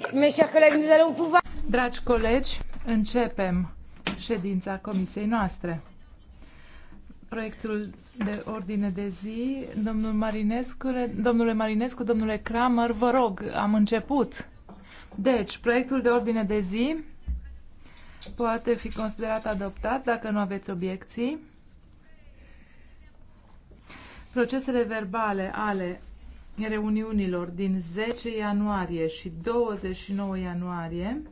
collègues, mes chers collègues, nous allons pouvoir... Dragi colegi, începem ședința comisiei noastre. Proiectul de ordine de zi, domnul Marinescu, domnule Marinescu, domnule Kramer, vă rog, am început. Deci, proiectul de ordine de zi poate fi considerat adoptat dacă nu aveți obiecții. Procesele verbale ale reuniunilor din 10 ianuarie și 29 ianuarie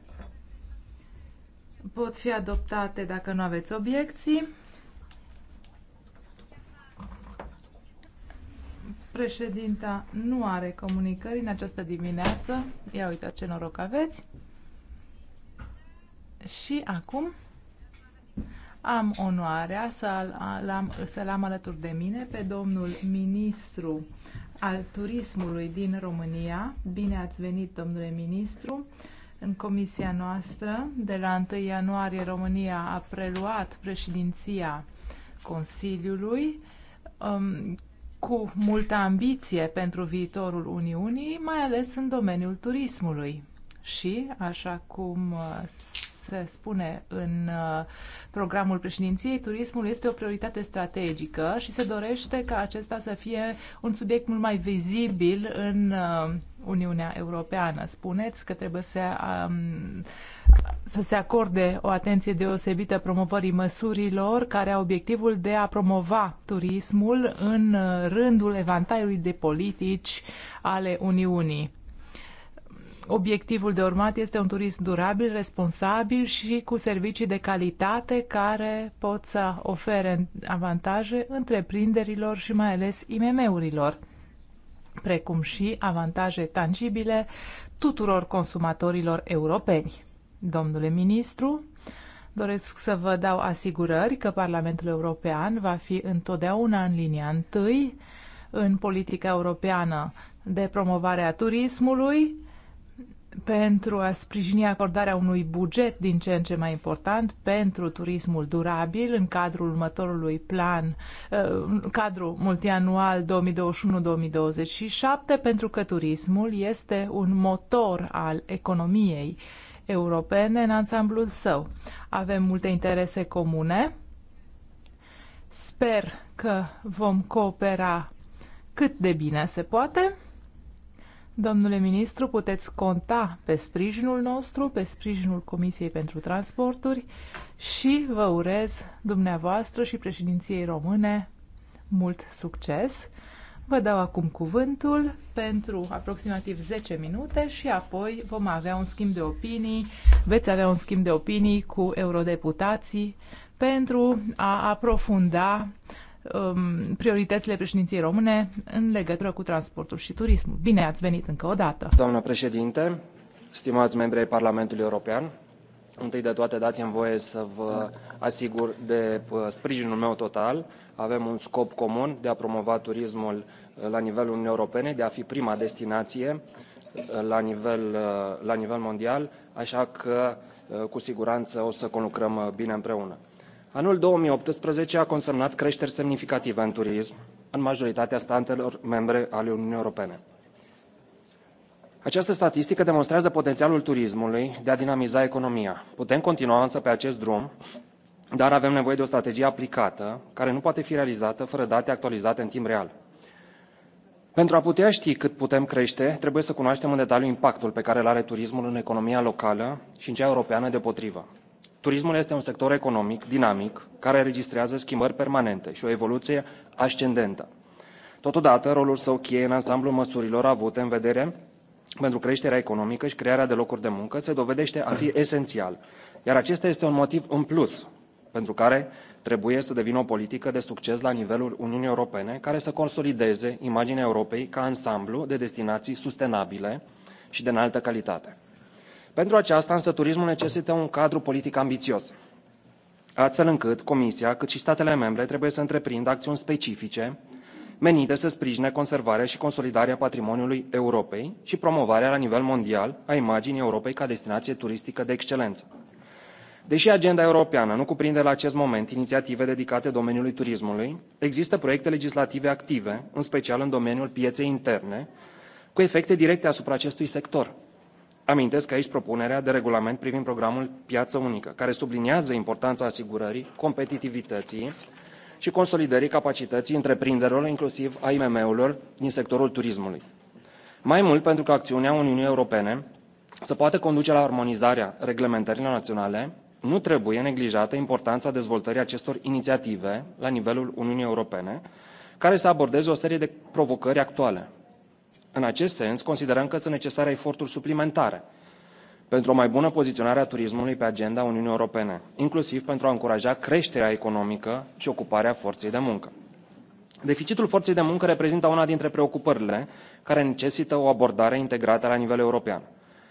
pot fi adoptate dacă nu aveți obiecții. Președinta nu are comunicări în această dimineață. Ia uitați ce noroc aveți. Și acum am onoarea să-l am, să am alături de mine pe domnul ministru al turismului din România. Bine ați venit, domnule ministru, în comisia noastră. De la 1 ianuarie, România a preluat președinția Consiliului um, cu multă ambiție pentru viitorul Uniunii, mai ales în domeniul turismului. Și, așa cum uh, se spune în uh, programul președinției, turismul este o prioritate strategică și se dorește ca acesta să fie un subiect mult mai vizibil în uh, Uniunea Europeană. Spuneți că trebuie să, um, să se acorde o atenție deosebită promovării măsurilor care au obiectivul de a promova turismul în uh, rândul evantaiului de politici ale Uniunii obiectivul de urmat este un turism durabil, responsabil și cu servicii de calitate care pot să ofere avantaje întreprinderilor și mai ales IMM-urilor, precum și avantaje tangibile tuturor consumatorilor europeni. Domnule ministru, doresc să vă dau asigurări că Parlamentul European va fi întotdeauna în linia întâi în politica europeană de promovare a turismului pentru a sprijini acordarea unui buget din ce în ce mai important pentru turismul durabil în cadrul următorului plan, uh, cadru multianual 2021-2027, pentru că turismul este un motor al economiei europene în ansamblul său. Avem multe interese comune. Sper că vom coopera cât de bine se poate Domnule ministru, puteți conta pe sprijinul nostru, pe sprijinul Comisiei pentru Transporturi și vă urez dumneavoastră și președinției române mult succes. Vă dau acum cuvântul pentru aproximativ 10 minute și apoi vom avea un schimb de opinii, veți avea un schimb de opinii cu eurodeputații pentru a aprofunda um, prioritățile președinției române în legătură cu transportul și turismul. Bine ați venit încă o dată! Doamna președinte, stimați membri ai Parlamentului European, Întâi de toate, dați-mi voie să vă asigur de uh, sprijinul meu total. Avem un scop comun de a promova turismul uh, la nivelul Uniunii Europene, de a fi prima destinație uh, la nivel, la nivel mondial, așa că cu siguranță o să conlucrăm bine împreună anul două mii optsprezece a consemnat creșteri semnificative în turism în majoritatea statelor membre ale uniunii europene. Această statistică demonstrează potențialul turismului de a dinamiza economia. Putem continua însă pe acest drum, dar avem nevoie de o strategie aplicată, care nu poate fi realizată fără date actualizate în timp real. Pentru a putea ști cât putem crește, trebuie să cunoaștem în detaliu impactul pe care îl are turismul în economia locală și în cea europeană deopotrivă. Turismul este un sector economic dinamic care registrează schimbări permanente și o evoluție ascendentă. Totodată, rolul său cheie în ansamblul măsurilor avute în vedere pentru creșterea economică și crearea de locuri de muncă se dovedește a fi esențial, iar acesta este un motiv în plus pentru care trebuie să devină o politică de succes la nivelul Uniunii Europene, care să consolideze imaginea Europei ca ansamblu de destinații sustenabile și de înaltă calitate. Pentru aceasta, însă, turismul necesită un cadru politic ambițios, astfel încât Comisia, cât și statele membre, trebuie să întreprindă acțiuni specifice menite să sprijine conservarea și consolidarea patrimoniului Europei și promovarea la nivel mondial a imaginii Europei ca destinație turistică de excelență. Deși agenda europeană nu cuprinde la acest moment inițiative dedicate domeniului turismului, există proiecte legislative active, în special în domeniul pieței interne, cu efecte directe asupra acestui sector. Amintesc aici propunerea de regulament privind programul Piață Unică, care subliniază importanța asigurării competitivității și consolidării capacității întreprinderilor, inclusiv a IMM-urilor din sectorul turismului. Mai mult, pentru că acțiunea Uniunii Europene să poată conduce la armonizarea reglementărilor naționale, nu trebuie neglijată importanța dezvoltării acestor inițiative la nivelul Uniunii Europene, care să abordeze o serie de provocări actuale, în acest sens, considerăm că sunt necesare eforturi suplimentare pentru o mai bună poziționare a turismului pe agenda Uniunii Europene, inclusiv pentru a încuraja creșterea economică și ocuparea forței de muncă. Deficitul forței de muncă reprezintă una dintre preocupările care necesită o abordare integrată la nivel european.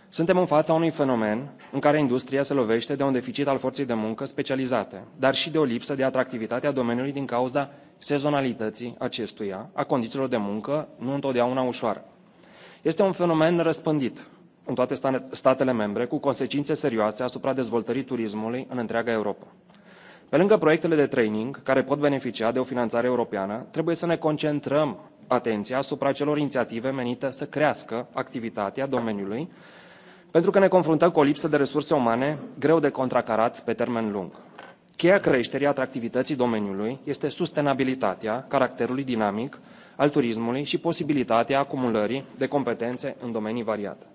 Suntem în fața unui fenomen în care industria se lovește de un deficit al forței de muncă specializate, dar și de o lipsă de atractivitate a domeniului din cauza sezonalității acestuia, a condițiilor de muncă nu întotdeauna ușoare este un fenomen răspândit în toate statele membre, cu consecințe serioase asupra dezvoltării turismului în întreaga Europa. Pe lângă proiectele de training, care pot beneficia de o finanțare europeană, trebuie să ne concentrăm atenția asupra celor inițiative menite să crească activitatea domeniului, pentru că ne confruntăm cu o lipsă de resurse umane greu de contracarat pe termen lung. Cheia creșterii atractivității domeniului este sustenabilitatea caracterului dinamic al turismului și posibilitatea acumulării de competențe în domenii variate.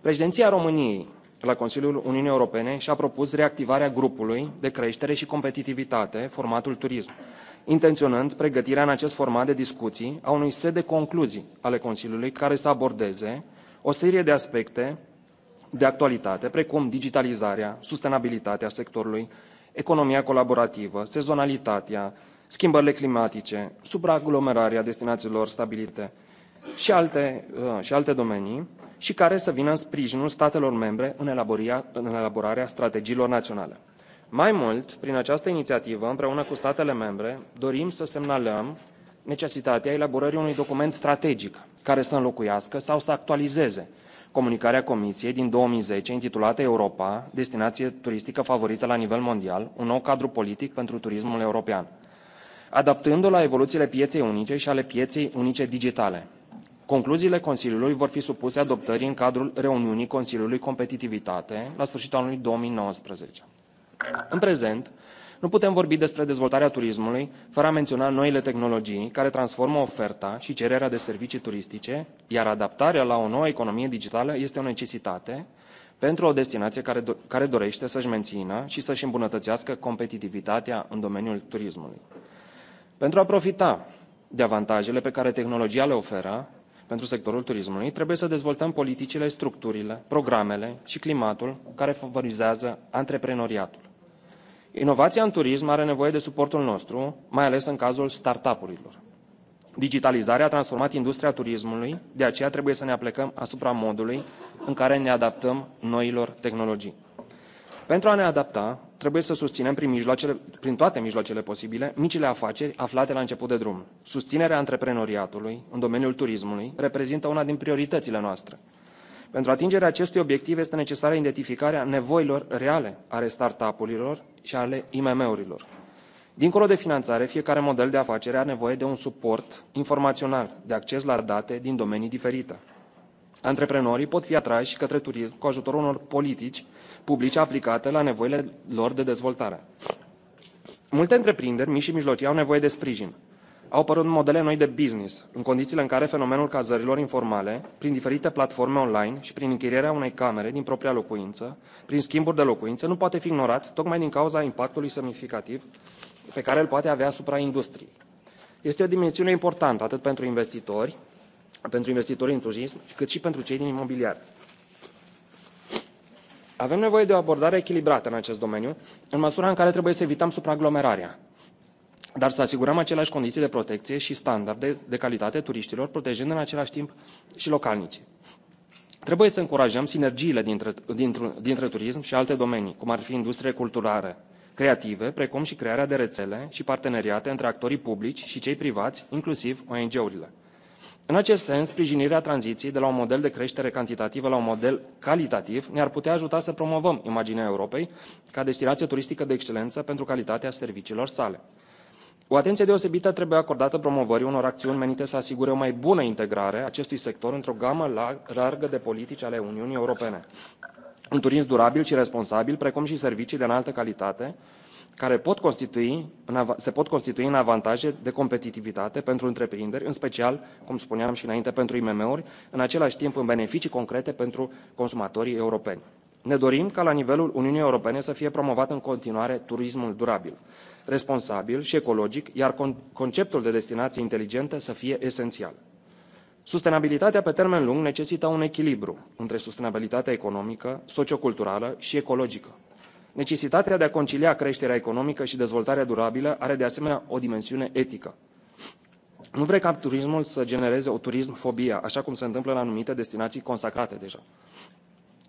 Președinția României la Consiliul Uniunii Europene și-a propus reactivarea grupului de creștere și competitivitate, formatul turism, intenționând pregătirea în acest format de discuții a unui set de concluzii ale Consiliului care să abordeze o serie de aspecte de actualitate, precum digitalizarea, sustenabilitatea sectorului, economia colaborativă, sezonalitatea, schimbările climatice, supraaglomerarea destinațiilor stabilite și alte, uh, și alte domenii și care să vină în sprijinul statelor membre în elaborarea, în elaborarea strategiilor naționale. Mai mult, prin această inițiativă, împreună cu statele membre, dorim să semnalăm necesitatea elaborării unui document strategic care să înlocuiască sau să actualizeze comunicarea Comisiei din 2010 intitulată Europa, destinație turistică favorită la nivel mondial, un nou cadru politic pentru turismul european adaptându-o la evoluțiile pieței unice și ale pieței unice digitale. Concluziile Consiliului vor fi supuse adoptării în cadrul reuniunii Consiliului Competitivitate la sfârșitul anului 2019. În prezent, nu putem vorbi despre dezvoltarea turismului fără a menționa noile tehnologii care transformă oferta și cererea de servicii turistice, iar adaptarea la o nouă economie digitală este o necesitate pentru o destinație care, do- care dorește să-și mențină și să-și îmbunătățească competitivitatea în domeniul turismului. Pentru a profita de avantajele pe care tehnologia le oferă pentru sectorul turismului, trebuie să dezvoltăm politicile, structurile, programele și climatul care favorizează antreprenoriatul. Inovația în turism are nevoie de suportul nostru, mai ales în cazul startup-urilor. Digitalizarea a transformat industria turismului, de aceea trebuie să ne aplecăm asupra modului în care ne adaptăm noilor tehnologii. Pentru a ne adapta, trebuie să susținem prin, mijloacele, prin toate mijloacele posibile micile afaceri aflate la început de drum. Susținerea antreprenoriatului în domeniul turismului reprezintă una din prioritățile noastre. Pentru atingerea acestui obiectiv este necesară identificarea nevoilor reale ale start urilor și ale IMM-urilor. Dincolo de finanțare, fiecare model de afacere are nevoie de un suport informațional, de acces la date din domenii diferite. Antreprenorii pot fi atrași către turism cu ajutorul unor politici publice aplicate la nevoile lor de dezvoltare. Multe întreprinderi mici și mijlocii au nevoie de sprijin. Au apărut modele noi de business, în condițiile în care fenomenul cazărilor informale, prin diferite platforme online și prin închirierea unei camere din propria locuință, prin schimburi de locuințe, nu poate fi ignorat tocmai din cauza impactului semnificativ pe care îl poate avea asupra industriei. Este o dimensiune importantă atât pentru investitori, pentru investitorii în turism, cât și pentru cei din imobiliar. Avem nevoie de o abordare echilibrată în acest domeniu, în măsura în care trebuie să evităm supraaglomerarea, dar să asigurăm aceleași condiții de protecție și standarde de calitate turiștilor, protejând în același timp și localnicii. Trebuie să încurajăm sinergiile dintre, dintre, dintre turism și alte domenii, cum ar fi industrie culturală, creative, precum și crearea de rețele și parteneriate între actorii publici și cei privați, inclusiv ONG-urile în acest sens sprijinirea tranziției de la un model de creștere cantitativă la un model calitativ ne ar putea ajuta să promovăm imaginea europei ca destinație turistică de excelență pentru calitatea serviciilor sale. O atenție deosebită trebuie acordată promovării unor acțiuni menite să asigure o mai bună integrare a acestui sector într-o gamă largă de politici ale Uniunii Europene. Un turism durabil și responsabil, precum și servicii de înaltă calitate, care pot constitui, se pot constitui în avantaje de competitivitate pentru întreprinderi, în special, cum spuneam și înainte, pentru IMM-uri, în același timp în beneficii concrete pentru consumatorii europeni. Ne dorim ca la nivelul Uniunii Europene să fie promovat în continuare turismul durabil, responsabil și ecologic, iar conceptul de destinație inteligentă să fie esențial. Sustenabilitatea pe termen lung necesită un echilibru între sustenabilitatea economică, socioculturală și ecologică. Necesitatea de a concilia creșterea economică și dezvoltarea durabilă are de asemenea o dimensiune etică. Nu vrei ca turismul să genereze o turismfobie, așa cum se întâmplă în anumite destinații consacrate deja.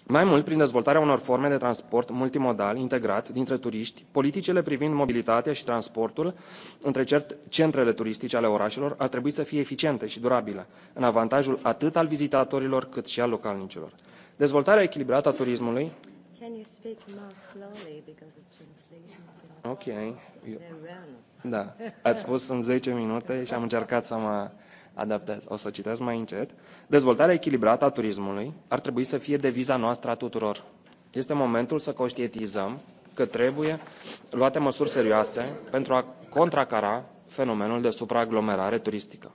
Mai mult, prin dezvoltarea unor forme de transport multimodal integrat dintre turiști, politicele privind mobilitatea și transportul între centrele turistice ale orașelor ar trebui să fie eficiente și durabile, în avantajul atât al vizitatorilor cât și al localnicilor. Dezvoltarea echilibrată a turismului speak more slowly because translation Ok. Eu... Da. Ați spus în 10 minute și am încercat să mă adaptez. O să citesc mai încet. Dezvoltarea echilibrată a turismului ar trebui să fie deviza noastră a tuturor. Este momentul să conștientizăm că trebuie luate măsuri serioase pentru a contracara fenomenul de supraaglomerare turistică.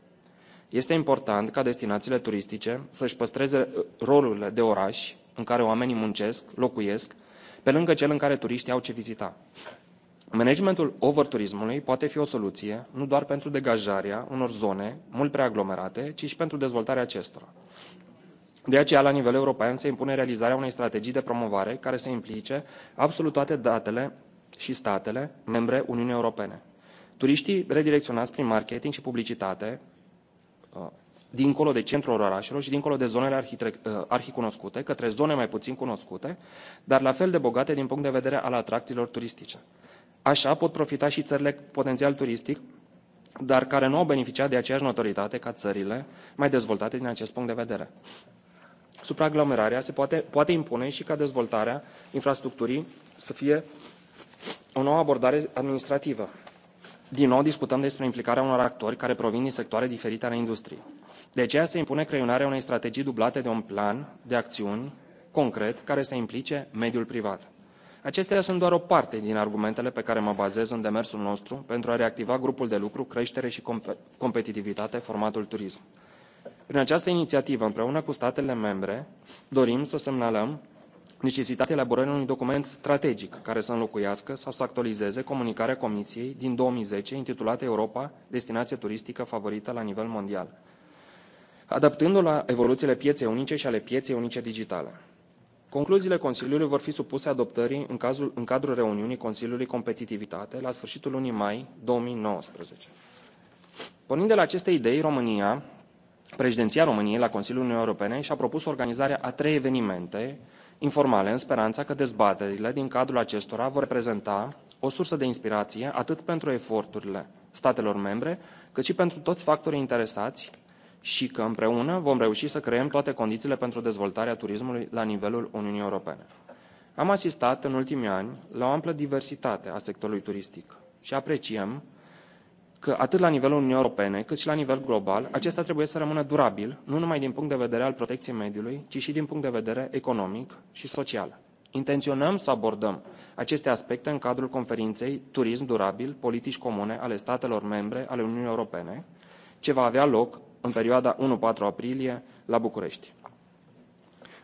Este important ca destinațiile turistice să-și păstreze uh, rolurile de oraș în care oamenii muncesc, locuiesc, pe lângă cel în care turiștii au ce vizita. Managementul overturismului poate fi o soluție nu doar pentru degajarea unor zone mult prea aglomerate, ci și pentru dezvoltarea acestora. De aceea, la nivel european, se impune realizarea unei strategii de promovare care să implice absolut toate datele și statele membre Uniunii Europene. Turiștii redirecționați prin marketing și publicitate dincolo de centrul orașelor și dincolo de zonele uh, arhicunoscute, către zone mai puțin cunoscute, dar la fel de bogate din punct de vedere al atracțiilor turistice. Așa pot profita și țările potențial turistic, dar care nu au beneficiat de aceeași notoritate ca țările mai dezvoltate din acest punct de vedere. Supraaglomerarea se poate, poate impune și ca dezvoltarea infrastructurii să fie o nouă abordare administrativă, din nou discutăm despre implicarea unor actori care provin din sectoare diferite ale industriei. De aceea se impune creionarea unei strategii dublate de un plan de acțiuni concret care să implice mediul privat. Acestea sunt doar o parte din argumentele pe care mă bazez în demersul nostru pentru a reactiva grupul de lucru Creștere și Competitivitate, formatul Turism. Prin această inițiativă, împreună cu statele membre, dorim să semnalăm necesitatea elaborării unui document strategic care să înlocuiască sau să actualizeze comunicarea Comisiei din 2010 intitulată Europa, destinație turistică favorită la nivel mondial, adaptându-o la evoluțiile pieței unice și ale pieței unice digitale. Concluziile Consiliului vor fi supuse adoptării în, cazul, în cadrul reuniunii Consiliului Competitivitate la sfârșitul lunii mai 2019. Pornind de la aceste idei, România, președinția României la Consiliul Uniunii Europene și-a propus organizarea a trei evenimente informale în speranța că dezbaterile din cadrul acestora vor reprezenta o sursă de inspirație atât pentru eforturile statelor membre, cât și pentru toți factorii interesați și că împreună vom reuși să creăm toate condițiile pentru dezvoltarea turismului la nivelul Uniunii Europene. Am asistat în ultimii ani la o amplă diversitate a sectorului turistic și apreciem că atât la nivelul Uniunii Europene, cât și la nivel global, acesta trebuie să rămână durabil, nu numai din punct de vedere al protecției mediului, ci și din punct de vedere economic și social. Intenționăm să abordăm aceste aspecte în cadrul conferinței Turism durabil, politici comune ale statelor membre ale Uniunii Europene, ce va avea loc în perioada 1-4 aprilie la București.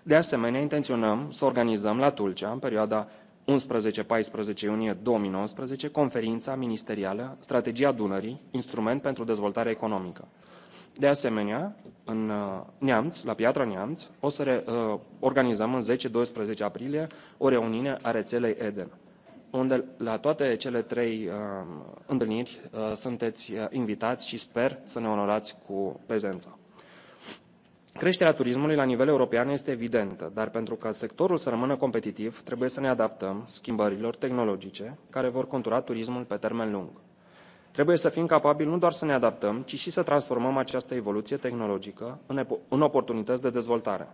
De asemenea, intenționăm să organizăm la Tulcea, în perioada 11-14 iunie 2019, conferința ministerială Strategia Dunării, instrument pentru dezvoltare economică. De asemenea, în uh, Neamț, la Piatra Neamț, o să re, uh, organizăm în 10-12 aprilie o reuniune a rețelei Eden, unde la toate cele trei uh, întâlniri uh, sunteți uh, invitați și sper să ne onorați cu prezența creșterea turismului la nivel european este evidentă dar pentru ca sectorul să rămână competitiv trebuie să ne adaptăm schimbărilor tehnologice care vor contura turismul pe termen lung. trebuie să fim capabili nu doar să ne adaptăm ci și să transformăm această evoluție tehnologică în oportunități de dezvoltare.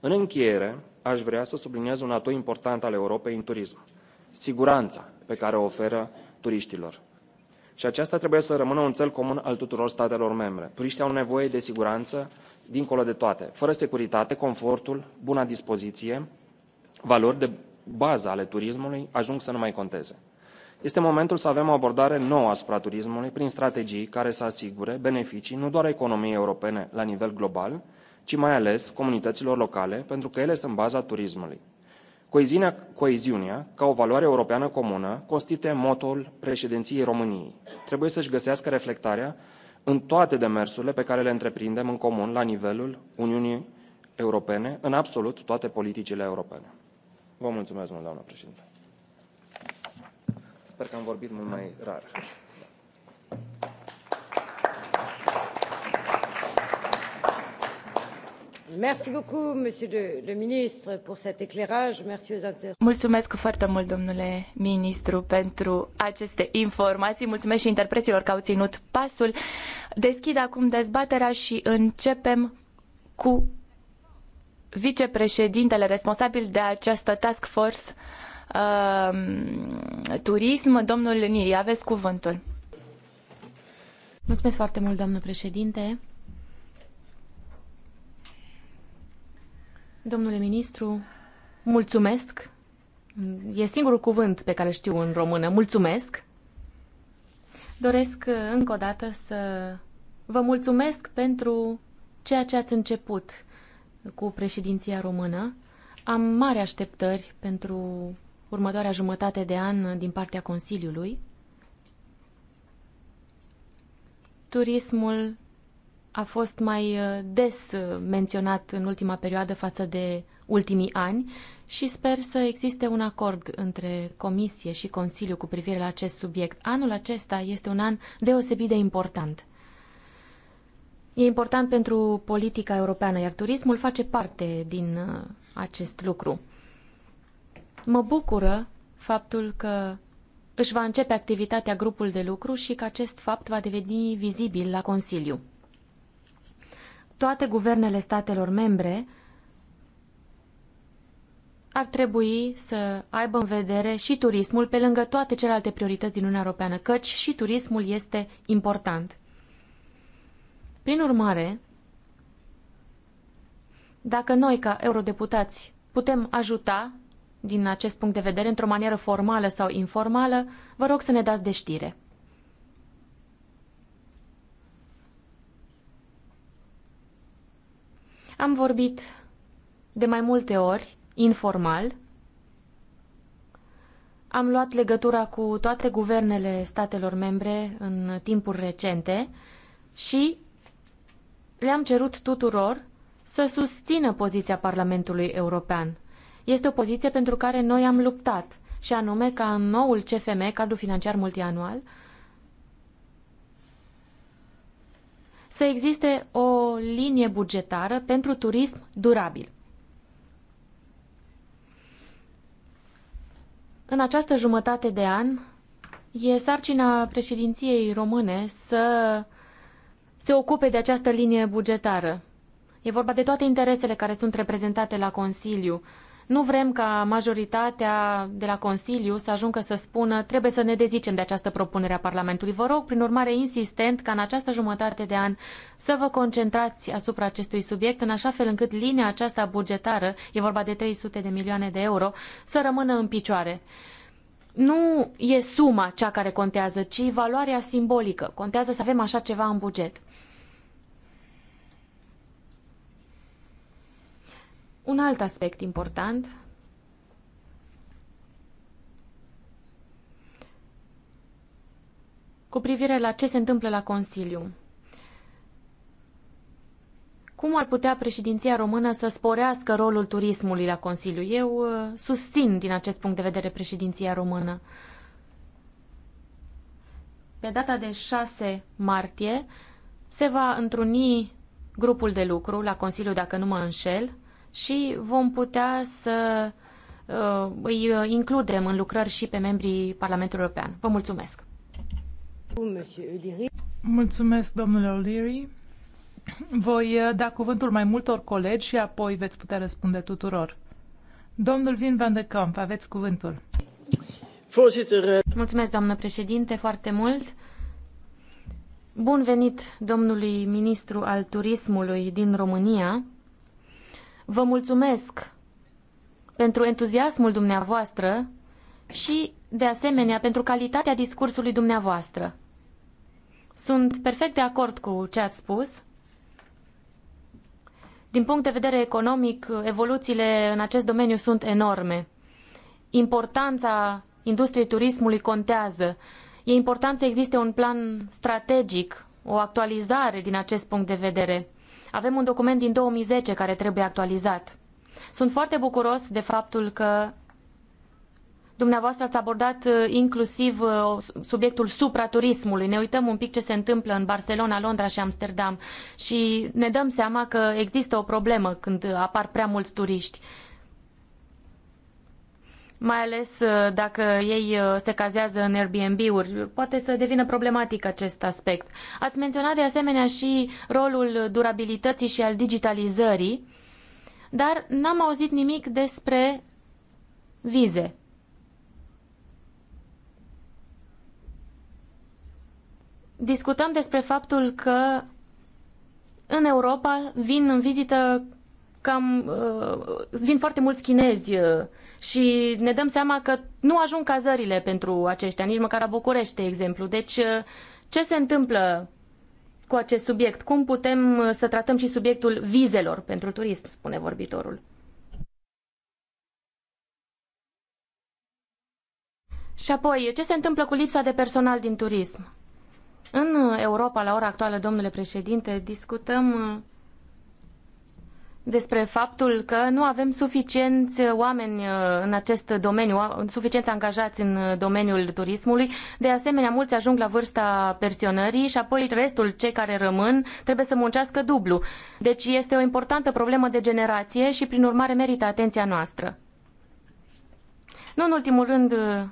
în încheiere aș vrea să subliniez un atu important al europei în turism siguranța pe care o oferă turiștilor. Și aceasta trebuie să rămână un cel comun al tuturor statelor membre. Turiștii au nevoie de siguranță dincolo de toate. Fără securitate, confortul, buna dispoziție, valori de bază ale turismului ajung să nu mai conteze. Este momentul să avem o abordare nouă asupra turismului prin strategii care să asigure beneficii nu doar economiei europene la nivel global, ci mai ales comunităților locale, pentru că ele sunt baza turismului. Coeziunea, coeziunea, ca o valoare europeană comună, constituie motorul președinției României. Trebuie să-și găsească reflectarea în toate demersurile pe care le întreprindem în comun la nivelul Uniunii Europene, în absolut toate politicile europene. Vă mulțumesc mult, doamnă președinte. Sper că am vorbit mult mai rar. Merci beaucoup, monsieur le, ministre, pour cet éclairage. Merci aux Mulțumesc foarte mult, domnule ministru, pentru aceste informații. Mulțumesc și interpreților că au ținut pasul. Deschid acum dezbaterea și începem cu vicepreședintele responsabil de această task force uh, turism, domnul Niri. Aveți cuvântul. Mulțumesc foarte mult, doamnă președinte. Domnule ministru, mulțumesc. E singurul cuvânt pe care știu în română. Mulțumesc. Doresc uh, încă o dată să vă mulțumesc pentru ceea ce ați început cu președinția română. Am mari așteptări pentru următoarea jumătate de an din partea Consiliului. Turismul a fost mai uh, des uh, menționat în ultima perioadă față de ultimii ani și sper să existe un acord între Comisie și Consiliu cu privire la acest subiect. Anul acesta este un an deosebit de important. E important pentru politica europeană, iar turismul face parte din uh, acest lucru. Mă bucură faptul că își va începe activitatea grupul de lucru și că acest fapt va deveni vizibil la Consiliu toate guvernele statelor membre ar trebui să aibă în vedere și turismul pe lângă toate celelalte priorități din Uniunea Europeană, căci și turismul este important. Prin urmare, dacă noi, ca eurodeputați, putem ajuta din acest punct de vedere într-o manieră formală sau informală, vă rog să ne dați de știre. Am vorbit de mai multe ori, informal. Am luat legătura cu toate guvernele statelor membre în timpuri recente și le-am cerut tuturor să susțină poziția Parlamentului European. Este o poziție pentru care noi am luptat, și anume ca în noul CFM, cadrul financiar multianual, să existe o linie bugetară pentru turism durabil. În această jumătate de an e sarcina președinției române să se ocupe de această linie bugetară. E vorba de toate interesele care sunt reprezentate la Consiliu, nu vrem ca majoritatea de la Consiliu să ajungă să spună trebuie să ne dezicem de această propunere a Parlamentului. Vă rog, prin urmare, insistent ca în această jumătate de an să vă concentrați asupra acestui subiect, în așa fel încât linia aceasta bugetară, e vorba de 300 de milioane de euro, să rămână în picioare. Nu e suma cea care contează, ci valoarea simbolică. Contează să avem așa ceva în buget. Un alt aspect important cu privire la ce se întâmplă la Consiliu. Cum ar putea președinția română să sporească rolul turismului la Consiliu? Eu uh, susțin din acest punct de vedere președinția română. Pe data de 6 martie se va întruni grupul de lucru la Consiliu, dacă nu mă înșel, și vom putea să uh, îi includem în lucrări și pe membrii Parlamentului European. Vă mulțumesc! Mulțumesc, domnule O'Leary. Voi uh, da cuvântul mai multor colegi și apoi veți putea răspunde tuturor. Domnul Vin van de Kamp, aveți cuvântul. Mulțumesc, doamnă președinte, foarte mult. Bun venit domnului ministru al turismului din România. Vă mulțumesc pentru entuziasmul dumneavoastră și, de asemenea, pentru calitatea discursului dumneavoastră. Sunt perfect de acord cu ce ați spus. Din punct de vedere economic, evoluțiile în acest domeniu sunt enorme. Importanța industriei turismului contează. E important să existe un plan strategic, o actualizare din acest punct de vedere. Avem un document din 2010 care trebuie actualizat. Sunt foarte bucuros de faptul că dumneavoastră ați abordat uh, inclusiv uh, subiectul supraturismului. Ne uităm un pic ce se întâmplă în Barcelona, Londra și Amsterdam și ne dăm seama că există o problemă când apar prea mulți turiști mai ales uh, dacă ei uh, se cazează în Airbnb-uri. Poate să devină problematic acest aspect. Ați menționat de asemenea și rolul durabilității și al digitalizării, dar n-am auzit nimic despre vize. Discutăm despre faptul că în Europa vin în vizită cam uh, vin foarte mulți chinezi uh, și ne dăm seama că nu ajung cazările pentru aceștia, nici măcar la București, de exemplu. Deci, uh, ce se întâmplă cu acest subiect? Cum putem uh, să tratăm și subiectul vizelor pentru turism, spune vorbitorul. Și apoi, ce se întâmplă cu lipsa de personal din turism? În Europa, la ora actuală, domnule președinte, discutăm despre faptul că nu avem suficienți oameni uh, în acest domeniu, suficienți angajați în uh, domeniul turismului. De asemenea, mulți ajung la vârsta pensionării și apoi restul, cei care rămân, trebuie să muncească dublu. Deci este o importantă problemă de generație și, prin urmare, merită atenția noastră. Nu în ultimul rând, uh,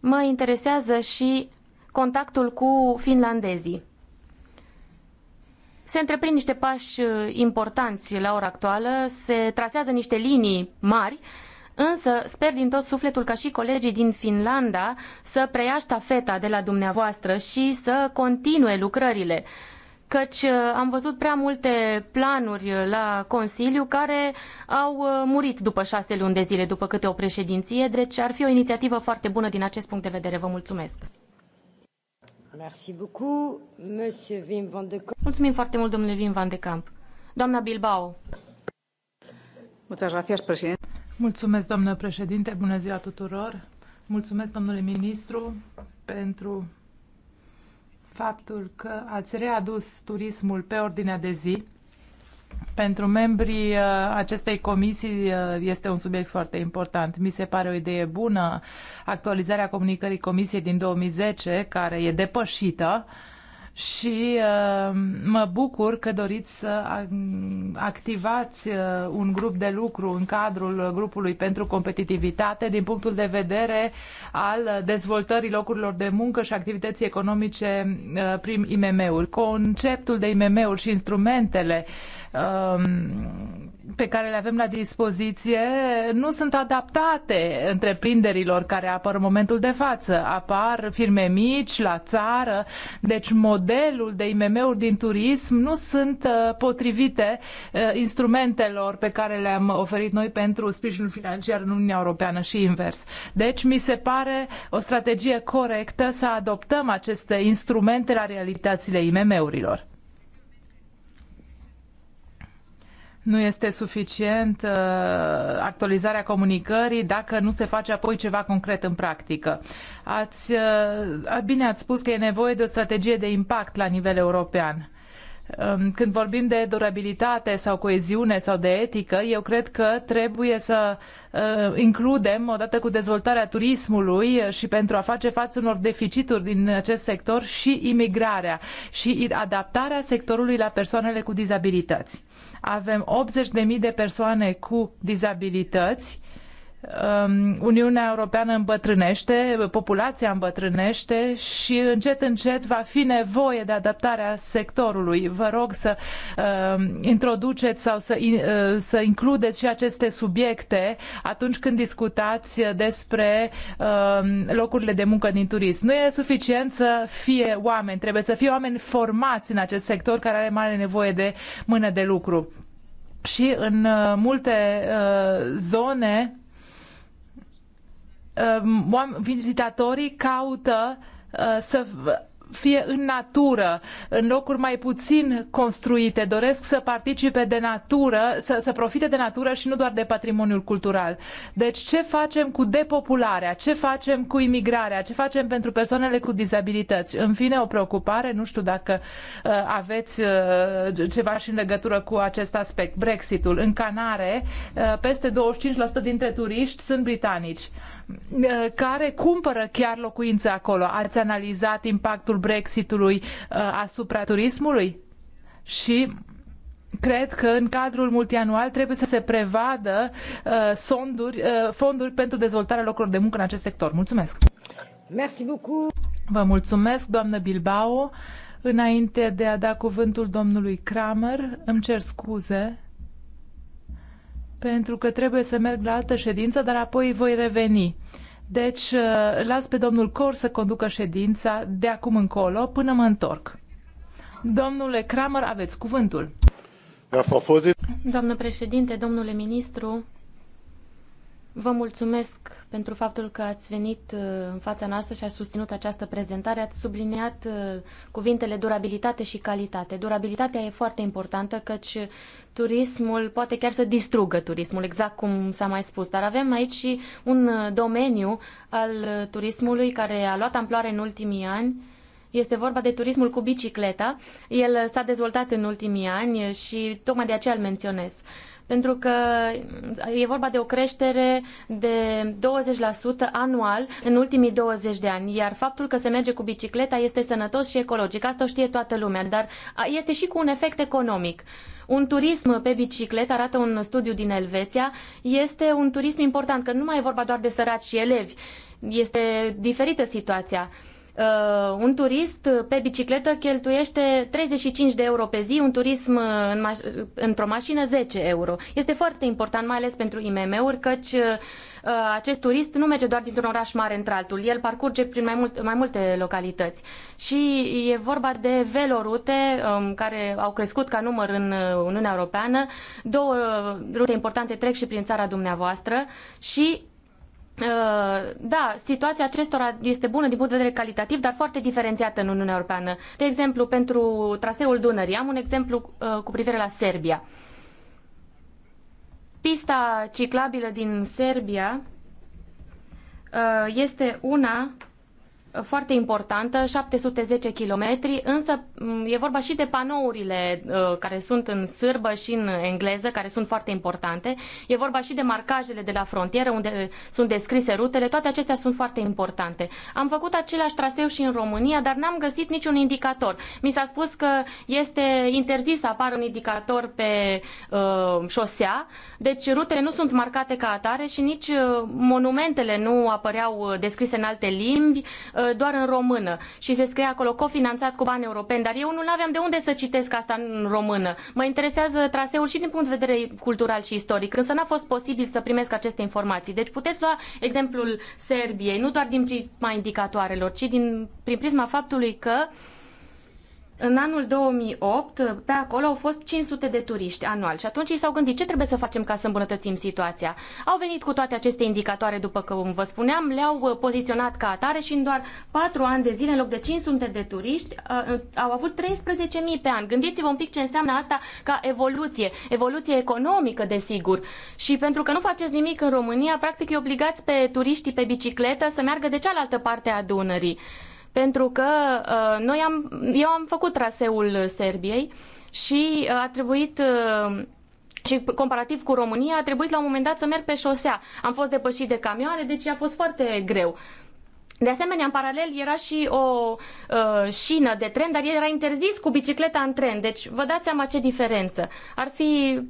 mă interesează și contactul cu finlandezii se întreprind niște pași uh, importanți la ora actuală, se trasează niște linii mari, însă sper din tot sufletul ca și colegii din Finlanda să preia ștafeta de la dumneavoastră și să continue lucrările căci uh, am văzut prea multe planuri uh, la Consiliu care au murit după șase luni de zile, după câte o președinție, deci ar fi o inițiativă foarte bună din acest punct de vedere. Vă mulțumesc! Merci beaucoup, Monsieur Wim van de Camp. Mulțumim foarte mult, domnule Wim van de Kamp. Doamna Bilbao. Muchas gracias, președinte. Mulțumesc, domnule președinte. Bună ziua tuturor. Mulțumesc, domnule ministru, pentru faptul că ați readus turismul pe ordinea de zi pentru membrii uh, acestei comisii uh, este un subiect foarte important. Mi se pare o idee bună actualizarea comunicării comisiei din 2010, care e depășită, uh, și uh, mă bucur că doriți să activați uh, un grup de lucru în cadrul grupului pentru competitivitate din punctul de vedere al dezvoltării locurilor de muncă și activității economice uh, prin IMM-uri. Conceptul de IMM-uri și instrumentele um, pe care le avem la dispoziție nu sunt adaptate întreprinderilor care apar în momentul de față. Apar firme mici, la țară, deci modelul de IMM-uri din turism nu sunt uh, potrivite uh, instrumentelor pe care le-am oferit noi pentru sprijinul financiar în Uniunea Europeană și invers. Deci mi se pare o strategie corectă să adoptăm aceste instrumente la realitățile IMM-urilor. Nu este suficient uh, actualizarea comunicării dacă nu se face apoi ceva concret în practică. Ați, uh, bine ați spus că e nevoie de o strategie de impact la nivel european Um, când vorbim de durabilitate sau coeziune sau de etică, eu cred că trebuie să uh, includem, odată cu dezvoltarea turismului uh, și pentru a face față unor deficituri din acest sector, și imigrarea și adaptarea sectorului la persoanele cu dizabilități. Avem 80.000 de persoane cu dizabilități Um, Uniunea Europeană îmbătrânește, populația îmbătrânește și încet, încet va fi nevoie de adaptarea sectorului. Vă rog să uh, introduceți sau să, uh, să includeți și aceste subiecte atunci când discutați despre uh, locurile de muncă din turism. Nu e suficient să fie oameni, trebuie să fie oameni formați în acest sector care are mare nevoie de mână de lucru. Și în uh, multe uh, zone Ehm, vizitatorii caută eh, să fie în natură, în locuri mai puțin construite, doresc să participe de natură, să, să profite de natură și nu doar de patrimoniul cultural. Deci ce facem cu depopularea, ce facem cu imigrarea, ce facem pentru persoanele cu dizabilități? În fine, o preocupare, nu știu dacă uh, aveți uh, ceva și în legătură cu acest aspect, Brexitul. În Canare, uh, peste 25% dintre turiști sunt britanici. Uh, care cumpără chiar locuințe acolo. Ați analizat impactul Brexitului uh, asupra turismului? Și cred că în cadrul multianual trebuie să se prevadă uh, sonduri, uh, fonduri pentru dezvoltarea locurilor de muncă în acest sector. Mulțumesc! Merci beaucoup. Vă mulțumesc, doamnă Bilbao. Înainte de a da cuvântul domnului Kramer, îmi cer scuze pentru că trebuie să merg la altă ședință, dar apoi voi reveni. Deci, uh, las pe domnul Cor să conducă ședința de acum încolo până mă întorc. Domnule Kramer, aveți cuvântul. Doamnă președinte, domnule ministru, Vă mulțumesc pentru faptul că ați venit uh, în fața noastră și ați susținut această prezentare. Ați subliniat uh, cuvintele durabilitate și calitate. Durabilitatea e foarte importantă, căci turismul poate chiar să distrugă turismul, exact cum s-a mai spus. Dar avem aici și un uh, domeniu al turismului care a luat amploare în ultimii ani. Este vorba de turismul cu bicicleta. El s-a dezvoltat în ultimii ani și tocmai de aceea îl menționez pentru că e vorba de o creștere de 20% anual în ultimii 20 de ani, iar faptul că se merge cu bicicleta este sănătos și ecologic, asta o știe toată lumea, dar este și cu un efect economic. Un turism pe bicicletă, arată un studiu din Elveția, este un turism important, că nu mai e vorba doar de săraci și elevi, este diferită situația. Uh, un turist pe bicicletă cheltuiește 35 de euro pe zi, un turism în maș- într-o mașină 10 euro. Este foarte important, mai ales pentru IMM-uri, căci uh, acest turist nu merge doar dintr-un oraș mare într-altul, el parcurge prin mai, mult, mai multe localități. Și e vorba de velorute um, care au crescut ca număr în uh, Uniunea Europeană. Două uh, rute importante trec și prin țara dumneavoastră și Uh, da, situația acestora este bună din punct de vedere calitativ, dar foarte diferențiată în Uniunea Europeană. De exemplu, pentru traseul Dunării, am un exemplu uh, cu privire la Serbia. Pista ciclabilă din Serbia uh, este una foarte importantă, 710 km, însă mm, e vorba și de panourile uh, care sunt în sârbă și în engleză, care sunt foarte importante. E vorba și de marcajele de la frontieră, unde uh, sunt descrise rutele, toate acestea sunt foarte importante. Am făcut același traseu și în România, dar n-am găsit niciun indicator. Mi s-a spus că este interzis să apară un indicator pe uh, șosea, deci rutele nu sunt marcate ca atare și nici uh, monumentele nu apăreau descrise în alte limbi, doar în română și se scrie acolo cofinanțat cu bani europeni, dar eu nu aveam de unde să citesc asta în română. Mă interesează traseul și din punct de vedere cultural și istoric, însă n-a fost posibil să primesc aceste informații. Deci puteți lua exemplul Serbiei, nu doar din prisma indicatoarelor, ci din, prin prisma faptului că uh, în anul 2008, pe acolo au fost 500 de turiști anual și atunci ei s-au gândit ce trebuie să facem ca să îmbunătățim situația. Au venit cu toate aceste indicatoare, după cum vă spuneam, le-au uh, poziționat ca atare și în doar 4 ani de zile, în loc de 500 de turiști, uh, uh, au avut 13.000 pe an. Gândiți-vă un pic ce înseamnă asta ca evoluție, evoluție economică, desigur. Și pentru că nu faceți nimic în România, practic îi obligați pe turiștii pe bicicletă să meargă de cealaltă parte a Dunării pentru că uh, noi am, eu am făcut traseul Serbiei și uh, a trebuit uh, și comparativ cu România, a trebuit la un moment dat să merg pe șosea. Am fost depășit de camioane, deci a fost foarte greu. De asemenea, în paralel era și o uh, șină de tren, dar era interzis cu bicicleta în tren. Deci vă dați seama ce diferență. Ar fi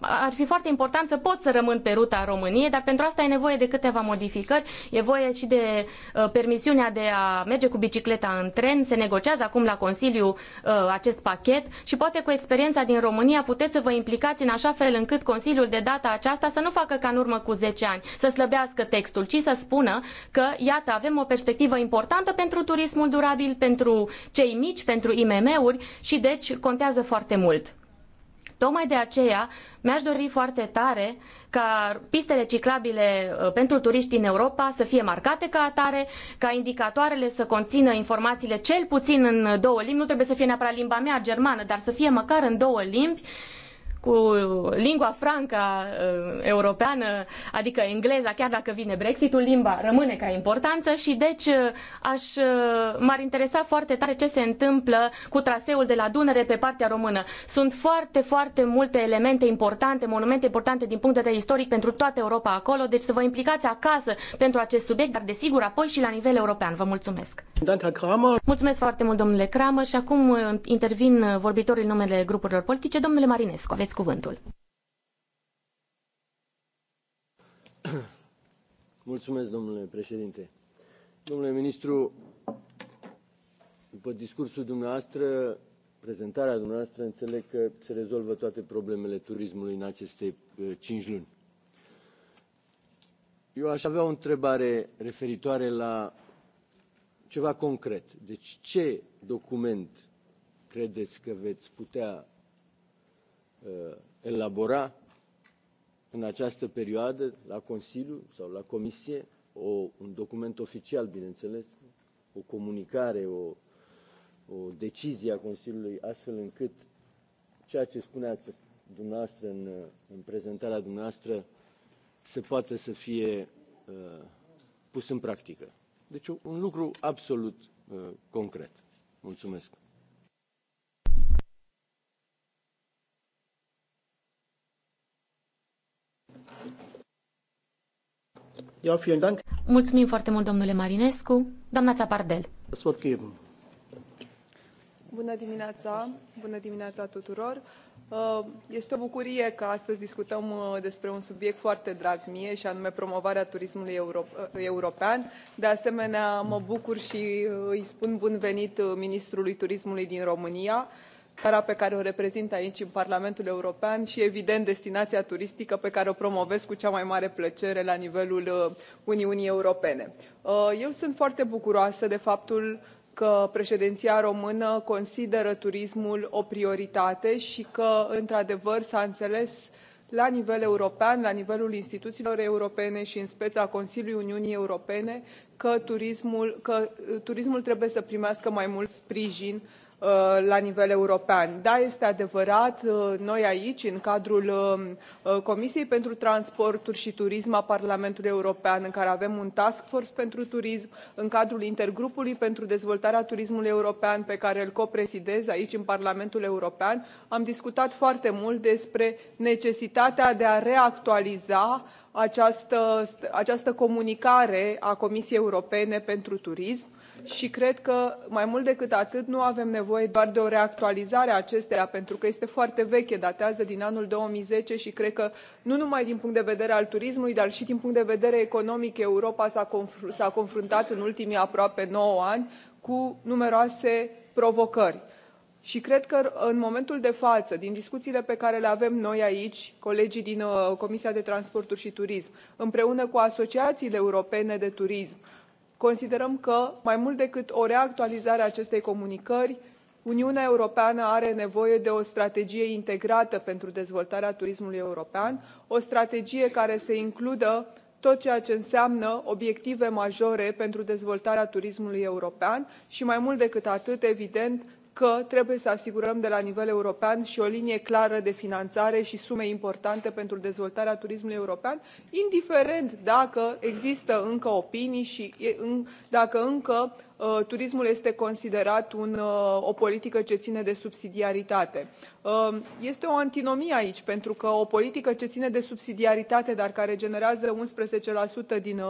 ar fi foarte important să pot să rămân pe ruta României, dar pentru asta e nevoie de câteva modificări, e nevoie și de uh, permisiunea de a merge cu bicicleta în tren, se negociază acum la Consiliu uh, acest pachet și poate cu experiența din România puteți să vă implicați în așa fel încât Consiliul de data aceasta să nu facă ca în urmă cu zece ani, să slăbească textul, ci să spună că, iată, avem o perspectivă importantă pentru turismul durabil, pentru cei mici, pentru IMM-uri și deci contează foarte mult. Tocmai de aceea mi-aș dori foarte tare ca pistele ciclabile uh, pentru turiști în Europa să fie marcate ca atare, ca indicatoarele să conțină informațiile cel puțin în două limbi, nu trebuie să fie neapărat limba mea germană, dar să fie măcar în două limbi, cu lingua franca uh, europeană, adică engleza, chiar dacă vine Brexitul, limba rămâne ca importanță și deci uh, aș, uh, m-ar interesa foarte tare ce se întâmplă cu traseul de la Dunăre pe partea română. Sunt foarte, foarte multe elemente importante, monumente importante din punct de vedere istoric pentru toată Europa acolo, deci să vă implicați acasă pentru acest subiect, dar desigur apoi și la nivel european. Vă mulțumesc! Mulțumesc foarte mult, domnule Cramă, și acum intervin vorbitorii numele grupurilor politice. Domnule Marinescu, aveți cuvântul. Mulțumesc, domnule președinte. Domnule ministru, după discursul dumneavoastră, prezentarea dumneavoastră, înțeleg că se rezolvă toate problemele turismului în aceste uh, cinci luni. Eu aș avea o întrebare referitoare la ceva concret. Deci ce document credeți că veți putea Uh, elabora în această perioadă la Consiliu sau la Comisie o, un document oficial, bineînțeles, o comunicare, o, o decizie a Consiliului, astfel încât ceea ce spuneați dumneavoastră în, în prezentarea dumneavoastră să poată să fie uh, pus în practică. Deci un lucru absolut uh, concret. Mulțumesc. Ja, vielen Dank. Mulțumim foarte mult, domnule Marinescu. Doamna Țapardel. Bună dimineața! Bună dimineața tuturor! Uh, este o bucurie că astăzi discutăm uh, despre un subiect foarte drag mie și anume promovarea turismului uh, european. De asemenea, mă bucur și îi spun bun venit ministrului turismului din România țara pe care o reprezint aici în parlamentul european și evident destinația turistică pe care o promovez cu cea mai mare plăcere la nivelul uh, uniunii europene. Uh, eu sunt foarte bucuroasă de faptul că președinția română consideră turismul o prioritate și că într adevăr s a înțeles la nivel european la nivelul instituțiilor europene și în speța consiliului uniunii europene că turismul, că uh, turismul trebuie să primească mai mult sprijin Uh, la nivel european. da este adevărat uh, noi aici în cadrul uh, comisiei pentru transporturi și turism a parlamentului european în care avem un task force pentru turism în cadrul intergrupului pentru dezvoltarea turismului european pe care îl coprezidez aici în parlamentul european am discutat foarte mult despre necesitatea de a reactualiza această, această comunicare a comisiei europene pentru turism și cred că mai mult decât atât nu avem nevoie doar de o reactualizare a acesteia pentru că este foarte veche, datează din anul 2010 și cred că nu numai din punct de vedere al turismului, dar și din punct de vedere economic Europa s-a, confruntat în ultimii aproape nouă ani cu numeroase provocări și cred că în momentul de față din discuțiile pe care le avem noi aici colegii din uh, comisia pentru transporturi și turism împreună cu asociațiile europene de turism considerăm că mai mult decât o reactualizare a acestei comunicări uniunea europeană are nevoie de o strategie integrată pentru dezvoltarea turismului european o strategie care să includă tot ceea ce înseamnă obiective majore pentru dezvoltarea turismului european și mai mult decât atât evident că trebuie să asigurăm de la nivel european și o linie clară de finanțare și sume importante pentru dezvoltarea turismului european indiferent dacă există încă opinii și dacă încă uh, turismul este considerat un, uh, o politică ce ține de subsidiaritate. Uh, este o antinomie aici pentru că o politică ce ține de subsidiaritate dar care generează 11% din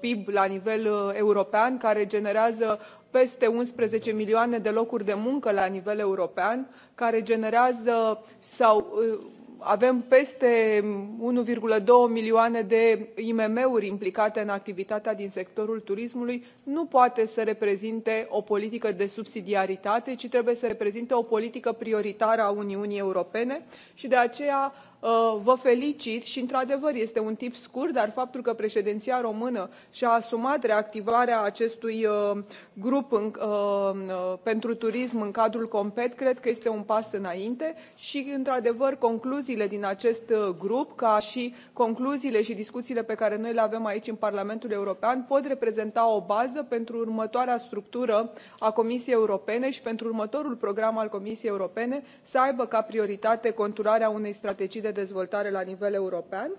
pib la nivel european care generează peste unsprezece milioane de locuri de muncă la nivel european care generează sau uh, avem peste unu doi milioane de imm uri implicate în activitatea din sectorul turismului nu poate să reprezinte o politică de subsidiaritate ci trebuie să reprezinte o politică prioritară a uniunii europene și de aceea Uh, vă felicit și, într-adevăr, este un tip scurt, dar faptul că președinția română și-a asumat reactivarea acestui uh, grup în, uh, pentru turism în cadrul Compet, cred că este un pas înainte și, într-adevăr, concluziile din acest grup, ca și concluziile și discuțiile pe care noi le avem aici în Parlamentul European, pot reprezenta o bază pentru următoarea structură a Comisiei Europene și pentru următorul program al Comisiei Europene să aibă ca prioritate conturarea unei strategii de dezvoltare la nivel european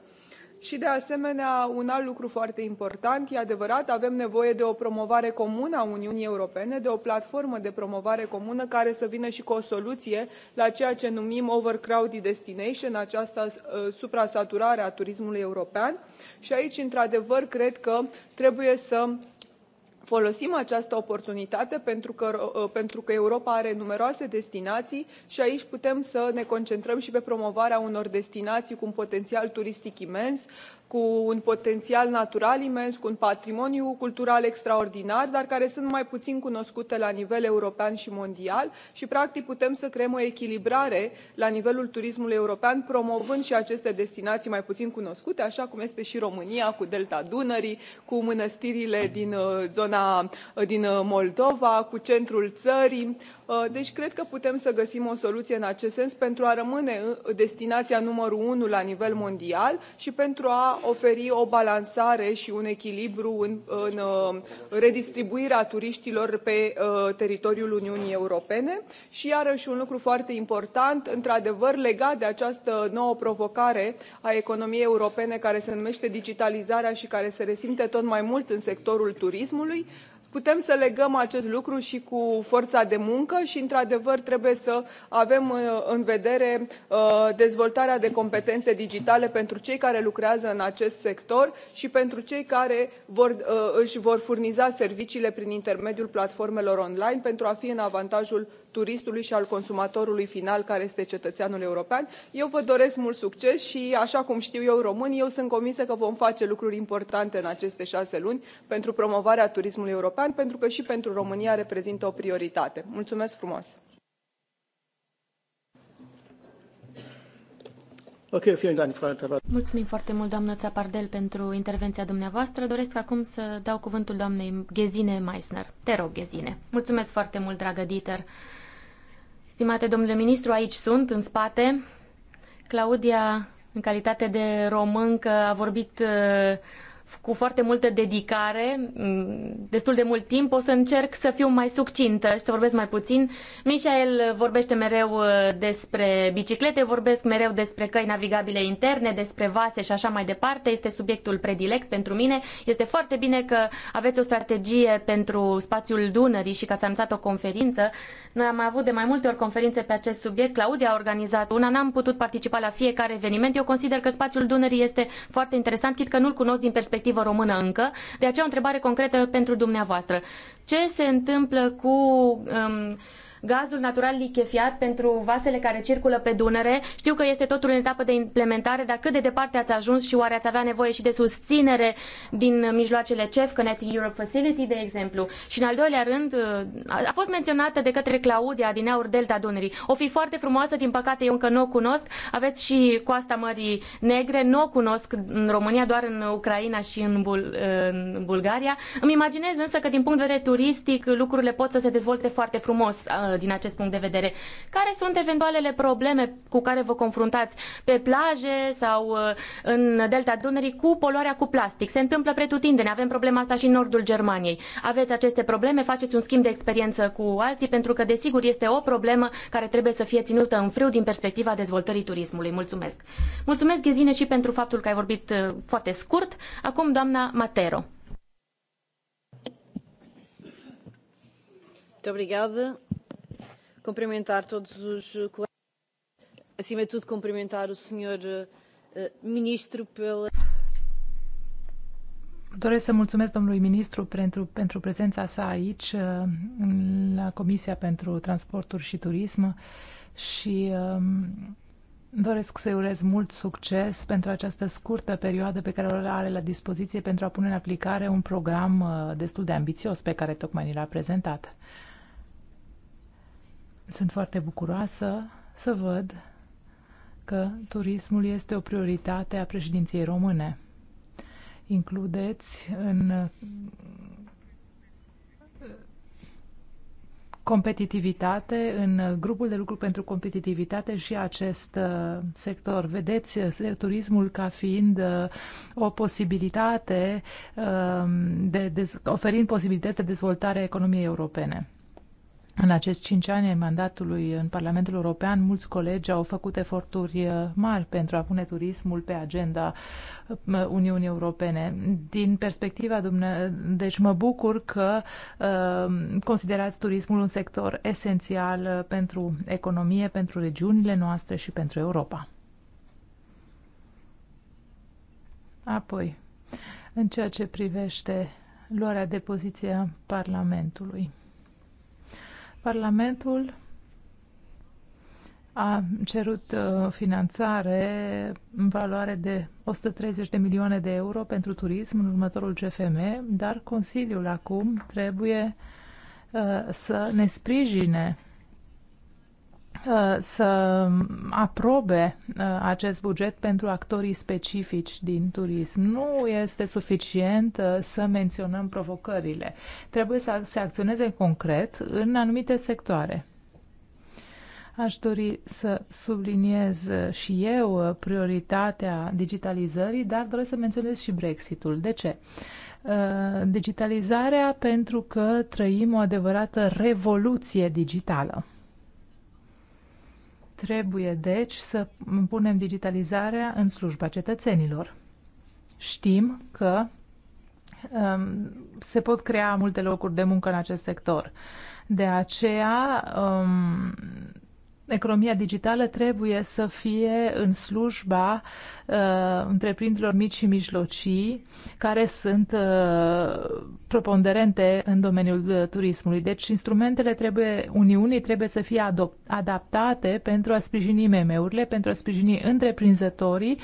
și de asemenea un alt lucru foarte important e adevărat avem nevoie de o promovare comună a uniunii europene de o platformă de promovare comună care să vină și cu o soluție la ceea ce numim overcrowded destination această uh, suprasaturare a turismului european și aici într adevăr cred că trebuie să folosim această oportunitate pentru că, uh, uh, pentru că europa are numeroase destinații și aici putem să ne concentrăm și pe promovarea unor destinații cu un potențial turistic imens cu un potențial natural imens cu un patrimoniu cultural extraordinar dar care sunt mai puțin cunoscute la nivel european și mondial și practic putem să creăm o echilibrare la nivelul turismului european promovând și aceste destinații mai puțin cunoscute așa cum este și românia cu delta dunării cu mănăstirile din uh, zona uh, din uh, moldova cu centrul țării Uh, deci cred că putem să găsim o soluție în acest sens pentru a rămâne destinația numărul unu la nivel mondial și pentru a oferi o balansare și un echilibru în, în uh, redistribuirea turiștilor pe uh, teritoriul Uniunii Europene. Și iarăși un lucru foarte important, într-adevăr legat de această nouă provocare a economiei europene care se numește digitalizarea și care se resimte tot mai mult în sectorul turismului, putem să legăm acest lucru și cu forța de muncă și într adevăr trebuie să avem uh, în vedere uh, dezvoltarea de competențe digitale pentru cei care lucrează în acest sector și pentru cei care vor, uh, își vor furniza serviciile prin intermediul platformelor online pentru a fi în avantajul turistului și al consumatorului final care este cetățeanul european. eu vă doresc mult succes și așa cum știu eu românii eu sunt convinsă că vom face lucruri importante în aceste șase luni pentru promovarea turismului european pentru că și pentru românia reprezintă o prioritate. mulțumesc frumos! Mulțumim foarte mult, doamnă Țapardel, pentru intervenția dumneavoastră. Doresc acum să dau cuvântul doamnei Ghezine Meissner. Te rog, Ghezine. Mulțumesc foarte mult, dragă Dieter. Stimate domnule ministru, aici sunt, în spate. Claudia, în calitate de româncă, a vorbit uh, cu foarte multă dedicare, mm, destul de mult timp, o să încerc să fiu mai succintă și să vorbesc mai puțin. Mișael vorbește mereu uh, despre biciclete, vorbesc mereu despre căi navigabile interne, despre vase și așa mai departe. Este subiectul predilect pentru mine. Este foarte bine că aveți o strategie pentru spațiul Dunării și că ați anunțat o conferință. Noi am avut de mai multe ori conferințe pe acest subiect. Claudia a organizat una, n-am putut participa la fiecare eveniment. Eu consider că spațiul Dunării este foarte interesant, chit că nu-l cunosc din perspectivă perspectivă română încă, de aceea o întrebare concretă pentru dumneavoastră. Ce se întâmplă cu um, gazul natural lichefiat pentru vasele care circulă pe Dunăre. Știu că este totul în etapă de implementare, dar cât de departe ați ajuns și oare ați avea nevoie și de susținere din mijloacele CEF, Connect Europe Facility, de exemplu. Și în al doilea rând, a fost menționată de către Claudia din Aur Delta Dunării. O fi foarte frumoasă, din păcate eu încă nu o cunosc. Aveți și coasta Mării Negre, nu o cunosc în România, doar în Ucraina și în, Bul- în Bulgaria. Îmi imaginez însă că din punct de vedere turistic lucrurile pot să se dezvolte foarte frumos din acest punct de vedere. Care sunt eventualele probleme cu care vă confruntați pe plaje sau uh, în delta Dunării cu poluarea cu plastic? Se întâmplă pretutindeni, avem problema asta și în nordul Germaniei. Aveți aceste probleme, faceți un schimb de experiență cu alții, pentru că, desigur, este o problemă care trebuie să fie ținută în frâu din perspectiva dezvoltării turismului. Mulțumesc! Mulțumesc, Ghezine, și pentru faptul că ai vorbit uh, foarte scurt. Acum, doamna Matero. Muito obrigada cumprimentar todos os eh, colegas, acima de tudo cumprimentar o senhor eh, eh, ministro pela... Doresc să mulțumesc domnului ministru pentru, pentru prezența sa aici la Comisia pentru Transporturi și Turism și um, doresc să-i urez mult succes pentru această scurtă perioadă pe care o are la dispoziție pentru a pune în aplicare un program destul de ambițios pe care tocmai ni l-a prezentat. Sunt foarte bucuroasă să văd că turismul este o prioritate a președinției române. Includeți în uh, competitivitate, în grupul de lucru pentru competitivitate și acest uh, sector. Vedeți uh, turismul ca fiind o posibilitate, de, de, oferind posibilități de dezvoltare a economiei europene. În acești cinci ani ai mandatului în Parlamentul European, mulți colegi au făcut eforturi uh, mari pentru a pune turismul pe agenda uh, Uniunii Europene. Din perspectiva dumneavoastră, deci mă bucur că uh, considerați turismul un sector esențial uh, pentru economie, pentru regiunile noastre și pentru Europa. Apoi, în ceea ce privește luarea de poziție a Parlamentului. Parlamentul a cerut uh, finanțare în valoare de 130 de milioane de euro pentru turism în următorul CFM, dar Consiliul acum trebuie uh, să ne sprijine Uh, să aprobe uh, acest buget pentru actorii specifici din turism. Nu este suficient uh, să menționăm provocările. Trebuie să se acționeze concret în anumite sectoare. Aș dori să subliniez și eu prioritatea digitalizării, dar doresc să menționez și Brexitul. De ce? Digitalizarea pentru că trăim o adevărată revoluție digitală. Trebuie, deci, să punem digitalizarea în slujba cetățenilor. Știm că um, se pot crea multe locuri de muncă în acest sector. De aceea, um, economia digitală trebuie să fie în slujba uh, întreprinderilor mici și mijlocii, care sunt uh, preponderente în domeniul uh, turismului. Deci instrumentele trebuie, Uniunii trebuie să fie adaptate pentru a sprijini MM-urile, pentru a sprijini întreprinzătorii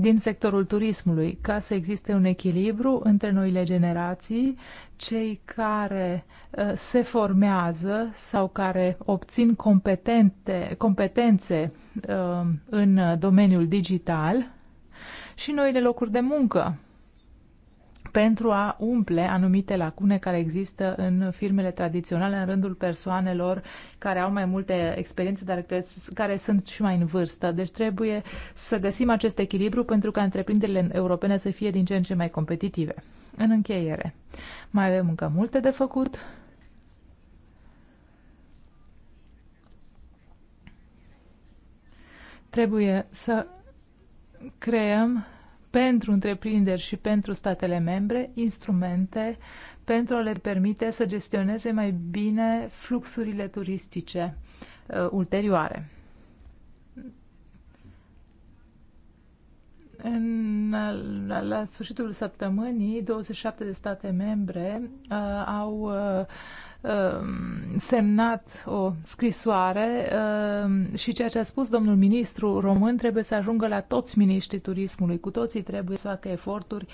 din sectorul turismului, ca să existe un echilibru între noile generații, cei care uh, se formează sau care obțin competente, competențe uh, în domeniul digital și noile locuri de muncă pentru a umple anumite lacune care există în firmele tradiționale, în rândul persoanelor care au mai multe experiențe, dar care sunt și mai în vârstă. Deci trebuie să găsim acest echilibru pentru ca întreprinderile europene să fie din ce în ce mai competitive. În încheiere, mai avem încă multe de făcut. Trebuie să creăm pentru întreprinderi și pentru statele membre instrumente pentru a le permite să gestioneze mai bine fluxurile turistice uh, ulterioare. În, la, la sfârșitul săptămânii, 27 de state membre uh, au uh, Um, semnat o scrisoare um, și ceea ce a spus domnul ministru român trebuie să ajungă la toți miniștrii turismului. Cu toții trebuie să facă eforturi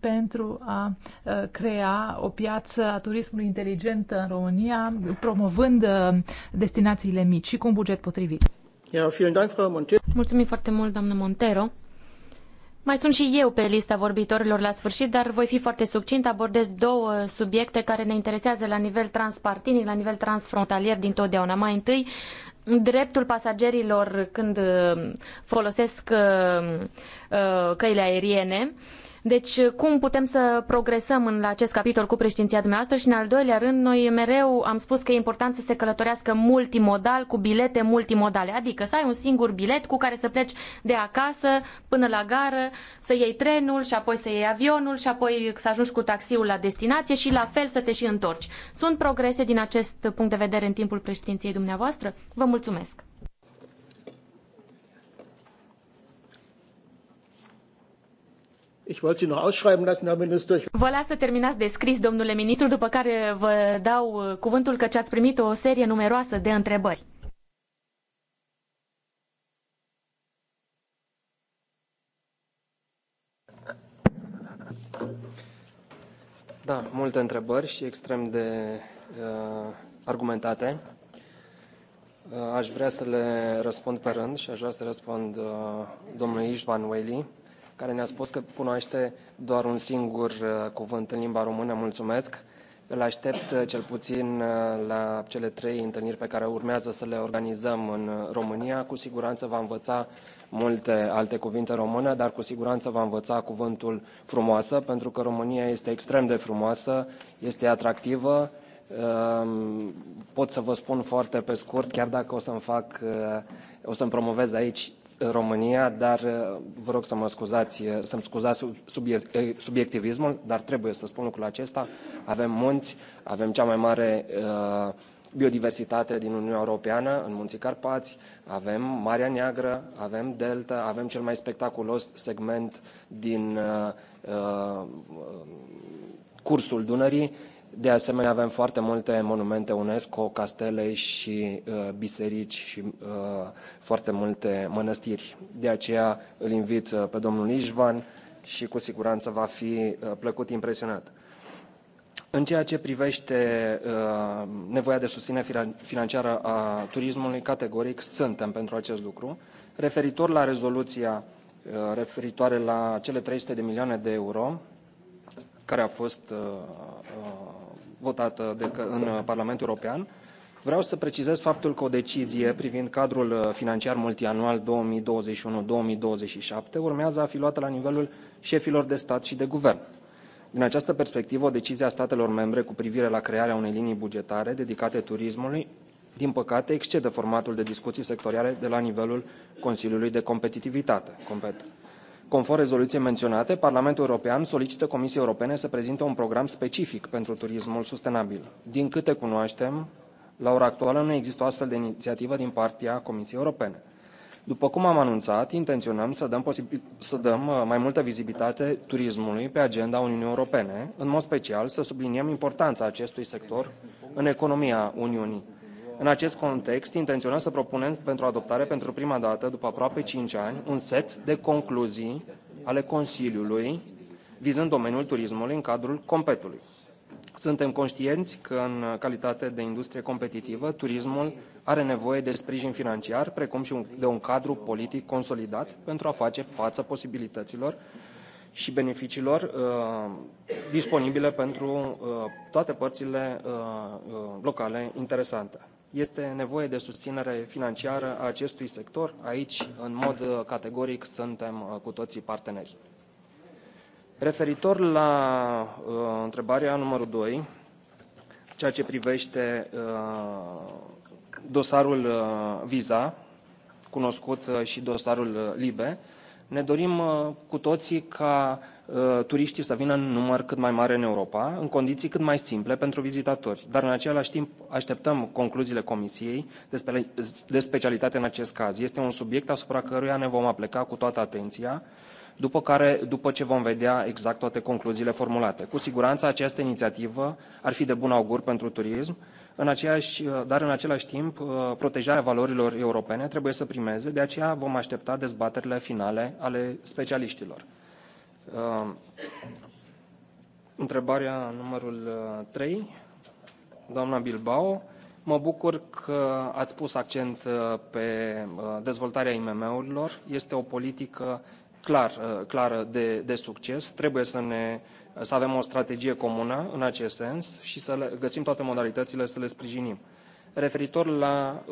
pentru a uh, crea o piață a turismului inteligent în România, promovând uh, destinațiile mici și cu un buget potrivit. Mulțumim foarte mult, doamnă Montero. Mai sunt și eu pe lista vorbitorilor la sfârșit, dar voi fi foarte succint. Abordez două subiecte care ne interesează la nivel transpartinic, la nivel transfrontalier dintotdeauna. Mai întâi, dreptul pasagerilor când uh, folosesc uh, uh, căile aeriene. Deci, cum putem să progresăm în acest capitol cu președinția dumneavoastră? Și, în al doilea rând, noi mereu am spus că e important să se călătorească multimodal, cu bilete multimodale, adică să ai un singur bilet cu care să pleci de acasă până la gară, să iei trenul și apoi să iei avionul și apoi să ajungi cu taxiul la destinație și la fel să te și întorci. Sunt progrese din acest punct de vedere în timpul președinției dumneavoastră? Vă mulțumesc! Vă las să terminați de scris, domnule ministru, după care vă dau uh, cuvântul că ați primit o serie numeroasă de întrebări. Da, multe întrebări și extrem de uh, argumentate. Uh, aș vrea să le răspund pe rând și aș vrea să răspund uh, domnului Ișvan Whaley care ne-a spus că cunoaște doar un singur uh, cuvânt în limba română. Mulțumesc! Îl aștept uh, cel puțin uh, la cele trei întâlniri pe care urmează să le organizăm în România. Cu siguranță va învăța multe alte cuvinte române, dar cu siguranță va învăța cuvântul frumoasă, pentru că România este extrem de frumoasă, este atractivă Ehm, pot să vă spun foarte pe scurt, chiar dacă o să-mi fac, eh, o să-mi promovez aici eh, România, dar eh, vă rog să mă scuzați, să-mi scuzați subiectivismul, dar trebuie să spun lucrul acesta. Avem munți, avem cea mai mare biodiversitate din Uniunea Europeană, în Munții Carpați, avem Marea Neagră, avem Delta, avem cel mai spectaculos segment din uh, uh, cursul Dunării, de asemenea, avem foarte multe monumente UNESCO, castele și uh, biserici și uh, foarte multe mănăstiri. De aceea îl invit uh, pe domnul Ișvan și cu siguranță va fi plăcut impresionat. În ceea ce privește uh, nevoia de susținere financiară a turismului, categoric suntem pentru acest lucru. Referitor la rezoluția uh, referitoare la cele 300 de milioane de euro care a fost uh, votată de, că în Parlamentul European, vreau să precizez faptul că o decizie privind cadrul financiar multianual 2021-2027 urmează a fi luată la nivelul șefilor de stat și de guvern. Din această perspectivă, o decizie a statelor membre cu privire la crearea unei linii bugetare dedicate turismului, din păcate, excede formatul de discuții sectoriale de la nivelul Consiliului de Competitivitate, compet Conform rezoluției menționate, Parlamentul European solicită Comisiei Europene să prezinte un program specific pentru turismul sustenabil. Din câte cunoaștem, la ora actuală nu există o astfel de inițiativă din partea Comisiei Europene. După cum am anunțat, intenționăm să dăm, să dăm uh, mai multă vizibilitate turismului pe agenda Uniunii Europene, în mod special să subliniem importanța acestui sector în economia Uniunii. În acest context, intenționăm să propunem pentru adoptare pentru prima dată, după aproape cinci ani, un set de concluzii ale Consiliului vizând domeniul turismului în cadrul competului. Suntem conștienți că, în calitate de industrie competitivă, turismul are nevoie de sprijin financiar, precum și de un cadru politic consolidat pentru a face față posibilităților și beneficiilor uh, disponibile pentru uh, toate părțile uh, uh locale interesante. Este nevoie de susținere financiară a acestui sector. Aici, în mod uh, categoric, suntem uh, cu toții parteneri. Referitor la uh, întrebarea numărul 2, ceea ce privește uh, dosarul uh, Visa, cunoscut uh, și dosarul LIBE, ne dorim cu toții ca Uh, turiștii să vină în număr cât mai mare în Europa, în condiții cât mai simple pentru vizitatori, dar în același timp așteptăm concluziile Comisiei de specialitate în acest caz. Este un subiect asupra căruia ne vom apleca cu toată atenția, după, care, după ce vom vedea exact toate concluziile formulate. Cu siguranță această inițiativă ar fi de bun augur pentru turism, în aceeași, uh, dar în același timp uh, protejarea valorilor europene trebuie să primeze, de aceea vom aștepta dezbaterile finale ale specialiștilor. Um, întrebarea numărul 3, uh, doamna Bilbao. Mă bucur că ați pus accent uh, pe uh, dezvoltarea IMM-urilor. Este o politică clar, clară de, de succes. Trebuie să, ne, să avem o strategie comună în acest sens și să le, găsim toate modalitățile să le sprijinim. Referitor la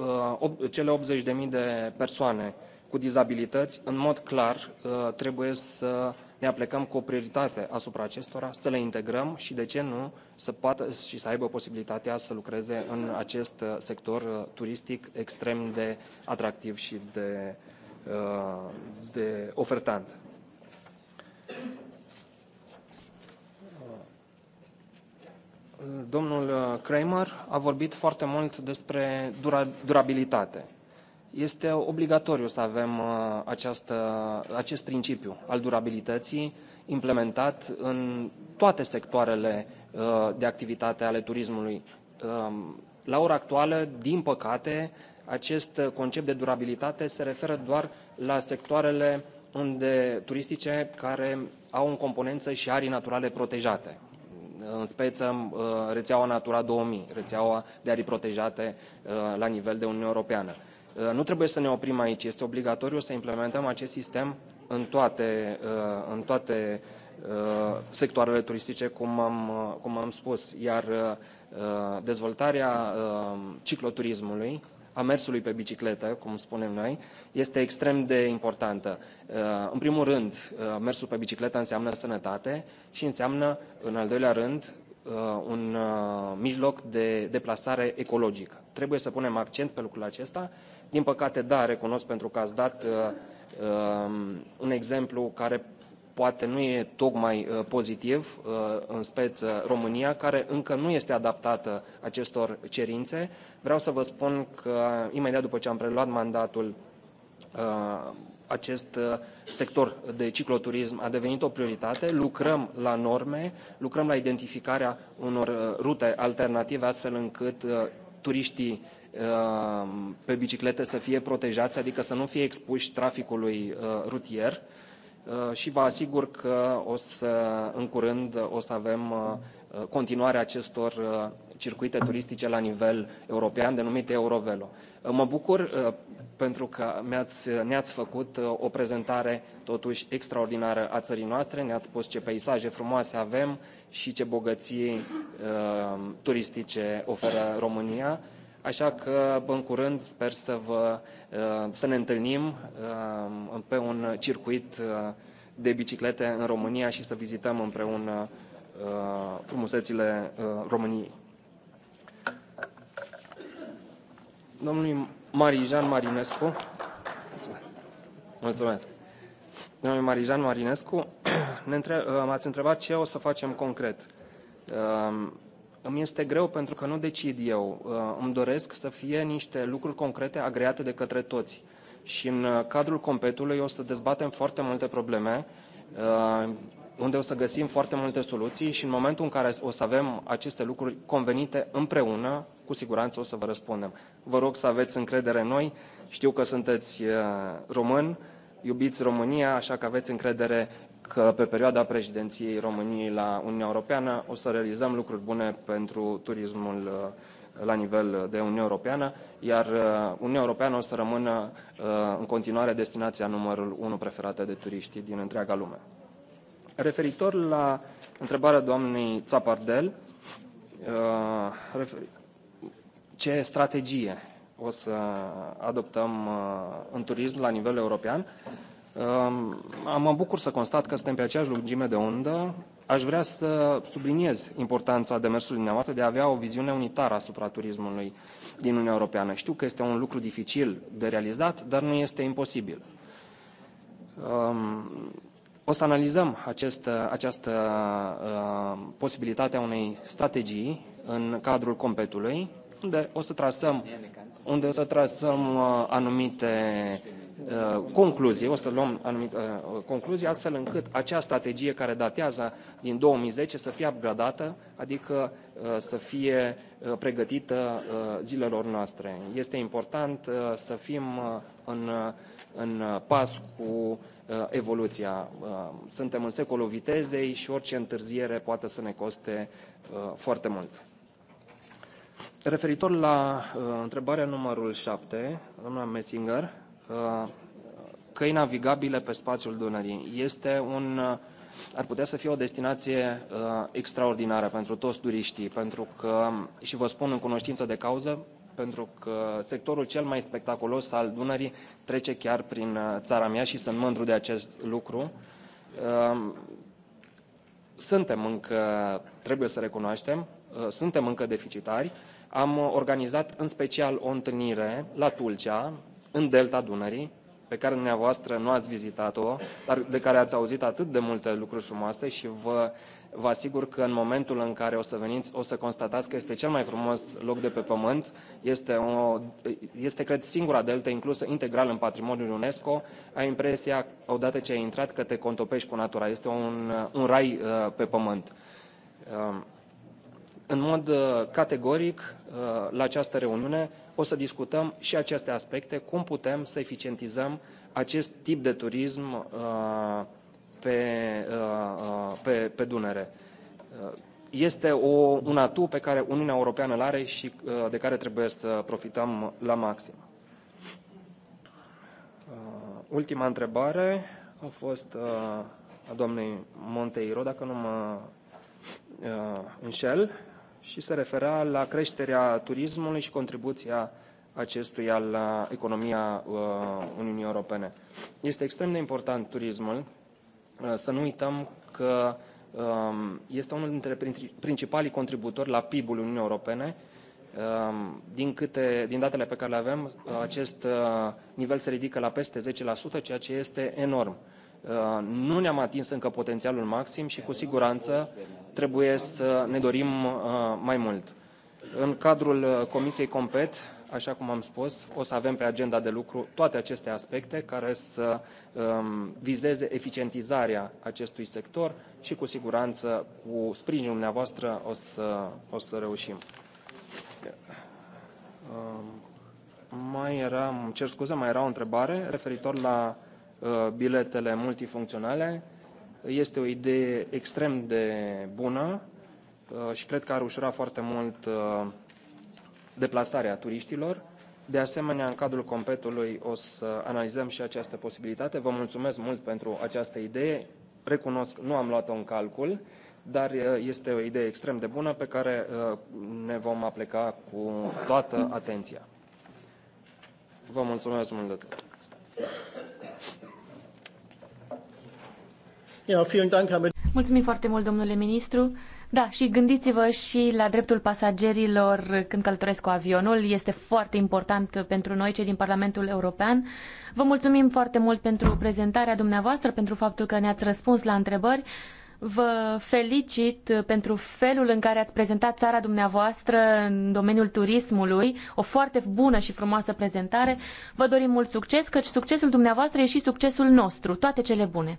uh, cele 80.000 de persoane cu dizabilități, în mod clar uh, trebuie să ne aplicăm cu o prioritate asupra acestora, să le integrăm și, de ce nu, să poată și să aibă posibilitatea să lucreze în acest uh, sector uh, turistic extrem de atractiv și de, uh, de ofertant. Domnul Kramer a vorbit foarte mult despre durabilitate este obligatoriu să avem uh, această, acest principiu al durabilității implementat în toate sectoarele uh, de activitate ale turismului. Um, la ora actuală, din păcate, acest concept de durabilitate se referă doar la sectoarele unde, turistice care au în componență și arii naturale protejate. În speță, uh, rețeaua Natura 2000, rețeaua de arii protejate la nivel de Uniune Europeană. Uh, nu trebuie să ne oprim aici. Este obligatoriu să implementăm acest sistem în toate, uh, în toate uh, sectoarele turistice, cum am, cum am spus. Iar dezvoltarea cicloturismului, a mersului pe bicicletă, cum spunem noi, este extrem de importantă. În primul rând, mersul pe bicicletă înseamnă sănătate și înseamnă, în al doilea rând, un mijloc de deplasare ecologică. Trebuie să punem accent pe lucrul acesta din păcate, da, recunosc pentru că ați dat uh, um, un exemplu care poate nu e tocmai uh, pozitiv, uh, în speță România, care încă nu este adaptată acestor cerințe. Vreau să vă spun că imediat după ce am preluat mandatul, acest sector de cicloturism a devenit o prioritate. Lucrăm la norme, lucrăm la identificarea unor rute alternative, astfel încât turiștii Uh, pe biciclete să fie protejați, adică să nu fie expuși traficului uh, rutier uh, și vă asigur că o să, în curând o să avem continuarea acestor circuite turistice la nivel european, denumite Eurovelo. Mă bucur pentru că mi-ați, ne-ați făcut o prezentare totuși extraordinară a țării noastre, ne-ați spus ce peisaje frumoase avem și ce bogății uh, turistice oferă România Așa că, în curând, sper să, vă, uh, să ne întâlnim uh, pe un circuit uh, de biciclete în România și să vizităm împreună frumusețile României. Domnului Marijan Marinescu, mulțumesc. Domnul Marijan Marinescu, ne întreb, m-ați întrebat ce o să facem concret. Îmi este greu pentru că nu decid eu. Uh, îmi doresc să fie niște lucruri concrete agreate de către toți. Și în uh, cadrul competului o să dezbatem foarte multe probleme, uh, unde o să găsim foarte multe soluții și în momentul în care o să avem aceste lucruri convenite împreună, cu siguranță o să vă răspundem. Vă rog să aveți încredere în noi. Știu că sunteți român, iubiți România, așa că aveți încredere că pe perioada președinției României la Uniunea Europeană o să realizăm lucruri bune pentru turismul uh, la nivel de Uniune Europeană, iar uh, Uniunea Europeană o să rămână uh, în continuare destinația numărul unu preferată de turiști din întreaga lume. Referitor la întrebarea doamnei Țapardel, ce strategie o să adoptăm în turism la nivel european, Mă bucur să constat că suntem pe aceeași lungime de undă. Aș vrea să subliniez importanța demersului dumneavoastră de a avea o viziune unitară asupra turismului din Uniunea Europeană. Știu că este un lucru dificil de realizat, dar nu este imposibil. Um, o să analizăm acest, această uh, posibilitate a unei strategii în cadrul competului, unde o să trasăm, unde o să trasăm uh, anumite Uh, concluzie, o să luăm anumite uh, concluzii, astfel încât acea strategie care datează din 2010 să fie upgradată, adică uh, să fie pregătită zilelor noastre. Este important să fim în, în pas cu evoluția. Suntem în secolul vitezei și orice întârziere poate să ne coste foarte mult. Referitor la întrebarea numărul 7, doamna Messinger, Uh, căi navigabile pe spațiul Dunării. Este un, uh, ar putea să fie o destinație uh, extraordinară pentru toți turiștii, pentru că, și vă spun în cunoștință de cauză, pentru că sectorul cel mai spectaculos al Dunării trece chiar prin țara mea și sunt mândru de acest lucru. Suntem încă, trebuie să recunoaștem, suntem încă deficitari. Am organizat în special o întâlnire la Tulcea, în delta Dunării, pe care dumneavoastră nu ați vizitat-o, dar de care ați auzit atât de multe lucruri frumoase și vă, vă asigur că în momentul în care o să veniți, o să constatați că este cel mai frumos loc de pe pământ. Este, o, este cred, singura delta inclusă integral în patrimoniul UNESCO. Ai impresia, odată ce ai intrat, că te contopești cu natura. Este un, un rai uh, pe pământ. Uh, în mod uh, categoric, uh, la această reuniune, o să discutăm și aceste aspecte, cum putem să eficientizăm acest tip de turism uh, pe, uh, pe, pe Dunăre. Uh, este o, un atu pe care Uniunea Europeană îl are și de care trebuie să profităm la maxim. Ultima întrebare a fost a doamnei Monteiro, dacă nu mă înșel și se referea la creșterea turismului și contribuția acestuia la economia uh, Uniunii Europene. Este extrem de important turismul. Uh, să nu uităm că um, este unul dintre principalii contributori la PIB-ul Uniunii Europene. Um, din, câte, din datele pe care le avem, acest uh, nivel se ridică la peste 10%, ceea ce este enorm. Uh, nu ne-am atins încă potențialul maxim și cu siguranță trebuie să ne dorim uh, mai mult. În cadrul uh, Comisiei Compet, așa cum am spus, o să avem pe agenda de lucru toate aceste aspecte care să um, vizeze eficientizarea acestui sector și cu siguranță cu sprijinul dumneavoastră o să, o să reușim. Um, mai era, cer scuze, mai era o întrebare referitor la Uh, biletele multifuncționale. Este o idee extrem de bună uh, și cred că ar ușura foarte mult uh, deplasarea turiștilor. De asemenea, în cadrul competului o să analizăm și această posibilitate. Vă mulțumesc mult pentru această idee. Recunosc, nu am luat-o în calcul, dar este o idee extrem de bună pe care ne vom aplica cu toată atenția. Vă mulțumesc mult de tot! Mulțumim foarte mult, domnule ministru. Da, și gândiți-vă și la dreptul pasagerilor când călătoresc cu avionul. Este foarte important pentru noi, cei din Parlamentul European. Vă mulțumim foarte mult pentru prezentarea dumneavoastră, pentru faptul că ne-ați răspuns la întrebări. Vă felicit pentru felul în care ați prezentat țara dumneavoastră în domeniul turismului. O foarte bună și frumoasă prezentare. Vă dorim mult succes, căci succesul dumneavoastră e și succesul nostru. Toate cele bune!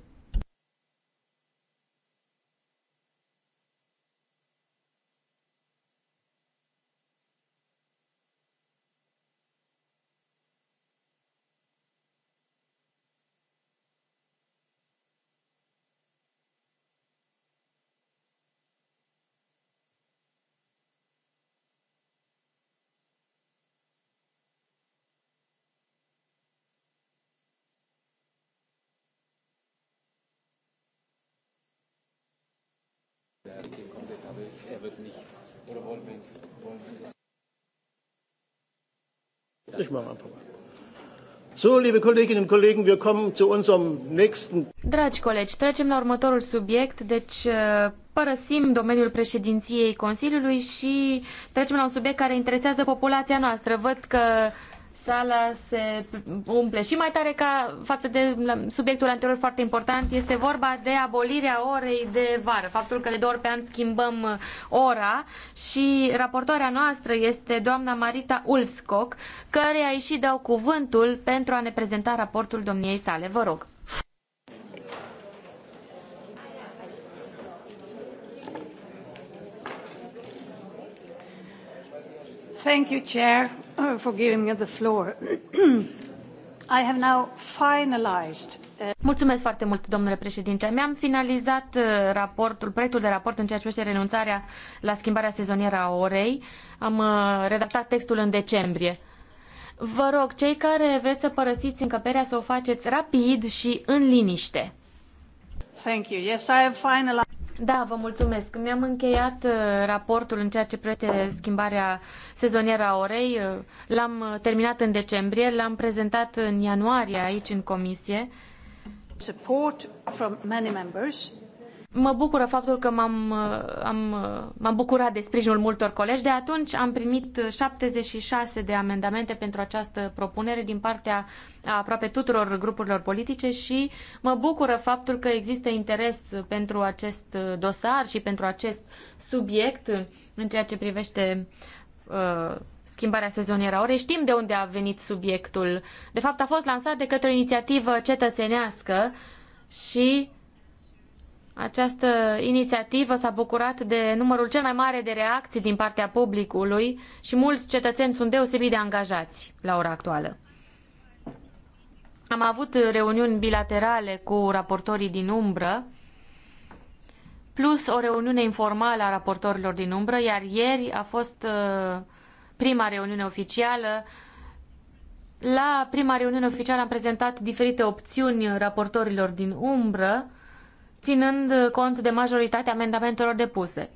er wird nicht. Oder wollen wir Wollen wir ich mache einfach mal. So, liebe Kolleginnen und Kollegen, wir kommen zu unserem nächsten. Dragi colegi, trecem la următorul subiect, deci uh, părăsim domeniul președinției Consiliului și trecem la un subiect care interesează populația noastră. Văd că sala se umple și mai tare ca față de subiectul anterior foarte important. Este vorba de abolirea orei de vară, faptul că de două ori pe an schimbăm uh, ora și raportoarea noastră este doamna Marita Ulfscock, care a ieșit dau cuvântul pentru a ne prezenta raportul domniei sale. Vă rog. Thank you, Chair, uh, for giving me the floor. I have now finalized. Uh, Mulțumesc foarte mult, domnule președinte. Mi-am finalizat uh, raportul, proiectul de raport în ceea ce privește renunțarea la schimbarea sezonieră a orei. Am redactat textul în decembrie. Vă rog, cei care vreți să părăsiți încăperea, să o faceți rapid și în liniște. Thank you. Yes, I have finalized. Da, vă mulțumesc. Mi-am încheiat uh, raportul în ceea ce privește schimbarea sezonieră a orei. Uh, l-am uh, terminat în decembrie, l-am prezentat în ianuarie aici în comisie. Support from many members mă bucură faptul că m-am, uh, am, uh, m-am bucurat de sprijinul multor colegi. De atunci am primit 76 uh, de amendamente pentru această propunere din partea a aproape tuturor grupurilor politice și mă bucură faptul că există interes pentru acest dosar și pentru acest subiect în ceea ce privește uh, schimbarea sezonieră a orei. Știm de unde a venit subiectul. De fapt, a fost lansat de către o inițiativă cetățenească și această inițiativă s-a bucurat de numărul cel mai mare de reacții din partea publicului și mulți cetățeni sunt deosebit de angajați la ora actuală. Am avut reuniuni bilaterale cu raportorii din umbră, plus o reuniune informală a raportorilor din umbră, iar ieri a fost uh, prima reuniune oficială. La prima reuniune oficială am prezentat diferite opțiuni raportorilor din umbră, ținând cont de majoritatea amendamentelor depuse.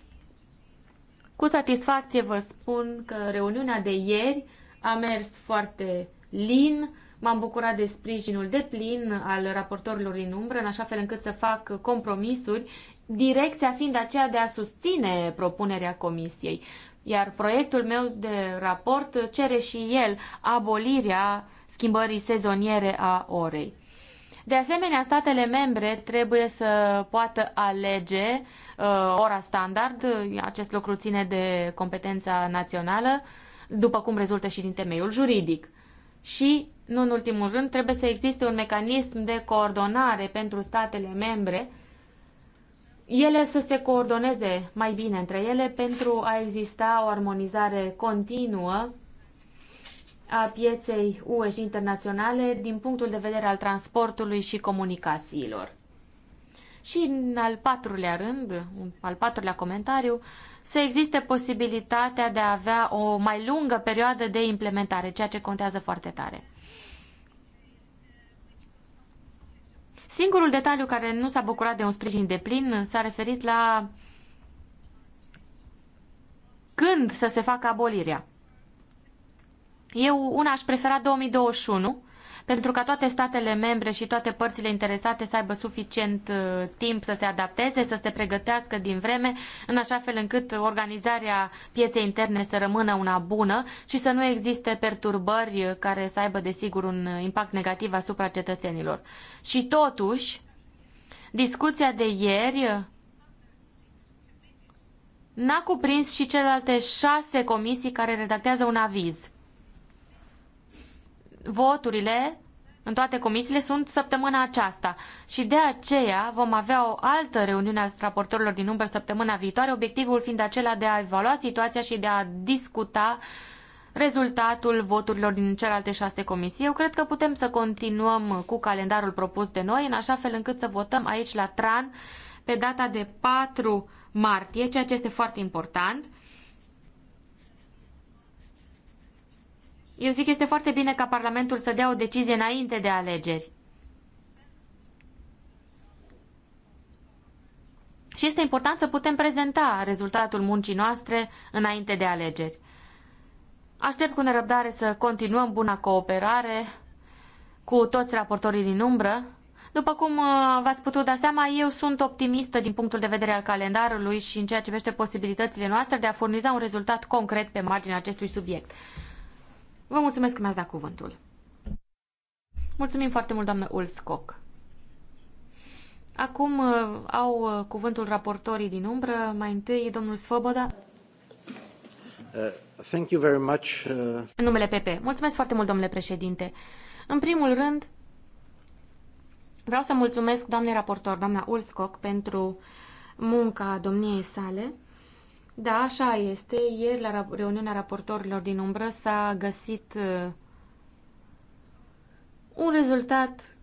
Cu satisfacție vă spun că reuniunea de ieri a mers foarte lin, m-am bucurat de sprijinul de plin al raportorilor din umbră, în așa fel încât să fac compromisuri, direcția fiind aceea de a susține propunerea comisiei. Iar proiectul meu de raport cere și el abolirea schimbării sezoniere a orei. De asemenea, statele membre trebuie să poată alege uh, ora standard, uh, acest lucru ține de competența națională, după cum rezultă și din temeiul juridic. Și, nu în ultimul rând, trebuie să existe un mecanism de coordonare pentru statele membre, ele să se coordoneze mai bine între ele pentru a exista o armonizare continuă a pieței UE și internaționale din punctul de vedere al transportului și comunicațiilor. Și în al patrulea rând, al patrulea comentariu, să existe posibilitatea de a avea o mai lungă perioadă de implementare, ceea ce contează foarte tare. Singurul detaliu care nu s-a bucurat de un sprijin de plin s-a referit la când să se facă abolirea. Eu una aș prefera 2021 pentru ca toate statele membre și toate părțile interesate să aibă suficient uh, timp să se adapteze, să se pregătească din vreme, în așa fel încât organizarea pieței interne să rămână una bună și să nu existe perturbări care să aibă, desigur, un impact negativ asupra cetățenilor. Și totuși, discuția de ieri n-a cuprins și celelalte șase comisii care redactează un aviz voturile în toate comisiile sunt săptămâna aceasta și de aceea vom avea o altă reuniune a raportorilor din umbră săptămâna viitoare, obiectivul fiind acela de a evalua situația și de a discuta rezultatul voturilor din celelalte șase comisii. Eu cred că putem să continuăm cu calendarul propus de noi, în așa fel încât să votăm aici la TRAN pe data de 4 martie, ceea ce este foarte important. Eu zic că este foarte bine ca Parlamentul să dea o decizie înainte de alegeri. Și este important să putem prezenta rezultatul muncii noastre înainte de alegeri. Aștept cu nerăbdare să continuăm buna cooperare cu toți raportorii din umbră. După cum uh, v-ați putut da seama, eu sunt optimistă din punctul de vedere al calendarului și în ceea ce vește posibilitățile noastre de a furniza un rezultat concret pe marginea acestui subiect. Vă mulțumesc că mi-ați dat cuvântul. Mulțumim foarte mult, doamnă Ulscoc. Acum uh, au uh, cuvântul raportorii din umbră. Mai întâi, domnul Svoboda. Uh, thank you very much. În numele PP. Mulțumesc foarte mult, domnule președinte. În primul rând, vreau să mulțumesc doamnei raportor, doamna Ulscoc, pentru munca domniei sale. Da, așa este. Ieri, la reuniunea raportorilor din umbră, s-a găsit uh, un rezultat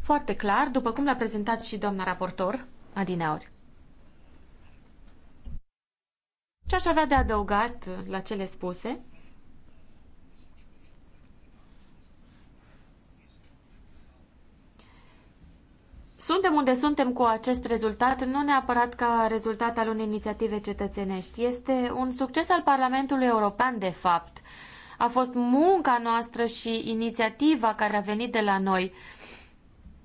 foarte clar, după cum l-a prezentat și doamna raportor, Adineauri. Ce aș avea de adăugat uh, la cele spuse? Suntem unde suntem cu acest rezultat, nu neapărat ca rezultat al unei inițiative cetățenești. Este un succes al Parlamentului European, de fapt. A fost munca noastră și inițiativa care a venit de la noi.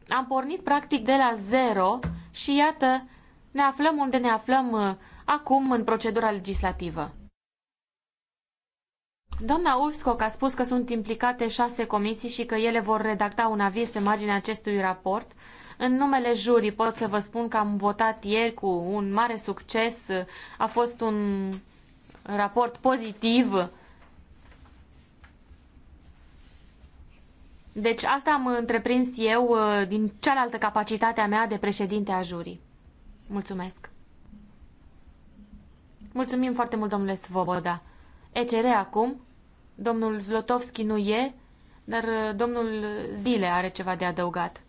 Am pornit practic de la zero și iată, ne aflăm unde ne aflăm uh, acum în procedura legislativă. Doamna Ulfscoc a spus că sunt implicate șase comisii și că ele vor redacta un aviz pe marginea acestui raport. În numele jurii pot să vă spun că am votat ieri cu un mare succes. A fost un raport pozitiv. Deci asta am întreprins eu uh, din cealaltă capacitatea mea de președinte a jurii. Mulțumesc. Mulțumim foarte mult, domnule Svoboda. ECR acum. Domnul Zlotovski nu e, dar uh, domnul Zile are ceva de adăugat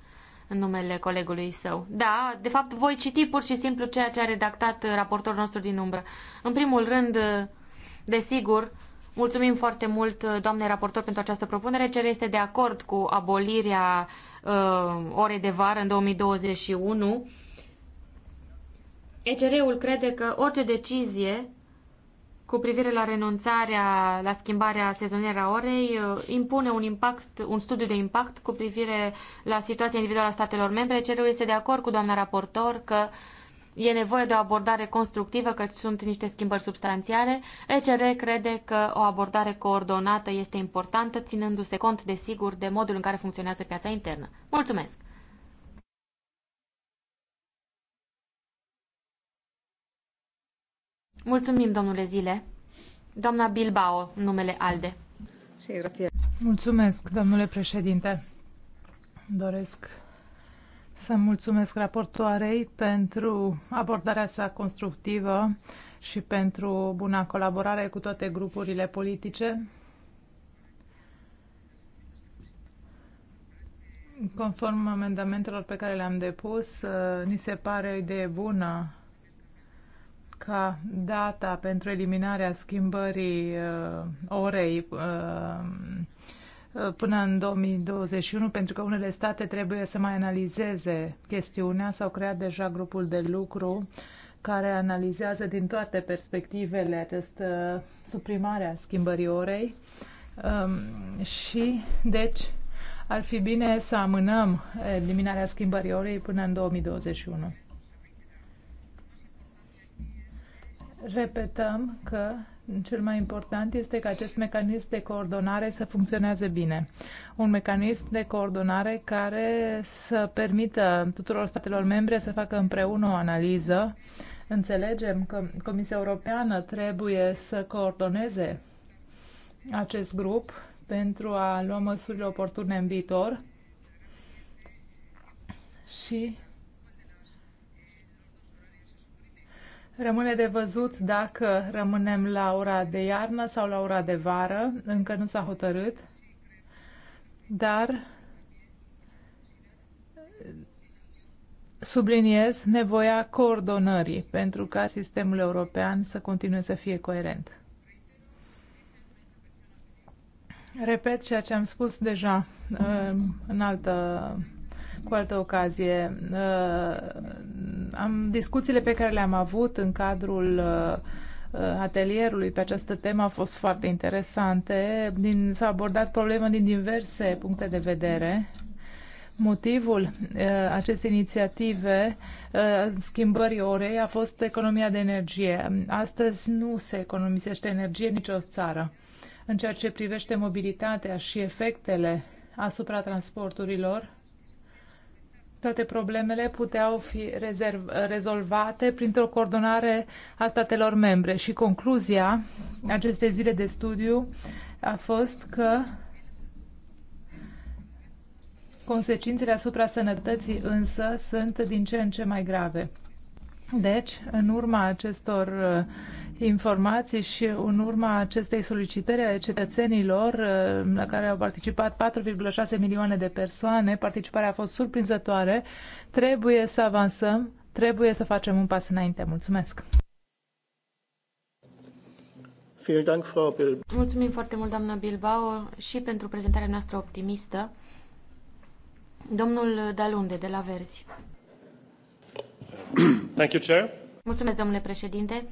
în numele colegului său. Da, de fapt voi citi pur și simplu ceea ce a redactat raportorul nostru din umbră. În primul rând, desigur, mulțumim foarte mult doamnei raportor pentru această propunere. Cer este de acord cu abolirea uh, orei de vară în 2021. ECR-ul crede că orice decizie cu privire la renunțarea, la schimbarea sezonieră a orei, uh, impune un, impact, un studiu de impact cu privire la situația individuală a statelor membre. CRU este de acord cu doamna raportor că e nevoie de o abordare constructivă, că sunt niște schimbări substanțiale. ECR crede că o abordare coordonată este importantă, ținându-se cont, desigur, de modul în care funcționează piața internă. Mulțumesc! Mulțumim, domnule Zile. Doamna Bilbao, numele ALDE. Mulțumesc, domnule președinte. Doresc să mulțumesc raportoarei pentru abordarea sa constructivă și pentru buna colaborare cu toate grupurile politice. Conform amendamentelor pe care le-am depus, uh, ni se pare o idee bună ca data pentru eliminarea schimbării uh, orei uh, uh până în 2021, pentru că unele state trebuie să mai analizeze chestiunea. S-au creat deja grupul de lucru care analizează din toate perspectivele această suprimare a schimbării orei um, și, deci, ar fi bine să amânăm eliminarea schimbării orei până în 2021. Repetăm că cel mai important este că acest mecanism de coordonare să funcționeze bine. Un mecanism de coordonare care să permită tuturor statelor membre să facă împreună o analiză. Înțelegem că Comisia Europeană trebuie să coordoneze acest grup pentru a lua măsurile oportune în viitor și Rămâne de văzut dacă rămânem la ora de iarnă sau la ora de vară. Încă nu s-a hotărât. Dar subliniez nevoia coordonării pentru ca sistemul european să continue să fie coerent. Repet ceea ce am spus deja uh, în altă, cu altă ocazie. Uh, am, discuțiile pe care le-am avut în cadrul uh, atelierului pe această temă au fost foarte interesante. Din, s-a abordat problema din diverse puncte de vedere. Motivul uh, acestei inițiative, uh, schimbării orei, a fost economia de energie. Astăzi nu se economisește energie nicio țară. În ceea ce privește mobilitatea și efectele asupra transporturilor, toate problemele puteau fi rezerv, rezolvate printr-o coordonare a statelor membre și concluzia acestei zile de studiu a fost că consecințele asupra sănătății însă sunt din ce în ce mai grave. Deci, în urma acestor informații și în urma acestei solicitări ale cetățenilor uh, la care au participat 4,6 milioane de persoane, participarea a fost surprinzătoare, trebuie să avansăm, trebuie să facem un pas înainte. Mulțumesc! Mulțumim foarte mult, doamnă Bilbao, și pentru prezentarea noastră optimistă. Domnul Dalunde, de la Verzi. Thank you, Chair. Mulțumesc, domnule președinte.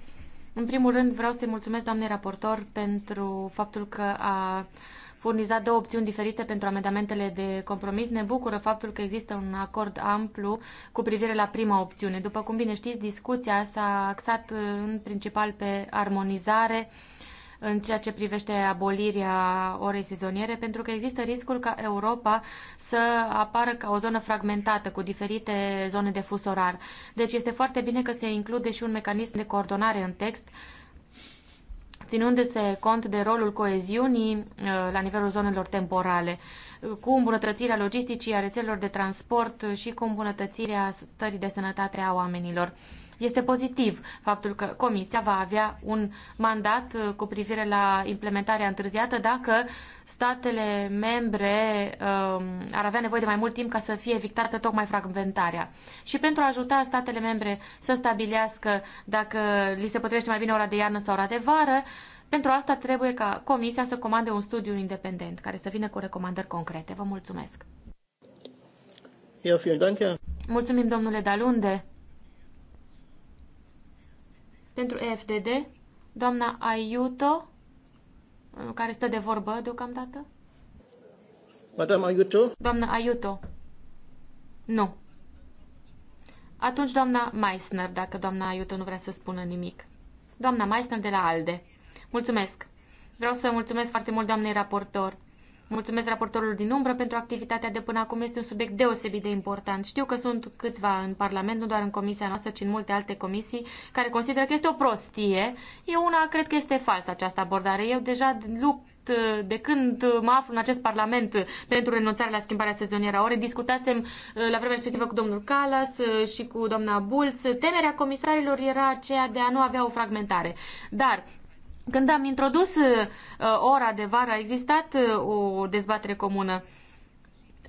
În primul rând vreau să-i mulțumesc doamnei raportor pentru faptul că a furnizat două opțiuni diferite pentru amendamentele de compromis. Ne bucură faptul că există un acord amplu cu privire la prima opțiune. După cum bine știți, discuția s-a axat uh, în principal pe armonizare, uh, în ceea ce privește abolirea orei sezoniere, pentru că există riscul ca Europa să apară ca o zonă fragmentată cu diferite zone de fus orar. Deci este foarte bine că se include și un mecanism de coordonare în text ținându-se cont de rolul coeziunii uh, la nivelul zonelor temporale, cu îmbunătățirea logisticii, a rețelelor de transport și cu îmbunătățirea stării de sănătate a oamenilor. Este pozitiv faptul că Comisia va avea un mandat uh, cu privire la implementarea întârziată dacă statele membre um, ar avea nevoie de mai mult timp ca să fie evitată tocmai fragmentarea. Și pentru a ajuta statele membre să stabilească dacă li se potrivește mai bine ora de iarnă sau ora de vară, pentru asta trebuie ca Comisia să comande un studiu independent care să vină cu recomandări concrete. Vă mulțumesc! Eu, fiu, Mulțumim, domnule Dalunde! Pentru EFDD, doamna Aiuto, uh, care stă de vorbă deocamdată. Madame Aiuto? Doamna Aiuto. Nu. Atunci doamna Meissner, dacă doamna Aiuto nu vrea să spună nimic. Doamna Meissner de la ALDE. Mulțumesc. Vreau să mulțumesc foarte mult doamnei raportor. Mulțumesc raportorilor din umbră pentru activitatea de până acum. Este un subiect deosebit de important. Știu că sunt câțiva în Parlament, nu doar în comisia noastră, ci în multe alte comisii, care consideră că este o prostie. Eu una cred că este falsă această abordare. Eu deja lupt eh, de când mă aflu în acest Parlament pentru renunțarea la schimbarea sezonieră a discutasem eh, la vremea respectivă cu domnul Calas eh, și cu doamna Bulț. Temerea comisarilor era aceea de a nu avea o fragmentare. Dar când am introdus uh, ora de vară, a existat uh, o dezbatere comună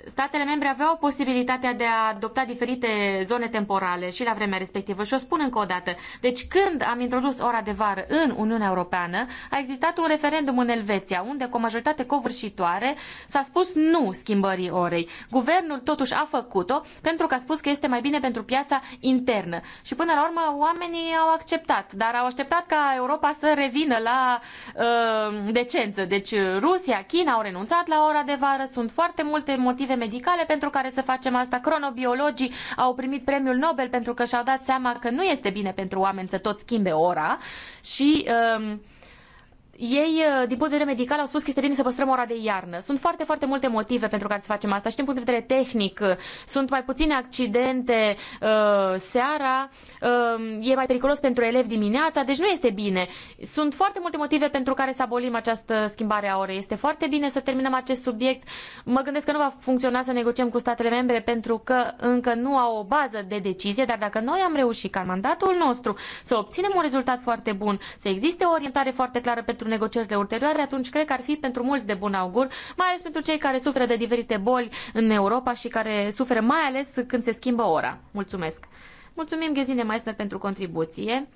statele membre aveau posibilitatea de a adopta diferite zone temporale și la vremea respectivă. Și o spun încă o dată. Deci când am introdus ora de vară în Uniunea Europeană, a existat un referendum în Elveția, unde cu o majoritate covârșitoare s-a spus nu schimbării orei. Guvernul totuși a făcut-o pentru că a spus că este mai bine pentru piața internă. Și până la urmă oamenii au acceptat, dar au așteptat ca Europa să revină la uh, decență. Deci Rusia, China au renunțat la ora de vară, sunt foarte multe motive medicale pentru care să facem asta. Cronobiologii au primit premiul Nobel pentru că și-au dat seama că nu este bine pentru oameni să tot schimbe ora și Uh, ei, uh, din punct de vedere medical, au spus că este bine să păstrăm ora de iarnă. Sunt foarte, foarte multe motive pentru care să facem asta. Și din punct de vedere tehnic, uh, sunt mai puține accidente uh, seara, uh, e mai periculos pentru elevi dimineața, deci nu este bine. Sunt foarte multe motive pentru care să abolim această schimbare a orei. Este foarte bine să terminăm acest subiect. Mă gândesc că nu va funcționa să negociem cu statele membre pentru că încă nu au o bază de decizie, dar dacă noi am reușit ca mandatul nostru să obținem un rezultat foarte bun, să existe o orientare foarte clară pentru pentru negocierile ulterioare, atunci cred că ar fi pentru mulți de bun augur, mai ales pentru cei care suferă de diferite boli în Europa și care suferă mai ales când se schimbă ora. Mulțumesc! Mulțumim, Ghezine Meissner, pentru contribuție.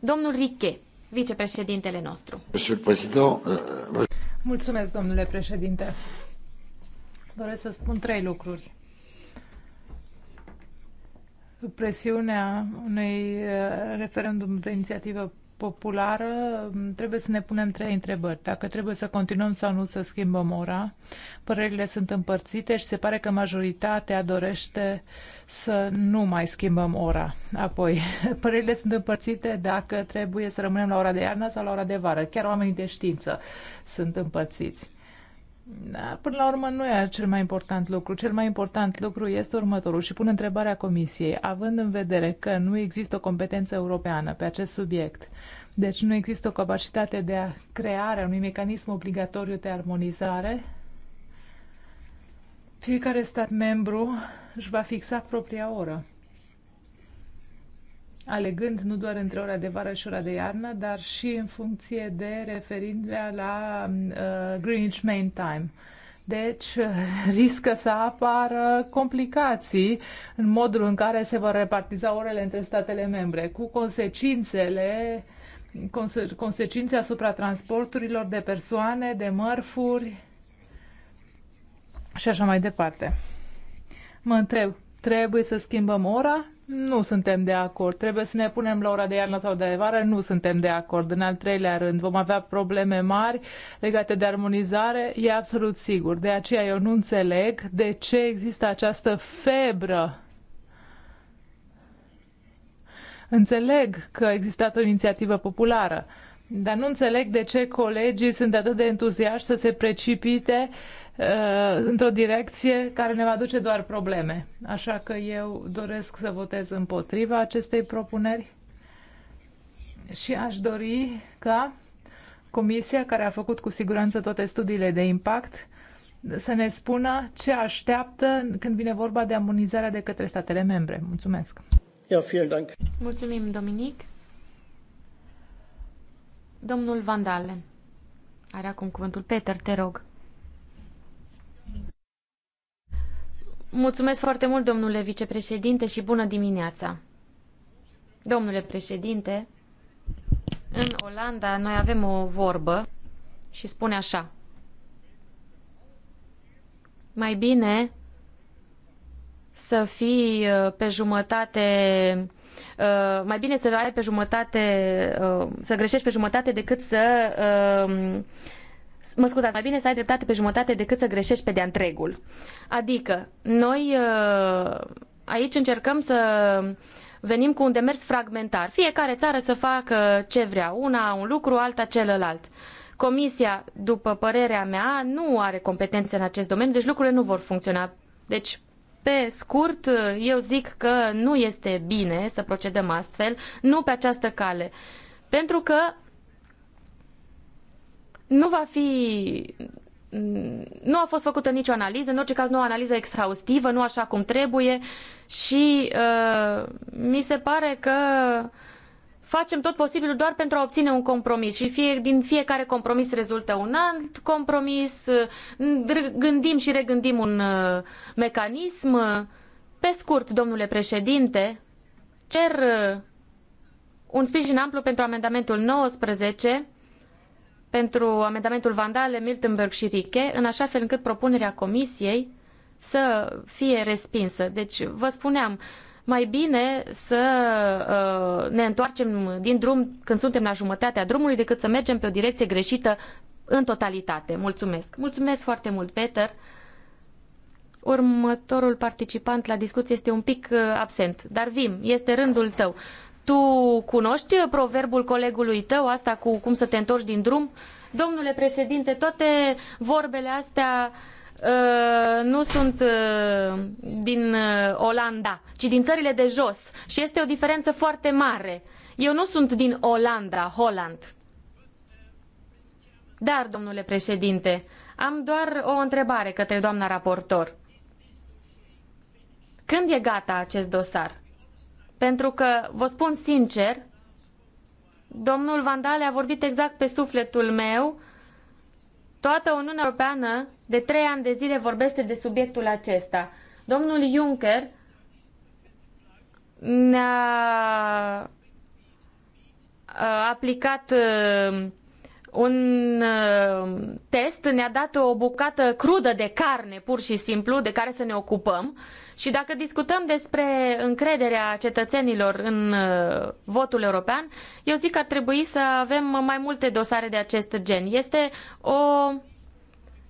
Domnul Riche, vicepreședintele nostru. Euh, Mulțumesc, domnule președinte. Doresc să spun trei lucruri presiunea unui uh, referendum de inițiativă Populară trebuie să ne punem trei întrebări. Dacă trebuie să continuăm sau nu să schimbăm ora, părerile sunt împărțite și se pare că majoritatea dorește să nu mai schimbăm ora. Apoi, părerile sunt împărțite dacă trebuie să rămânem la ora de iarnă sau la ora de vară. Chiar oamenii de știință sunt împărțiți. Da, până la urmă, nu e cel mai important lucru. Cel mai important lucru este următorul și pun întrebarea Comisiei, având în vedere că nu există o competență europeană pe acest subiect, deci nu există o capacitate de a creare unui mecanism obligatoriu de armonizare, fiecare stat membru își va fixa propria oră alegând nu doar între ora de vară și ora de iarnă, dar și în funcție de referința la uh, Greenwich Main Time. Deci riscă să apară complicații în modul în care se vor repartiza orele între statele membre, cu consecințele conse consecințe asupra transporturilor de persoane, de mărfuri și așa mai departe. Mă întreb, Trebuie să schimbăm ora? Nu suntem de acord. Trebuie să ne punem la ora de iarnă sau de vară? Nu suntem de acord. În al treilea rând, vom avea probleme mari legate de armonizare? E absolut sigur. De aceea eu nu înțeleg de ce există această febră Înțeleg că a existat o inițiativă populară, dar nu înțeleg de ce colegii sunt atât de entuziaști să se precipite Uh, într-o direcție care ne va duce doar probleme. Așa că eu doresc să votez împotriva acestei propuneri și aș dori ca comisia care a făcut cu siguranță toate studiile de impact să ne spună ce așteaptă când vine vorba de amonizarea de către statele membre. Mulțumesc! Ja, vielen Dank. Mulțumim, Dominic. Domnul Vandalen Are acum cuvântul Peter, te rog. Mulțumesc foarte mult, domnule vicepreședinte, și bună dimineața! Domnule președinte, în Olanda noi avem o vorbă și spune așa. Mai bine să fii uh, pe jumătate uh, mai bine să ai pe jumătate, uh, să greșești pe jumătate decât să mă scuzați, mai bine să ai dreptate pe jumătate decât să greșești pe de întregul. Adică, noi uh, aici încercăm să venim cu un demers fragmentar. Fiecare țară să facă ce vrea, una un lucru, alta celălalt. Comisia, după părerea mea, nu are competențe în acest domeniu, deci lucrurile nu vor funcționa. Deci, pe scurt, eu zic că nu este bine să procedăm astfel, nu pe această cale. Pentru că nu va fi nu a fost făcută nicio analiză, în orice caz nu o analiză exhaustivă, nu așa cum trebuie și uh, mi se pare că facem tot posibilul doar pentru a obține un compromis și fie, din fiecare compromis rezultă un alt compromis, uh, gândim și regândim un uh, mecanism. Pe scurt, domnule președinte, cer uh, un sprijin amplu pentru amendamentul 19 pentru amendamentul Vandale, Miltenberg și Riche, în așa fel încât propunerea comisiei să fie respinsă. Deci, vă spuneam, mai bine să uh, ne întoarcem din drum când suntem la jumătatea drumului decât să mergem pe o direcție greșită în totalitate. Mulțumesc! Mulțumesc foarte mult, Peter! Următorul participant la discuție este un pic uh, absent, dar Vim, este rândul tău. Tu cunoști proverbul colegului tău, asta cu cum să te întorci din drum? Domnule președinte, toate vorbele astea uh, nu sunt uh, din uh, Olanda, ci din țările de jos. Și este o diferență foarte mare. Eu nu sunt din Olanda, Holland. Dar, domnule președinte, am doar o întrebare către doamna raportor. Când e gata acest dosar? Pentru că, vă spun sincer, domnul Vandale a vorbit exact pe sufletul meu. Toată Uniunea Europeană de trei ani de zile vorbește de subiectul acesta. Domnul Juncker ne-a aplicat uh, un uh, test ne-a dat o bucată crudă de carne, pur și simplu, de care să ne ocupăm. Și dacă discutăm despre încrederea cetățenilor în uh, votul european, eu zic că ar trebui să avem mai multe dosare de acest gen. Este o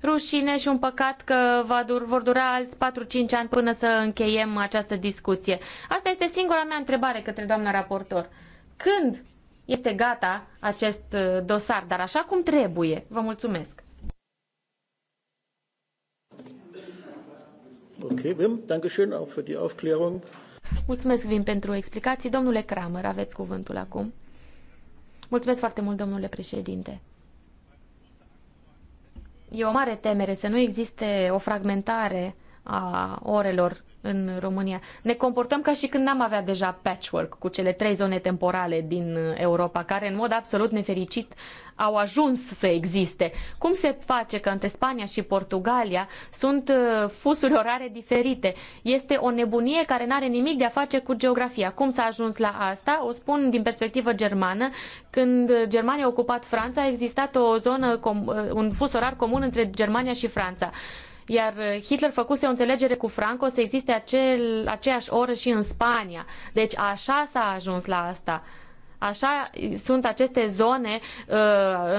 rușine și un păcat că va dur, vor dura alți 4-5 ani până să încheiem această discuție. Asta este singura mea întrebare către doamna raportor. Când este gata acest uh, dosar, dar așa cum trebuie. Vă mulțumesc! Ok, Wim, danke schön auch für die Aufklärung. Mulțumesc, Vim, pentru explicații. Domnule Kramer, aveți cuvântul acum. Mulțumesc foarte mult, domnule președinte. E o mare temere să nu existe o fragmentare a orelor în România. Ne comportăm ca și când n-am avea deja patchwork cu cele trei zone temporale din uh, Europa, care în mod absolut nefericit au ajuns să existe. Cum se face că între Spania și Portugalia sunt uh, fusuri orare diferite? Este o nebunie care nu are nimic de a face cu geografia. Cum s-a ajuns la asta? O spun din perspectivă germană. Când uh, Germania a ocupat Franța, a existat o zonă, un fus orar comun între Germania și Franța. Iar Hitler făcuse o înțelegere cu Franco să existe acel, aceeași oră și în Spania. Deci așa s-a ajuns la asta. Așa sunt aceste zone uh, uh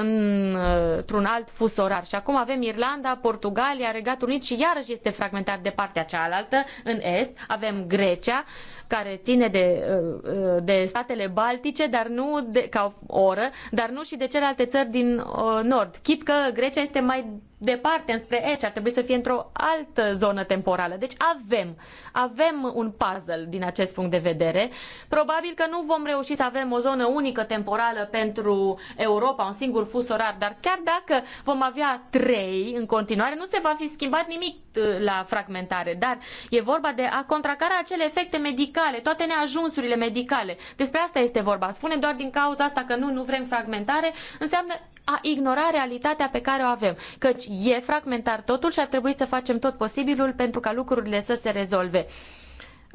într-un alt fus orar. Și acum avem Irlanda, Portugalia, Regatul Unit și iarăși este fragmentat de partea cealaltă, în est. Avem Grecia care ține de, uh, de statele baltice, dar nu de, ca o oră, dar nu și de celelalte țări din uh, nord. Chit că Grecia este mai departe înspre est și ar trebui să fie într-o altă zonă temporală. Deci avem, avem un puzzle din acest punct de vedere. Probabil că nu vom reuși să avem o zonă unică temporală pentru Europa, un singur fus orar, dar chiar dacă vom avea trei în continuare, nu se va fi schimbat nimic uh, la fragmentare, dar e vorba de a contracara acele efecte medicale medicale, toate neajunsurile medicale. Despre asta este vorba. Spunem doar din cauza asta că nu, nu vrem fragmentare, înseamnă a ignora realitatea pe care o avem. Căci e fragmentar totul și ar trebui să facem tot posibilul pentru ca lucrurile să se rezolve.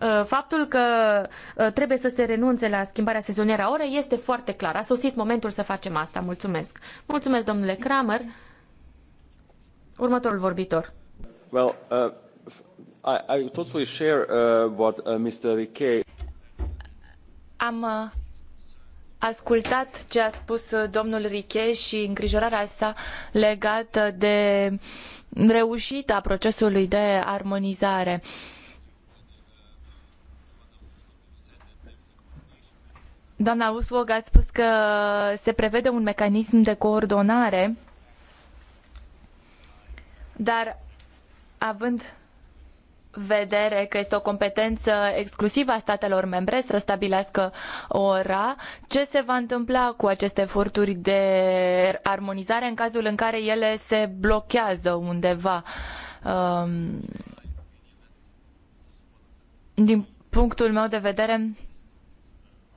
Uh, faptul că uh, trebuie să se renunțe la schimbarea sezonieră a orei este foarte clar. A sosit momentul să facem asta. Mulțumesc. Mulțumesc, domnule Kramer. Următorul vorbitor. Well, uh... I, I totally share uh, what uh, Mr. Riquet... Am uh, ascultat ce a spus uh, domnul Riquet și îngrijorarea sa legată de reușita procesului de armonizare. Doamna Uswog, a spus că se prevede un mecanism de coordonare, dar având vedere că este o competență exclusivă a statelor membre să stabilească ora, ce se va întâmpla cu aceste eforturi de armonizare în cazul în care ele se blochează undeva? Um, din punctul meu de vedere,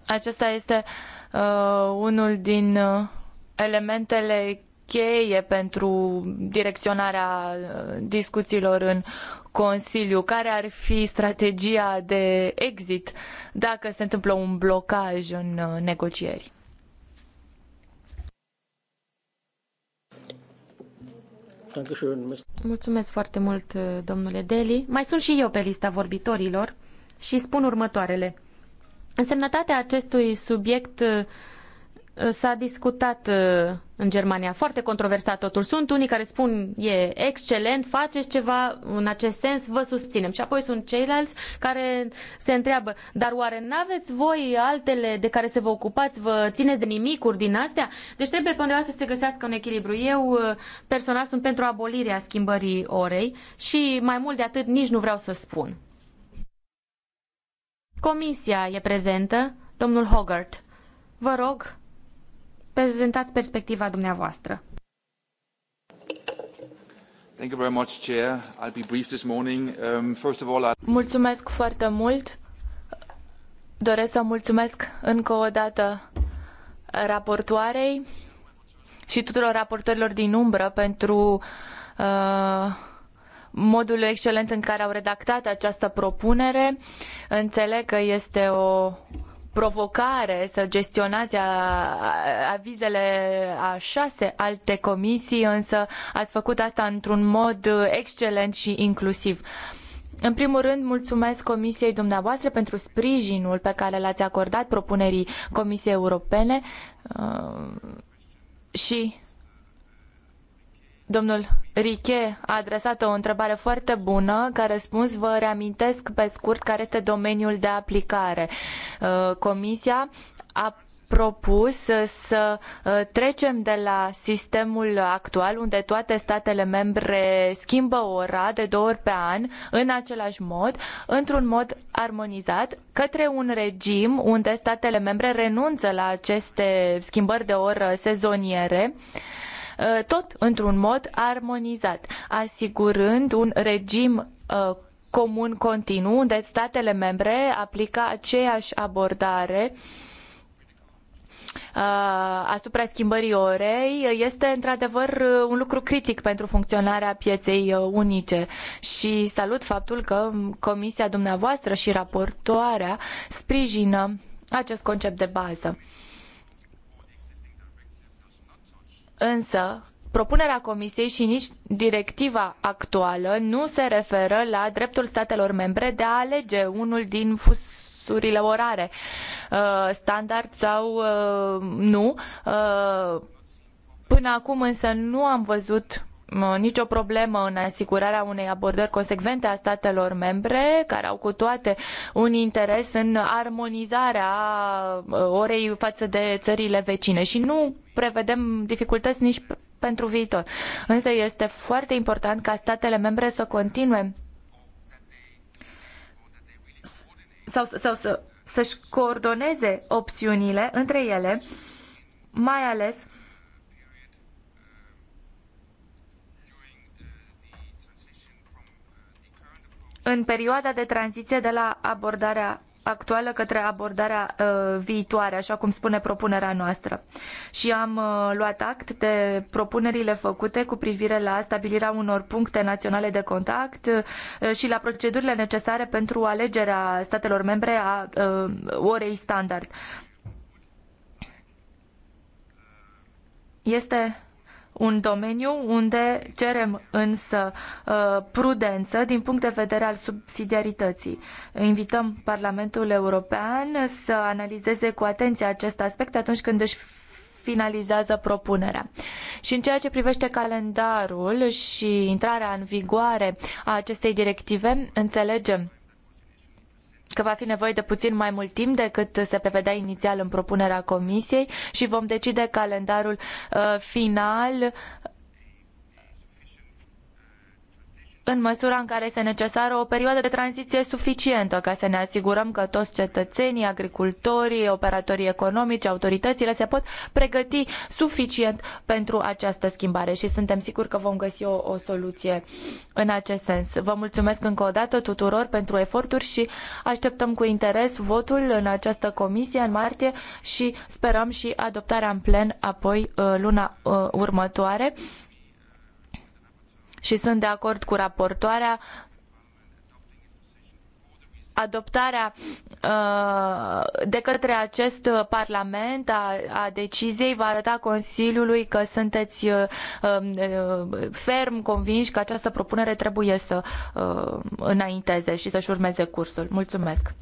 acesta este uh, unul din uh, elementele cheie pentru direcționarea uh, discuțiilor în Consiliu? Care ar fi strategia de exit dacă se întâmplă un blocaj în uh, negocieri? Mulțumesc foarte mult, uh, domnule Deli. Mai sunt și eu pe lista vorbitorilor și spun următoarele. Însemnătatea acestui subiect s-a discutat uh, în Germania. Foarte controversat totul. Sunt unii care spun e excelent, faceți ceva în acest sens, vă susținem. Și apoi sunt ceilalți care se întreabă, dar oare n-aveți voi altele de care să vă ocupați, vă țineți de nimicuri din astea? Deci trebuie pe undeva să se găsească un echilibru. Eu uh, personal sunt pentru abolirea schimbării orei și mai mult de atât nici nu vreau să spun. Comisia e prezentă, domnul Hogarth. Vă rog, prezentați perspectiva dumneavoastră. Mulțumesc foarte mult. Doresc să mulțumesc încă o dată raportoarei și tuturor raportorilor din umbră pentru uh, modul excelent în care au redactat această propunere. Înțeleg că este o provocare să gestionați avizele a șase alte comisii, însă ați făcut asta într-un mod excelent și inclusiv. În primul rând, mulțumesc Comisiei dumneavoastră pentru sprijinul pe care l-ați acordat propunerii Comisiei Europene uh, și Domnul Riche a adresat o întrebare foarte bună, ca răspuns vă reamintesc pe scurt care este domeniul de aplicare. Uh, comisia a propus să uh, trecem de la sistemul actual, unde toate statele membre schimbă ora de două ori pe an, în același mod, într-un mod armonizat, către un regim unde statele membre renunță la aceste schimbări de oră sezoniere. Uh, tot într-un mod armonizat, asigurând un regim uh, comun continuu, unde statele membre aplică aceeași abordare uh, asupra schimbării orei este într-adevăr un lucru critic pentru funcționarea pieței unice și salut faptul că um, comisia dumneavoastră și raportoarea sprijină acest concept de bază. Însă, propunerea Comisiei și nici directiva actuală nu se referă la dreptul statelor membre de a alege unul din fusurile orare, uh, standard sau uh, nu. Uh, până acum însă nu am văzut nicio problemă în asigurarea unei abordări consecvente a statelor membre, care au cu toate un interes în armonizarea uh, orei față de țările vecine și nu prevedem dificultăți nici pentru viitor. Însă este foarte important ca statele membre să continue sau, sau să, să-și coordoneze opțiunile între ele, mai ales în perioada de tranziție de la abordarea actuală către abordarea uh, viitoare, așa cum spune propunerea noastră. Și am uh, luat act de propunerile făcute cu privire la stabilirea unor puncte naționale de contact uh, și la procedurile necesare pentru alegerea statelor membre a uh, orei standard. Este un domeniu unde cerem însă uh, prudență din punct de vedere al subsidiarității. Invităm Parlamentul European să analizeze cu atenție acest aspect atunci când își finalizează propunerea. Și în ceea ce privește calendarul și intrarea în vigoare a acestei directive, înțelegem că va fi nevoie de puțin mai mult timp decât se prevedea inițial în propunerea comisiei și vom decide calendarul uh, final în măsura în care este necesară o perioadă de tranziție suficientă ca să ne asigurăm că toți cetățenii, agricultorii, operatorii economici, autoritățile se pot pregăti suficient pentru această schimbare și suntem siguri că vom găsi o, o soluție în acest sens. Vă mulțumesc încă o dată tuturor pentru eforturi și așteptăm cu interes votul în această comisie în martie și sperăm și adoptarea în plen apoi uh, luna uh, următoare și sunt de acord cu raportoarea adoptarea uh, de către acest Parlament a, deciziei va arăta Consiliului că sunteți uh, um, uh, ferm convinși că această propunere trebuie să înainteze și să-și urmeze cursul. Mulțumesc!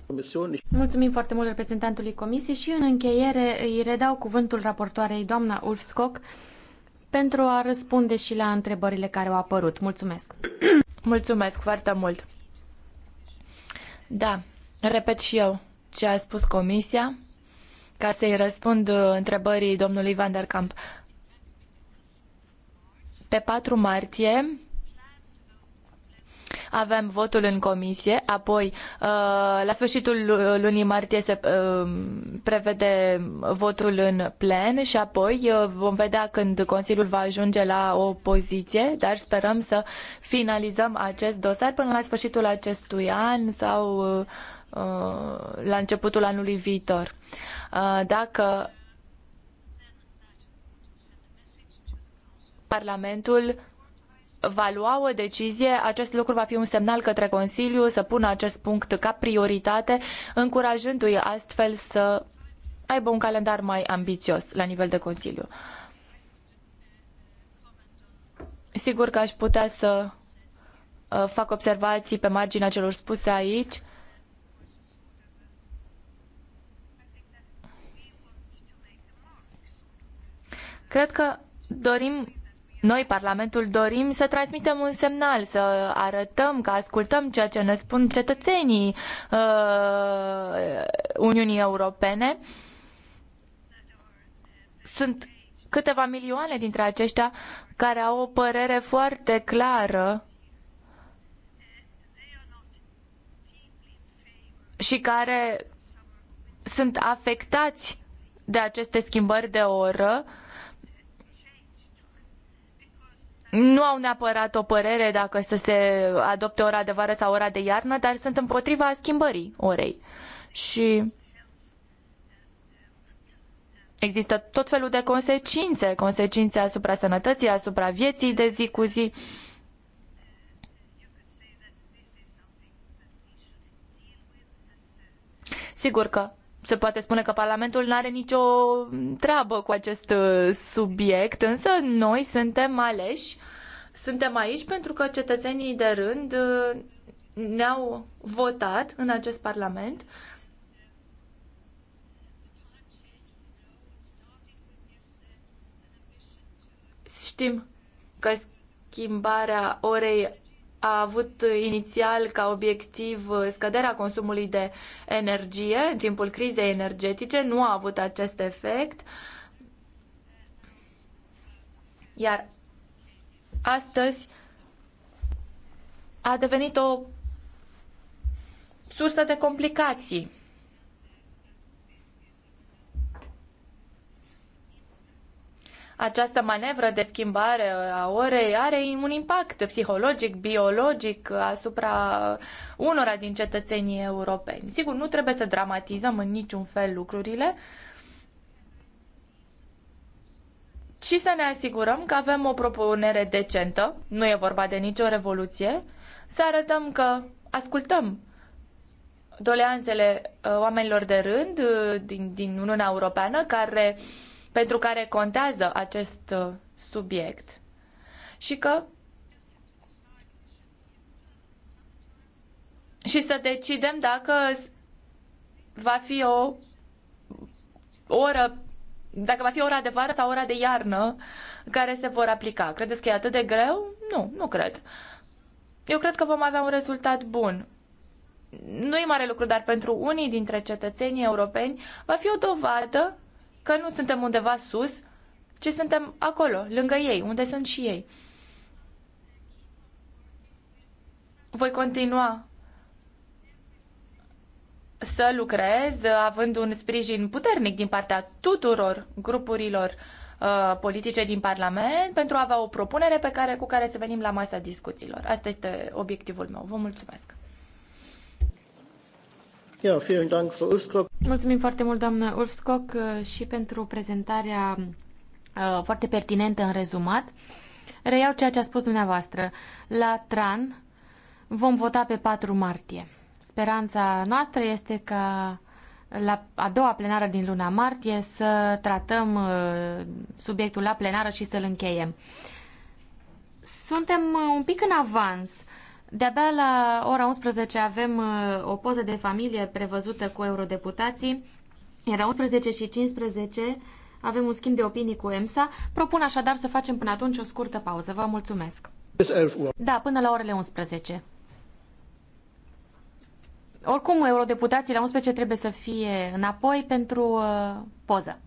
Mulțumim foarte mult reprezentantului Comisiei și în încheiere îi redau cuvântul raportoarei doamna Ulf Scock pentru a răspunde și la întrebările care au apărut. Mulțumesc! Mulțumesc foarte mult! Da, repet și eu ce a spus comisia ca să-i răspund întrebării domnului Van der Kamp. Pe 4 martie avem votul în comisie, apoi uh, la sfârșitul lunii martie se uh, prevede votul în plen și apoi uh, vom vedea când Consiliul va ajunge la o poziție, dar sperăm să finalizăm acest dosar până la sfârșitul acestui an sau la începutul anului viitor. Dacă Parlamentul va lua o decizie, acest lucru va fi un semnal către Consiliu să pună acest punct ca prioritate, încurajându-i astfel să aibă un calendar mai ambițios la nivel de Consiliu. Sigur că aș putea să uh, fac observații pe marginea celor spuse aici. Cred că dorim noi, Parlamentul, dorim să transmitem un semnal, să arătăm că ascultăm ceea ce ne spun cetățenii uh, Uniunii Europene. Sunt câteva milioane dintre aceștia care au o părere foarte clară și care sunt afectați de aceste schimbări de oră uh, nu au neapărat o părere dacă să se adopte ora de vară sau ora de iarnă, dar sunt împotriva schimbării orei. Și există tot felul de consecințe, consecințe asupra sănătății, asupra vieții de zi cu zi. Sigur că se poate spune că Parlamentul nu are nicio treabă cu acest uh, subiect, însă noi suntem aleși, suntem aici pentru că cetățenii de rând uh, ne-au votat în acest Parlament știm că schimbarea orei a avut inițial ca obiectiv uh, scăderea consumului de energie în timpul crizei energetice, nu a avut acest efect. Iar astăzi a devenit o sursă de complicații această manevră de schimbare a orei are un impact psihologic, biologic asupra unora din cetățenii europeni. Sigur, nu trebuie să dramatizăm în niciun fel lucrurile, ci să ne asigurăm că avem o propunere decentă, nu e vorba de nicio revoluție, să arătăm că ascultăm doleanțele uh, oamenilor de rând uh, din, din Uniunea Europeană care uh, pentru care contează acest uh, subiect și că și să decidem dacă va fi o oră dacă va fi ora de vară sau ora de iarnă care se vor aplica. Credeți că e atât de greu? Nu, nu cred. Eu cred că vom avea un rezultat bun. Nu e mare lucru, dar pentru unii dintre cetățenii europeni va fi o dovadă că nu suntem undeva sus, ci suntem acolo, lângă ei, unde sunt și ei. Voi continua să lucrez având un sprijin puternic din partea tuturor grupurilor uh, politice din Parlament pentru a avea o propunere pe care, cu care să venim la masa discuțiilor. Asta este obiectivul meu. Vă mulțumesc! Ja, vielen Dank, Frau Ulfskog. Mulțumim foarte mult, doamnă Ulfskog, uh, și pentru prezentarea uh, foarte pertinentă în rezumat. Reiau ceea ce a spus dumneavoastră. La TRAN vom vota pe 4 martie. Speranța noastră este ca la a doua plenară din luna martie să tratăm uh, subiectul la plenară și să-l încheiem. Suntem un pic în avans de-abia la ora 11 avem uh, o poză de familie prevăzută cu eurodeputații. Era 11 și 15, avem un schimb de opinii cu EMSA. Propun așadar să facem până atunci o scurtă pauză. Vă mulțumesc. Da, până la orele 11. Oricum, eurodeputații la 11 trebuie să fie înapoi pentru uh, poză.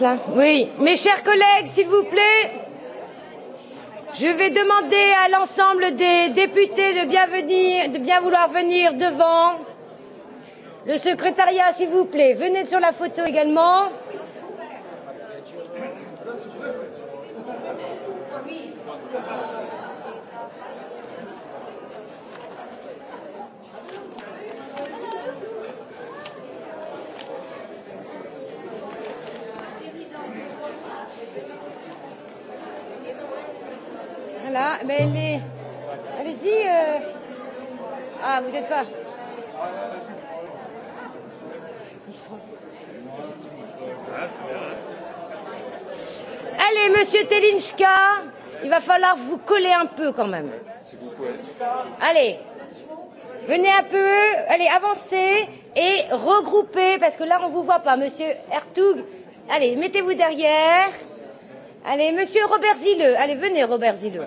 Là. Oui, mes chers collègues, s'il vous plaît, je vais demander à l'ensemble des députés de bien, venir, de bien vouloir venir devant. Le secrétariat, s'il vous plaît, venez sur la photo également. Oui. Ah, mais elle est... Allez-y. Euh... Ah, vous n'êtes pas. Ils sont. Allez, monsieur Telinchka, il va falloir vous coller un peu quand même. Allez, venez un peu, allez, avancez et regroupez, parce que là, on ne vous voit pas, monsieur Hertoug. Allez, mettez-vous derrière. Allez, monsieur Robert Zilleux, allez, venez, Robert Zilleux.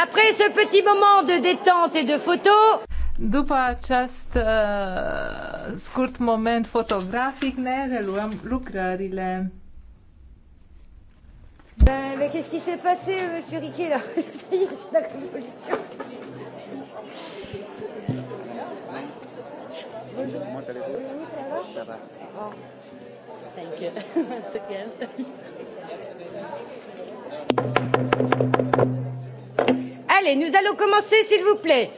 Après ce petit moment de détente et de photo, după acest uh, scurt moment fotografic ne reluăm lucrările. Ben, mais qu'est-ce qui s'est passé, monsieur Riquet, là Ça y est, c'est la convulsion. Comment Thank you. Once again. Allez, nous allons commencer, s'il vous plaît.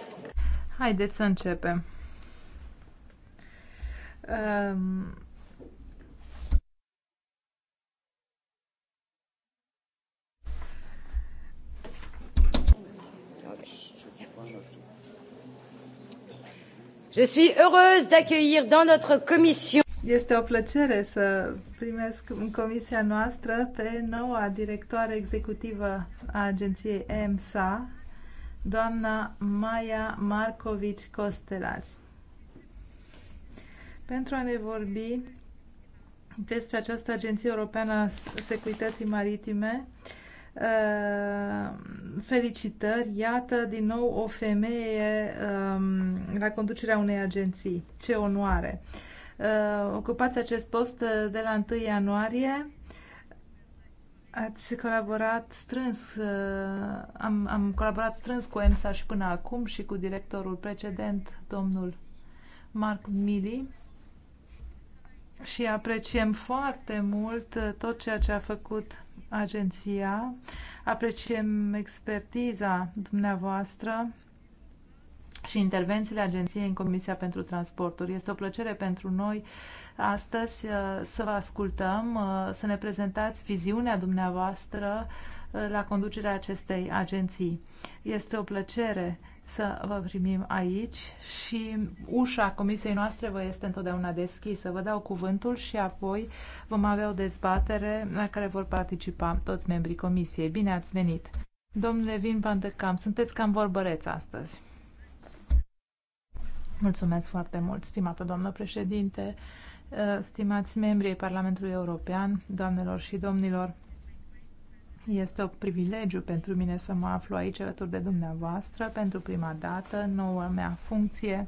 Haideți să începem. Um... Je suis heureuse d'accueillir dans notre commission este o plăcere să primesc în comisia noastră pe noua directoare executivă a agenției EMSA, doamna Maia Marcovici Costelaci pentru a ne vorbi despre această Agenție Europeană a Securității Maritime. Uh, felicitări! Iată din nou o femeie um, la conducerea unei agenții. Ce onoare! Uh, ocupați acest post uh, de la 1 ianuarie Ați colaborat strâns, uh, am, am colaborat strâns cu EMSA și până acum și cu directorul precedent, domnul Marc Mili și apreciem foarte mult uh, tot ceea ce a făcut agenția. Apreciem expertiza dumneavoastră și intervențiile agenției în Comisia pentru Transporturi. Este o plăcere pentru noi astăzi uh, să vă ascultăm, uh, să ne prezentați viziunea dumneavoastră uh, la conducerea acestei agenții. Este o plăcere să vă primim aici și ușa comisiei noastre vă este întotdeauna deschisă. Vă dau cuvântul și apoi vom avea o dezbatere la care vor participa toți membrii comisiei. Bine ați venit! Domnule Vin Pantecam, sunteți cam vorbăreți astăzi. Mulțumesc foarte mult, stimată doamnă președinte, uh, stimați membri ai Parlamentului European, doamnelor și domnilor. Este un privilegiu pentru mine să mă aflu aici alături de dumneavoastră pentru prima dată, noua mea funcție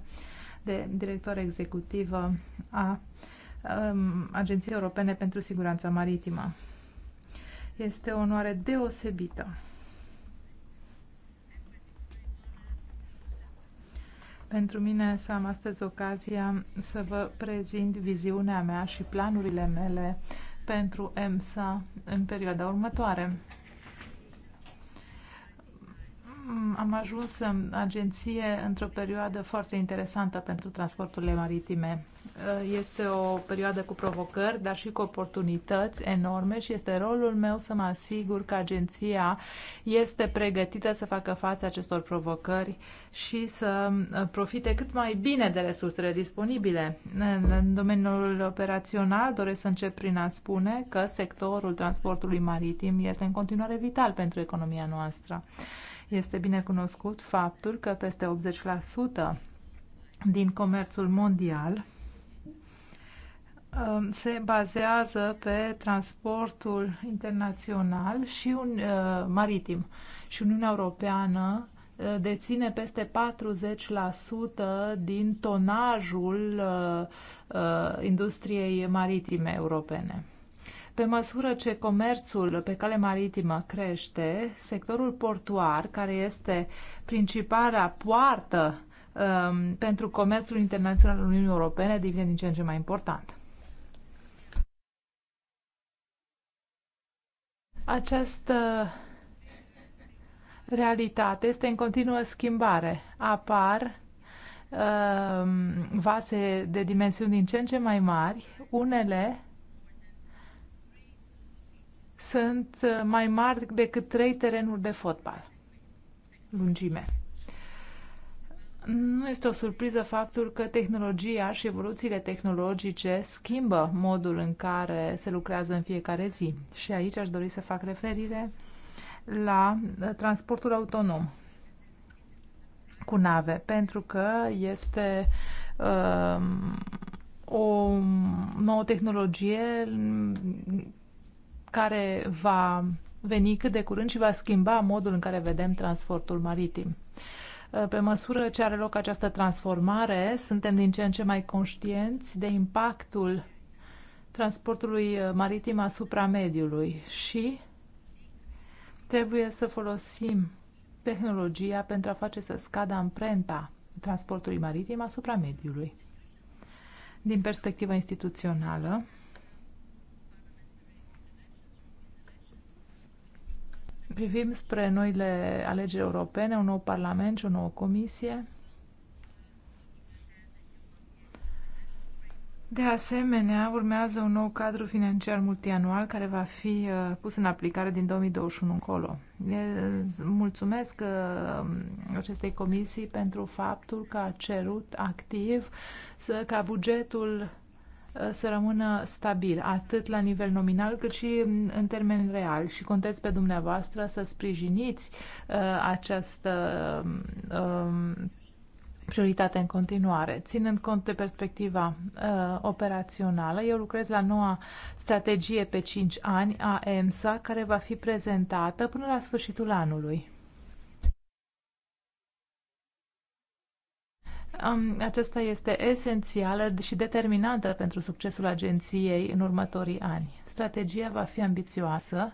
de director executivă a um, Agenției Europene pentru Siguranța Maritimă. Este o onoare deosebită Pentru mine să am astăzi ocazia să vă prezint viziunea mea și planurile mele pentru EMSA în perioada următoare. Mm, am ajuns în agenție într-o perioadă foarte interesantă pentru transporturile maritime. Uh, este o perioadă cu provocări, dar și cu oportunități enorme și este rolul meu să mă asigur că agenția este pregătită să facă față acestor provocări și să uh, profite cât mai bine de resursele disponibile. În domeniul operațional doresc să încep prin a spune că sectorul transportului maritim este în continuare vital pentru economia noastră noastră. Este bine cunoscut faptul că peste 80% din comerțul mondial um, se bazează pe transportul internațional și un, uh, maritim. Și Uniunea Europeană uh, deține peste 40% din tonajul uh, uh, industriei maritime europene. Pe măsură ce comerțul pe cale maritimă crește, sectorul portuar, care este principala poartă um, pentru comerțul internațional al Uniunii Europene, devine din ce în ce mai important. Această realitate este în continuă schimbare. Apar um, vase de dimensiuni din ce în ce mai mari, unele sunt uh, mai mari decât trei terenuri de fotbal lungime. Nu este o surpriză faptul că tehnologia și evoluțiile tehnologice schimbă modul în care se lucrează în fiecare zi. Și aici aș dori să fac referire la uh, transportul autonom cu nave, pentru că este uh, o nouă tehnologie care va veni cât de curând și va schimba modul în care vedem transportul maritim. Uh, pe măsură ce are loc această transformare, suntem din ce în ce mai conștienți de impactul transportului uh, maritim asupra mediului și trebuie să folosim tehnologia pentru a face să scadă amprenta transportului maritim asupra mediului. Din perspectivă instituțională, privim spre noile alegeri europene, un nou parlament și o nouă comisie. De asemenea, urmează un nou cadru financiar multianual care va fi uh, pus în aplicare din 2021 încolo. Mulțumesc uh, acestei comisii pentru faptul că a cerut activ să, ca bugetul Uh, să rămână stabil, atât la nivel nominal cât și în termen real și contez pe dumneavoastră să sprijiniți uh, această uh, prioritate în continuare. Ținând cont de perspectiva uh, operațională, eu lucrez la noua strategie pe 5 ani a EMSA, care va fi prezentată până la sfârșitul anului. Acesta este esențială și determinantă pentru succesul agenției în următorii ani. Strategia va fi ambițioasă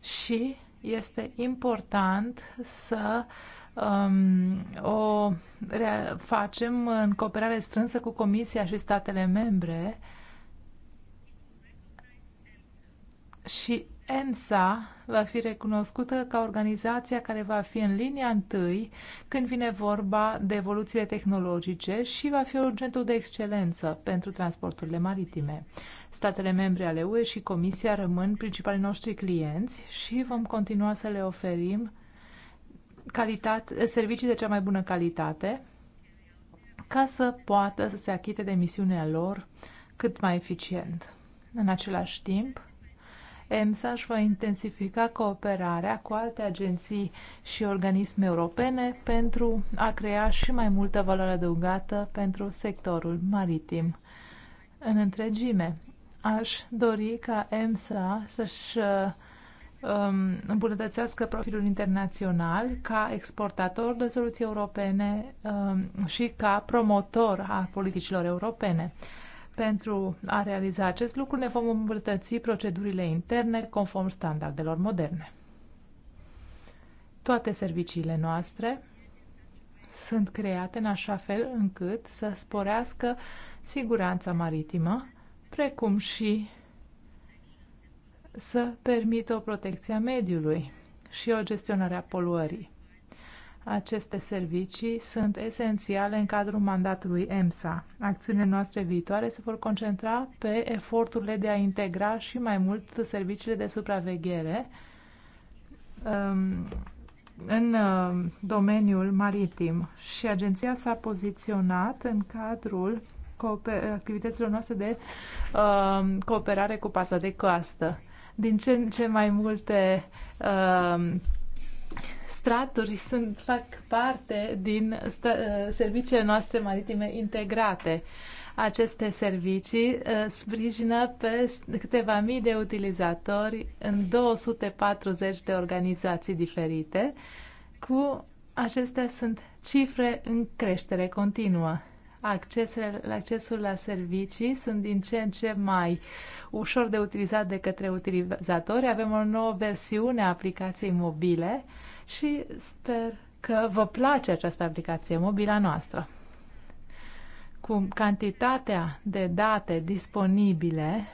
și este important să um, o facem în cooperare strânsă cu Comisia și statele membre și EMSA va fi recunoscută ca organizația care va fi în linia întâi când vine vorba de evoluțiile tehnologice și va fi urgentul de excelență pentru transporturile maritime. Statele membre ale UE și Comisia rămân principalii noștri clienți și vom continua să le oferim calitate, servicii de cea mai bună calitate ca să poată să se achite de misiunea lor cât mai eficient. În același timp, EMSA își va intensifica cooperarea cu alte agenții și organisme europene pentru a crea și mai multă valoare adăugată pentru sectorul maritim. În întregime, aș dori ca EMSA să-și um, îmbunătățească profilul internațional ca exportator de soluții europene um, și ca promotor a politicilor europene. Pentru a realiza acest lucru ne vom îmbrătăți procedurile interne conform standardelor moderne. Toate serviciile noastre sunt create în așa fel încât să sporească siguranța maritimă, precum și să permită o protecție a mediului și o gestionare a poluării. Aceste servicii sunt esențiale în cadrul mandatului EMSA. Acțiunile noastre viitoare se vor concentra pe eforturile de a integra și mai mult serviciile de supraveghere um, în uh, domeniul maritim și agenția s-a poziționat în cadrul activităților noastre de um, cooperare cu pasă de coastă. Din ce în ce mai multe uh, straturi sunt, fac parte din sta, uh, serviciile noastre maritime integrate. Aceste servicii uh, sprijină pe câteva mii de utilizatori în 240 de organizații diferite. Cu acestea sunt cifre în creștere continuă. Accesul, accesul la servicii sunt din ce în ce mai ușor de utilizat de către utilizatori. Avem o nouă versiune a aplicației mobile și sper că vă place această aplicație mobilă noastră. Cu cantitatea de date disponibile,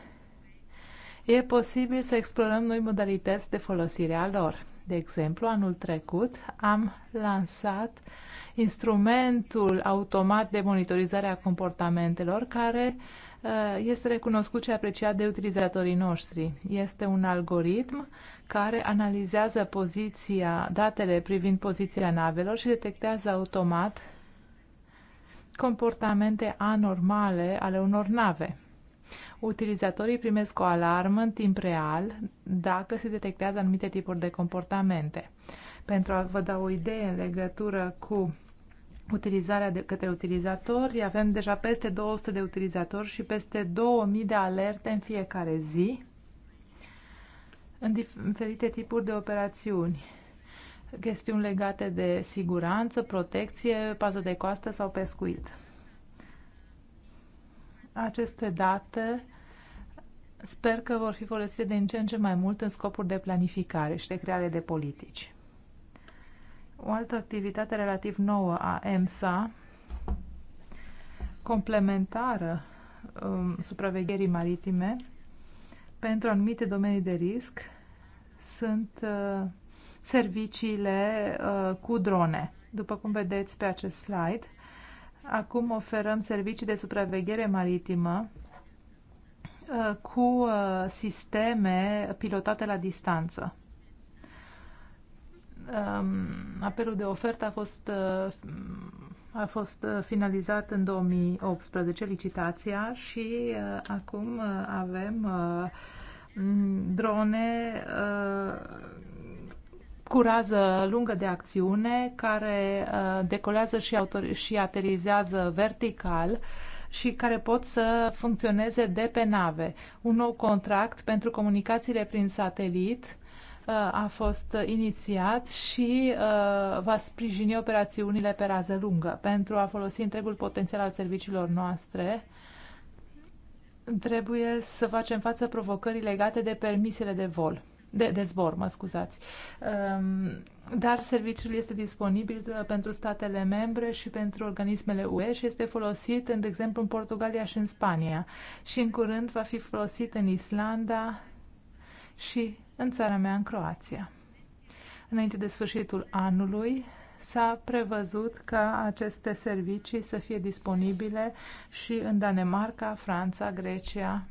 e posibil să explorăm noi modalități de folosire a lor. De exemplu, anul trecut am lansat instrumentul automat de monitorizare a comportamentelor care uh, Eh, este recunoscut și apreciat de utilizatorii noștri. Este un algoritm care analizează poziția, datele privind poziția navelor și detectează automat comportamente anormale ale unor nave. Utilizatorii primesc o alarmă în timp real dacă se detectează anumite tipuri de comportamente. Pentru a vă da o idee în legătură cu utilizarea de către utilizatori. Avem deja peste 200 de utilizatori și peste 2000 de alerte în fiecare zi în diferite tipuri de operațiuni. Chestiuni legate de siguranță, protecție, pază de coastă sau pescuit. Aceste date sper că vor fi folosite din ce în ce mai mult în scopuri de planificare și de creare de politici. O altă activitate relativ nouă a EMSA, complementară um, supravegherii maritime, pentru anumite domenii de risc, sunt uh, serviciile uh, cu drone. După cum vedeți pe acest slide, acum oferăm servicii de supraveghere maritimă uh, cu uh, sisteme pilotate la distanță. Um, apelul de ofertă a fost, uh, a fost uh, finalizat în 2018, licitația, și uh, acum avem drone cu rază lungă de acțiune care decolează și, și aterizează vertical și care pot să funcționeze de pe nave. Un nou contract pentru comunicațiile prin satelit Uh, a fost inițiat și uh, va sprijini operațiunile pe rază lungă pentru a folosi întregul potențial al serviciilor noastre trebuie să facem față provocării legate de permisele de vol, de, de zbor, mă scuzați. Um, dar serviciul este disponibil uh, pentru statele membre și pentru organismele UE și este folosit, de exemplu, în Portugalia și în Spania. Și în curând va fi folosit în Islanda, și în țara mea, în Croația. Înainte de sfârșitul anului, s-a prevăzut ca aceste servicii să fie disponibile și în Danemarca, Franța, Grecia,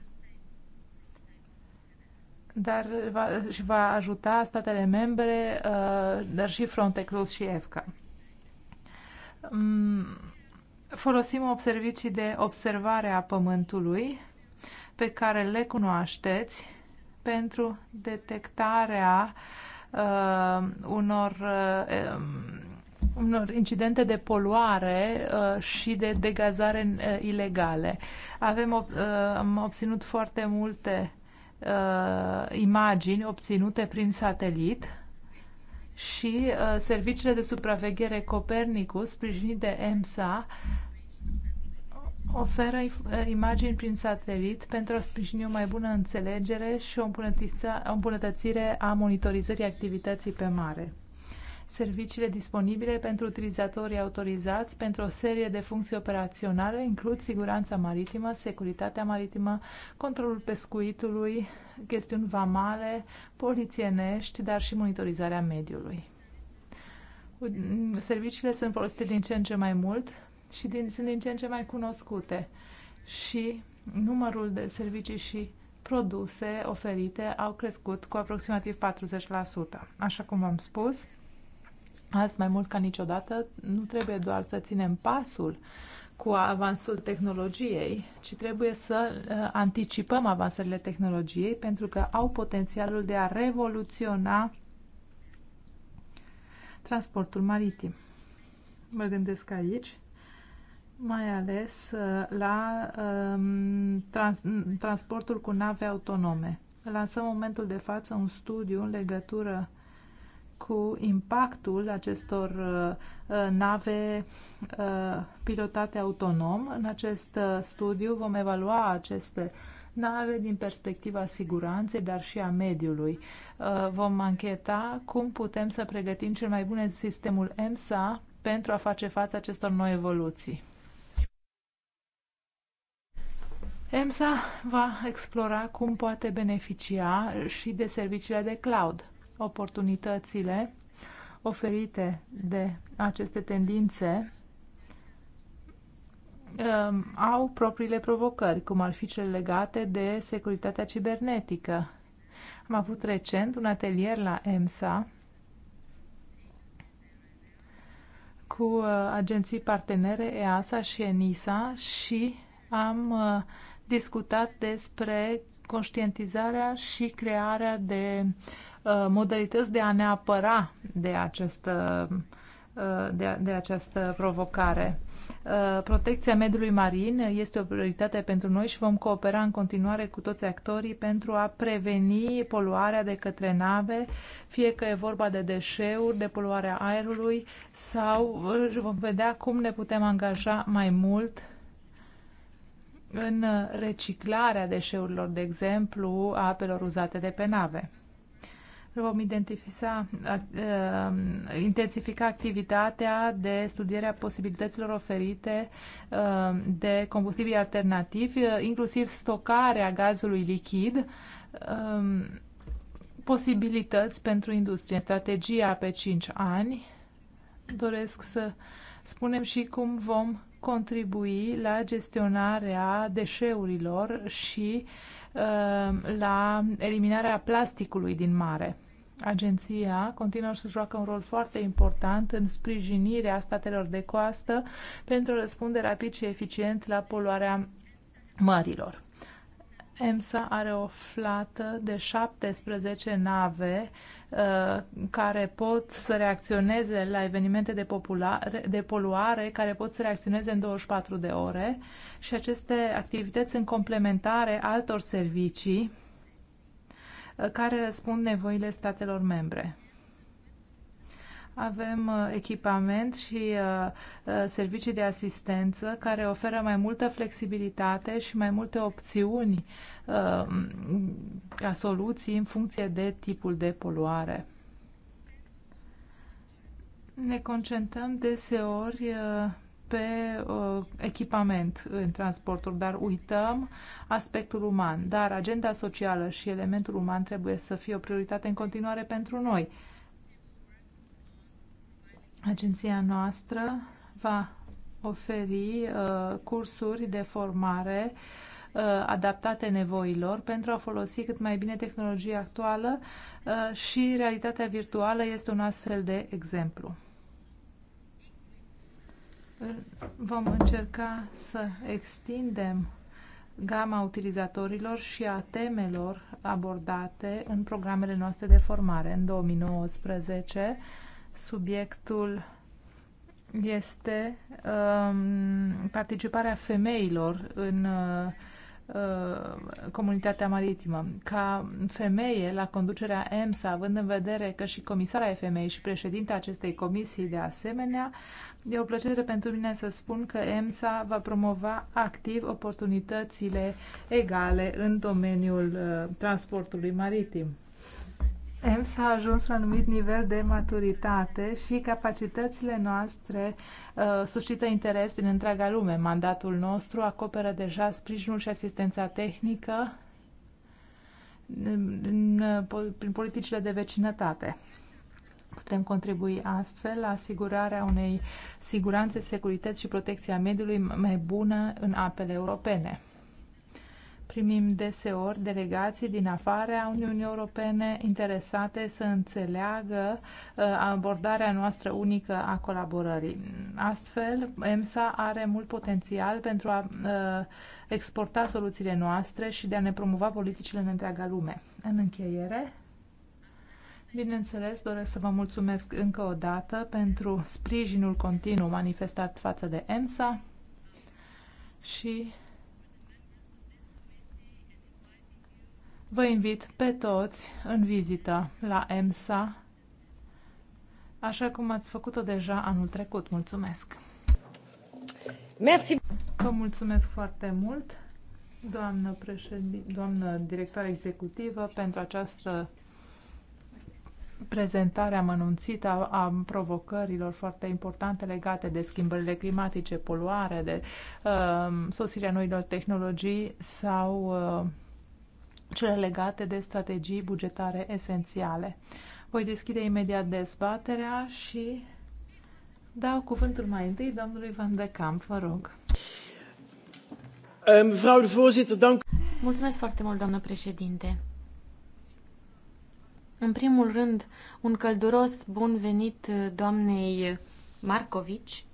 dar va, și va ajuta statele membre, uh, dar și Frontex și EFCA. Mm, folosim servicii de observare a pământului pe care le cunoașteți pentru detectarea uh, unor, uh, um, unor incidente de poluare uh, și de degazare uh, ilegale. Avem, uh, am obținut foarte multe uh, imagini obținute prin satelit și uh, serviciile de supraveghere Copernicus, sprijinit de EMSA, uh, oferă eh, imagini prin satelit pentru a sprijini o mai bună înțelegere și o o îmbunătățire a monitorizării activității pe mare. Serviciile disponibile pentru utilizatorii autorizați pentru o serie de funcții operaționale includ siguranța maritimă, securitatea maritimă, controlul pescuitului, chestiuni vamale, polițienești, dar și monitorizarea mediului. Serviciile sunt folosite din ce în ce mai mult și din, sunt din ce în ce mai cunoscute și numărul de servicii și produse oferite au crescut cu aproximativ 40%. Așa cum am spus, azi mai mult ca niciodată nu trebuie doar să ținem pasul cu avansul tehnologiei, ci trebuie să uh, anticipăm avansările tehnologiei pentru că au potențialul de a revoluționa transportul maritim. Mă gândesc aici mai ales uh, la um, trans, transportul cu nave autonome. Lansăm în momentul de față un studiu în legătură cu impactul acestor uh, uh, nave uh, pilotate autonom. În acest uh, studiu vom evalua aceste nave din perspectiva siguranței, dar și a mediului. Uh, vom ancheta cum putem să pregătim cel mai bun sistemul EMSA pentru a face față acestor noi evoluții. EMSA va explora cum poate beneficia și de serviciile de cloud, oportunitățile oferite de aceste tendințe um, au propriile provocări, cum ar fi cele legate de securitatea cibernetică. Am avut recent un atelier la EMSA cu uh, agenții partenere EASA și ENISA și am uh, discutat despre conștientizarea și crearea de uh, modalități de a ne apăra de această, uh, de, de această provocare. Uh, protecția mediului marin este o prioritate pentru noi și vom coopera în continuare cu toți actorii pentru a preveni poluarea de către nave, fie că e vorba de deșeuri, de poluarea aerului sau vom vedea cum ne putem angaja mai mult în uh, reciclarea deșeurilor, de exemplu, a apelor uzate de pe nave. Vom identifica, uh, uh intensifica activitatea de studiere a posibilităților oferite uh, de combustibili alternativi, uh, inclusiv stocarea gazului lichid, uh, posibilități pentru industrie. Strategia pe 5 ani doresc să spunem și cum vom contribui la gestionarea deșeurilor și uh, la eliminarea plasticului din mare. Agenția continuă să joacă un rol foarte important în sprijinirea statelor de coastă pentru a răspunde rapid și eficient la poluarea mărilor. EMSA are o flată de 17 nave uh, care pot să reacționeze la evenimente de, populare, de poluare, care pot să reacționeze în 24 de ore și aceste activități sunt complementare altor servicii uh, care răspund nevoile statelor membre. Avem uh, echipament și uh, uh, servicii de asistență care oferă mai multă flexibilitate și mai multe opțiuni ca soluții în funcție de tipul de poluare. Ne concentrăm deseori pe uh, echipament în transportul, dar uităm aspectul uman. Dar agenda socială și elementul uman trebuie să fie o prioritate în continuare pentru noi. Uh, agenția noastră va oferi uh, cursuri de formare uh, adaptate nevoilor pentru a folosi cât mai bine tehnologia actuală uh, și realitatea virtuală este un astfel de exemplu. Uh, vom încerca să extindem gama utilizatorilor și a temelor abordate în programele noastre de formare. În 2019, Subiectul este um, participarea femeilor în uh, comunitatea maritimă. Ca femeie la conducerea EMSA, având în vedere că și comisara e femeie și președinta acestei comisii de asemenea, e o plăcere pentru mine să spun că EMSA va promova activ oportunitățile egale în domeniul uh, transportului maritim s a ajuns la un anumit nivel de maturitate și capacitățile noastre uh, suscită interes din întreaga lume. Mandatul nostru acoperă deja sprijinul și asistența tehnică în, mm, uh, prin politicile de vecinătate. Putem contribui astfel la asigurarea unei siguranțe, securități și protecția mediului mai bună în apele europene. Primim deseori delegații din afara Uniunii Europene interesate să înțeleagă uh, abordarea noastră unică a colaborării. Astfel, EMSA are mult potențial pentru a uh, exporta soluțiile noastre și de a ne promova politicile în întreaga lume. În încheiere, Bineînțeles, doresc să vă mulțumesc încă o dată pentru sprijinul continuu manifestat față de EMSA și Vă invit pe toți în vizită la EMSA, așa cum ați făcut-o deja anul trecut. Mulțumesc! Merci. Vă mulțumesc foarte mult, doamnă, doamnă directoare executivă, pentru această prezentare amănunțită a, a provocărilor foarte importante legate de schimbările climatice, poluare, de uh, sosirea noilor tehnologii sau uh, cele legate de strategii bugetare esențiale. Voi deschide imediat dezbaterea și dau cuvântul mai întâi domnului Van de Camp, vă rog. Eh, mevrouw de voorzitter, dank. Mulțumesc foarte mult, doamnă președinte. În primul rând, un călduros bun venit eh, doamnei Marcovici,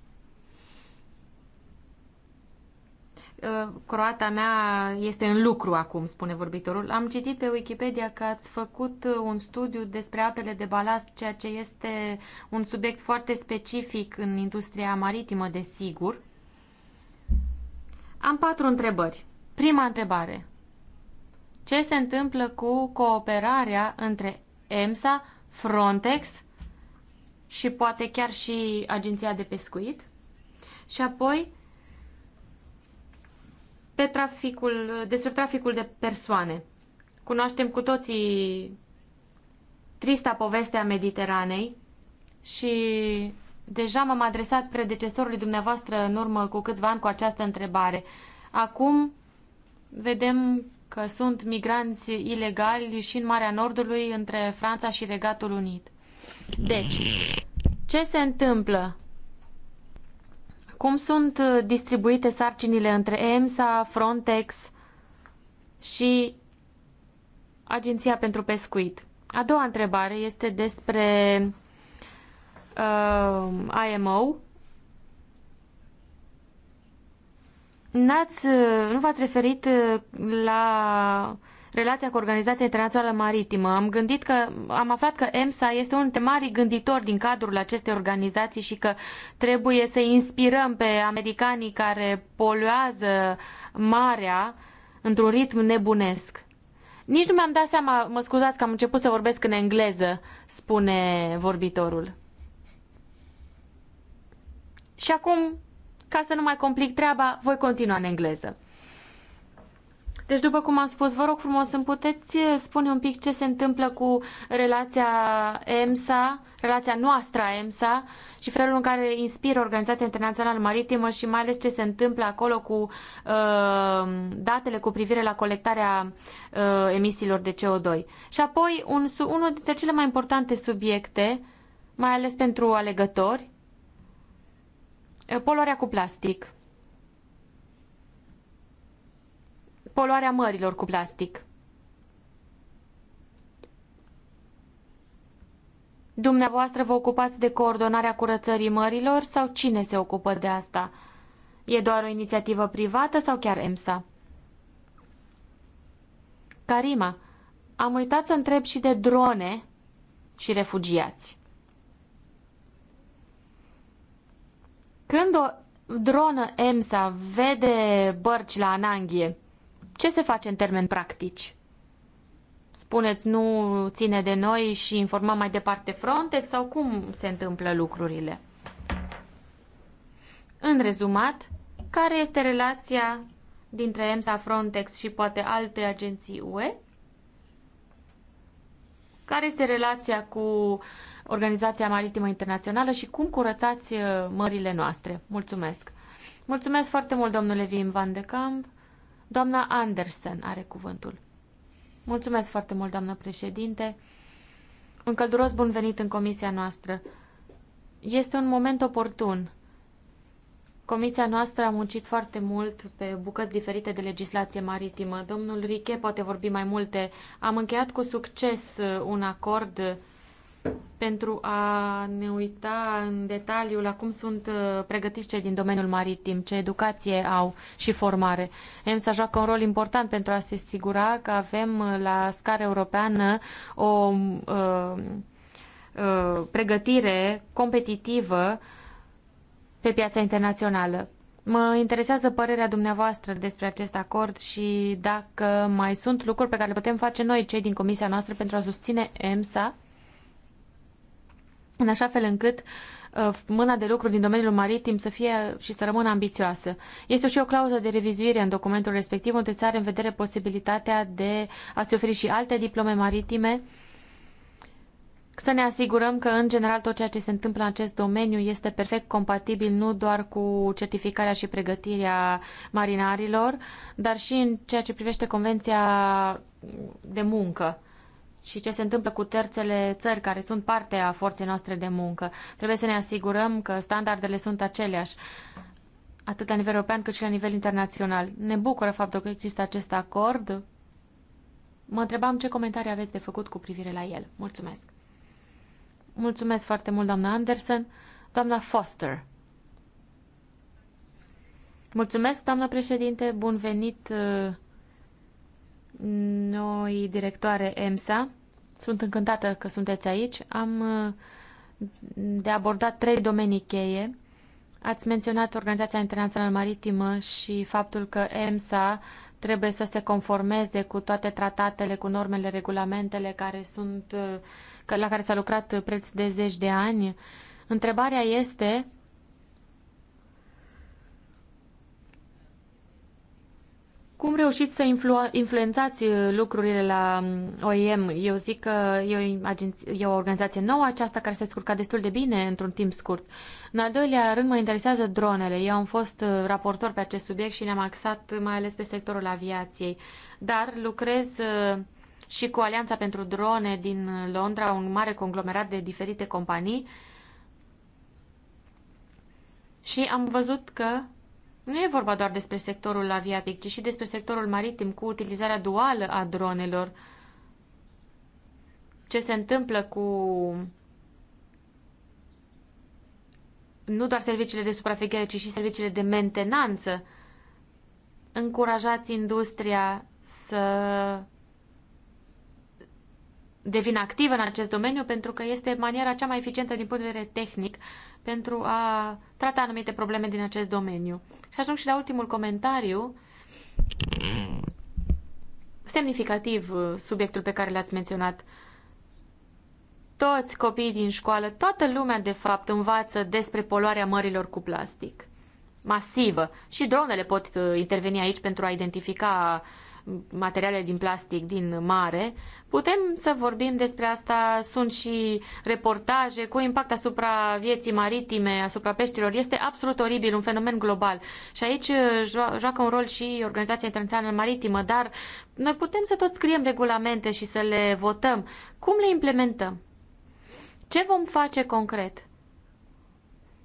Uh, croata mea este în lucru acum, spune vorbitorul. Am citit pe Wikipedia că ați făcut uh, un studiu despre apele de balast, ceea ce este un subiect foarte specific în industria maritimă, desigur. Am patru întrebări. Prima întrebare. Ce se întâmplă cu cooperarea între EMSA, Frontex și poate chiar și Agenția de Pescuit? Și apoi, pe traficul, despre traficul de persoane. Cunoaștem cu toții trista poveste a Mediteranei și deja m-am adresat predecesorului dumneavoastră în urmă cu câțiva ani cu această întrebare. Acum vedem că sunt migranți ilegali și în Marea Nordului între Franța și Regatul Unit. Deci, ce se întâmplă? Cum sunt uh, distribuite sarcinile între EMSA, Frontex și Agenția pentru Pescuit? A doua întrebare este despre uh, IMO. N-ați, uh, nu v-ați referit uh, la relația cu Organizația Internațională Maritimă. Am gândit că am aflat că EMSA este unul dintre mari gânditori din cadrul acestei organizații și că trebuie să inspirăm pe americanii care poluează marea într-un ritm nebunesc. Nici nu mi-am dat seama, mă scuzați că am început să vorbesc în engleză, spune vorbitorul. Și acum, ca să nu mai complic treaba, voi continua în engleză. Deci, după cum am spus, vă rog frumos, îmi puteți eh, spune un pic ce se întâmplă cu relația EMSA, relația noastră a EMSA și felul în care inspiră Organizația Internațională Maritimă și mai ales ce se întâmplă acolo cu uh, datele cu privire la colectarea uh, emisiilor de CO2. Și apoi, un, unul dintre cele mai importante subiecte, mai ales pentru alegători, poluarea cu plastic. poluarea mărilor cu plastic. Dumneavoastră vă ocupați de coordonarea curățării mărilor sau cine se ocupă de asta? E doar o inițiativă privată sau chiar EMSA? Karima, am uitat să întreb și de drone și refugiați. Când o dronă EMSA vede bărci la ananghie, ce se face în termeni practici? Spuneți, nu ține de noi și informăm mai departe Frontex sau cum se întâmplă lucrurile? În rezumat, care este relația dintre EMSA, Frontex și poate alte agenții UE? Care este relația cu Organizația Maritimă Internațională și cum curățați uh, mările noastre? Mulțumesc! Mulțumesc foarte mult, domnule Vim Van de Camp. Doamna Anderson are cuvântul. Mulțumesc foarte mult, doamnă președinte. Un călduros bun venit în comisia noastră. Este un moment oportun. Comisia noastră a muncit foarte mult pe bucăți diferite de legislație maritimă. Domnul Riche poate vorbi mai multe. Am încheiat cu succes un acord pentru a ne uita în detaliu la cum sunt uh, pregătiți cei din domeniul maritim, ce educație au și formare. EMSA joacă un rol important pentru a se asigura că avem uh, la scară europeană o uh, uh, pregătire competitivă pe piața internațională. Mă interesează părerea dumneavoastră despre acest acord și dacă mai sunt lucruri pe care le putem face noi, cei din comisia noastră, pentru a susține EMSA în așa fel încât uh, mâna de lucru din domeniul maritim să fie și să rămână ambițioasă. Este și o clauză de revizuire în documentul respectiv, unde ți are în vedere posibilitatea de a se oferi și alte diplome maritime, să ne asigurăm că, în general, tot ceea ce se întâmplă în acest domeniu este perfect compatibil nu doar cu certificarea și pregătirea marinarilor, dar și în ceea ce privește Convenția de muncă și ce se întâmplă cu terțele țări care sunt parte a forței noastre de muncă. Trebuie să ne asigurăm că standardele sunt aceleași atât la nivel european cât și la nivel internațional. Ne bucură faptul că există acest acord. Mă întrebam ce comentarii aveți de făcut cu privire la el. Mulțumesc. Mulțumesc foarte mult, doamna Anderson. Doamna Foster. Mulțumesc, doamna președinte. Bun venit uh, noi directoare EMSA. Sunt încântată că sunteți aici. Am uh, de abordat trei domenii cheie. Ați menționat Organizația Internațională Maritimă și faptul că EMSA trebuie să se conformeze cu toate tratatele, cu normele, regulamentele care sunt, uh, la care s-a lucrat preț de zeci de ani. Întrebarea este Cum reușiți să influ- influențați uh, lucrurile la OIM? Um, Eu zic că e o, e o organizație nouă aceasta care s-a destul de bine într-un timp scurt. În al doilea rând mă interesează dronele. Eu am fost uh, raportor pe acest subiect și ne-am axat uh, mai ales pe sectorul aviației. Dar lucrez și cu Alianța pentru Drone din Londra, un mare conglomerat de diferite companii. Și am văzut că nu e vorba doar despre sectorul aviatic, ci și despre sectorul maritim cu utilizarea duală a dronelor. Ce se întâmplă cu nu doar serviciile de suprafeghere, ci și serviciile de mentenanță. Încurajați industria să devin activ în acest domeniu pentru că este maniera cea mai eficientă din punct de vedere tehnic pentru a trata anumite probleme din acest domeniu. Și ajung și la ultimul comentariu semnificativ uh, subiectul pe care l-ați menționat. Toți copiii din școală, toată lumea de fapt învață despre poluarea mărilor cu plastic. Masivă. Și dronele pot uh, interveni aici pentru a identifica materiale din plastic din mare. Putem să vorbim despre asta, sunt și reportaje cu impact asupra vieții maritime, asupra peștilor. Este absolut oribil, un fenomen global. Și aici uh, joacă un rol și Organizația Internațională Maritimă, dar noi putem să tot scriem regulamente și să le votăm. Cum le implementăm? Ce vom face concret?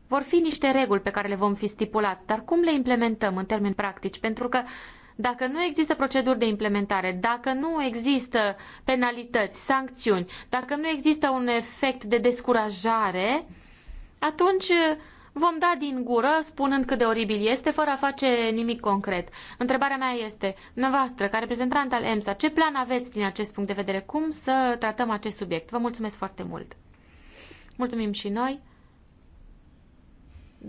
Vor fi niște reguli pe care le vom fi stipulat, dar cum le implementăm în termeni practici? Pentru că dacă nu există proceduri de implementare, dacă nu există penalități, sancțiuni, dacă nu există un efect de descurajare, atunci vom da din gură spunând cât de oribil este, fără a face nimic concret. Întrebarea mea este, noastră, ca reprezentant al EMSA, ce plan aveți din acest punct de vedere? Cum să tratăm acest subiect? Vă mulțumesc foarte mult! Mulțumim și noi!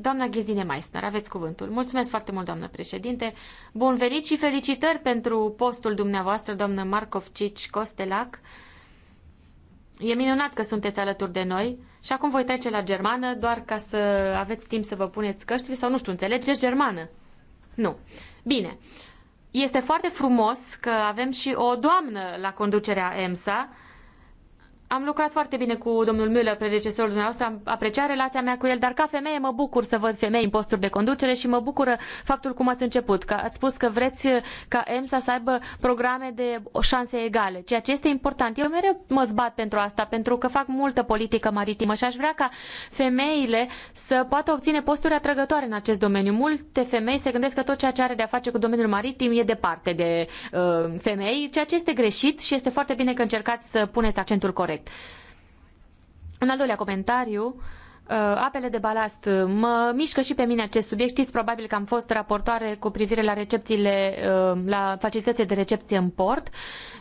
Doamna Ghezine Meissner, aveți cuvântul. Mulțumesc foarte mult, doamnă președinte. Bun venit și felicitări pentru postul dumneavoastră, doamnă Marcovcici Costelac. E minunat că sunteți alături de noi și acum voi trece la germană doar ca să aveți timp să vă puneți căștile sau nu știu, înțelegeți germană? Nu. Bine. Este foarte frumos că avem și o doamnă la conducerea EMSA, am lucrat foarte bine cu domnul Müller, predecesorul dumneavoastră, am apreciat relația mea cu el, dar ca femeie mă bucur să văd femei în posturi de conducere și mă bucură faptul cum ați început, că ați spus că vreți ca EMSA să aibă programe de șanse egale, ceea ce este important. Eu mereu mă zbat pentru asta, pentru că fac multă politică maritimă și aș vrea ca femeile să poată obține posturi atrăgătoare în acest domeniu. Multe femei se gândesc că tot ceea ce are de a face cu domeniul maritim e departe de uh, femei, ceea ce este greșit și este foarte bine că încercați să puneți accentul corect corect. Un al doilea comentariu uh, apele de balast. Mă mișcă și pe mine acest subiect. Știți probabil că am fost raportoare cu privire la recepțiile, uh, la facilitățile de recepție în port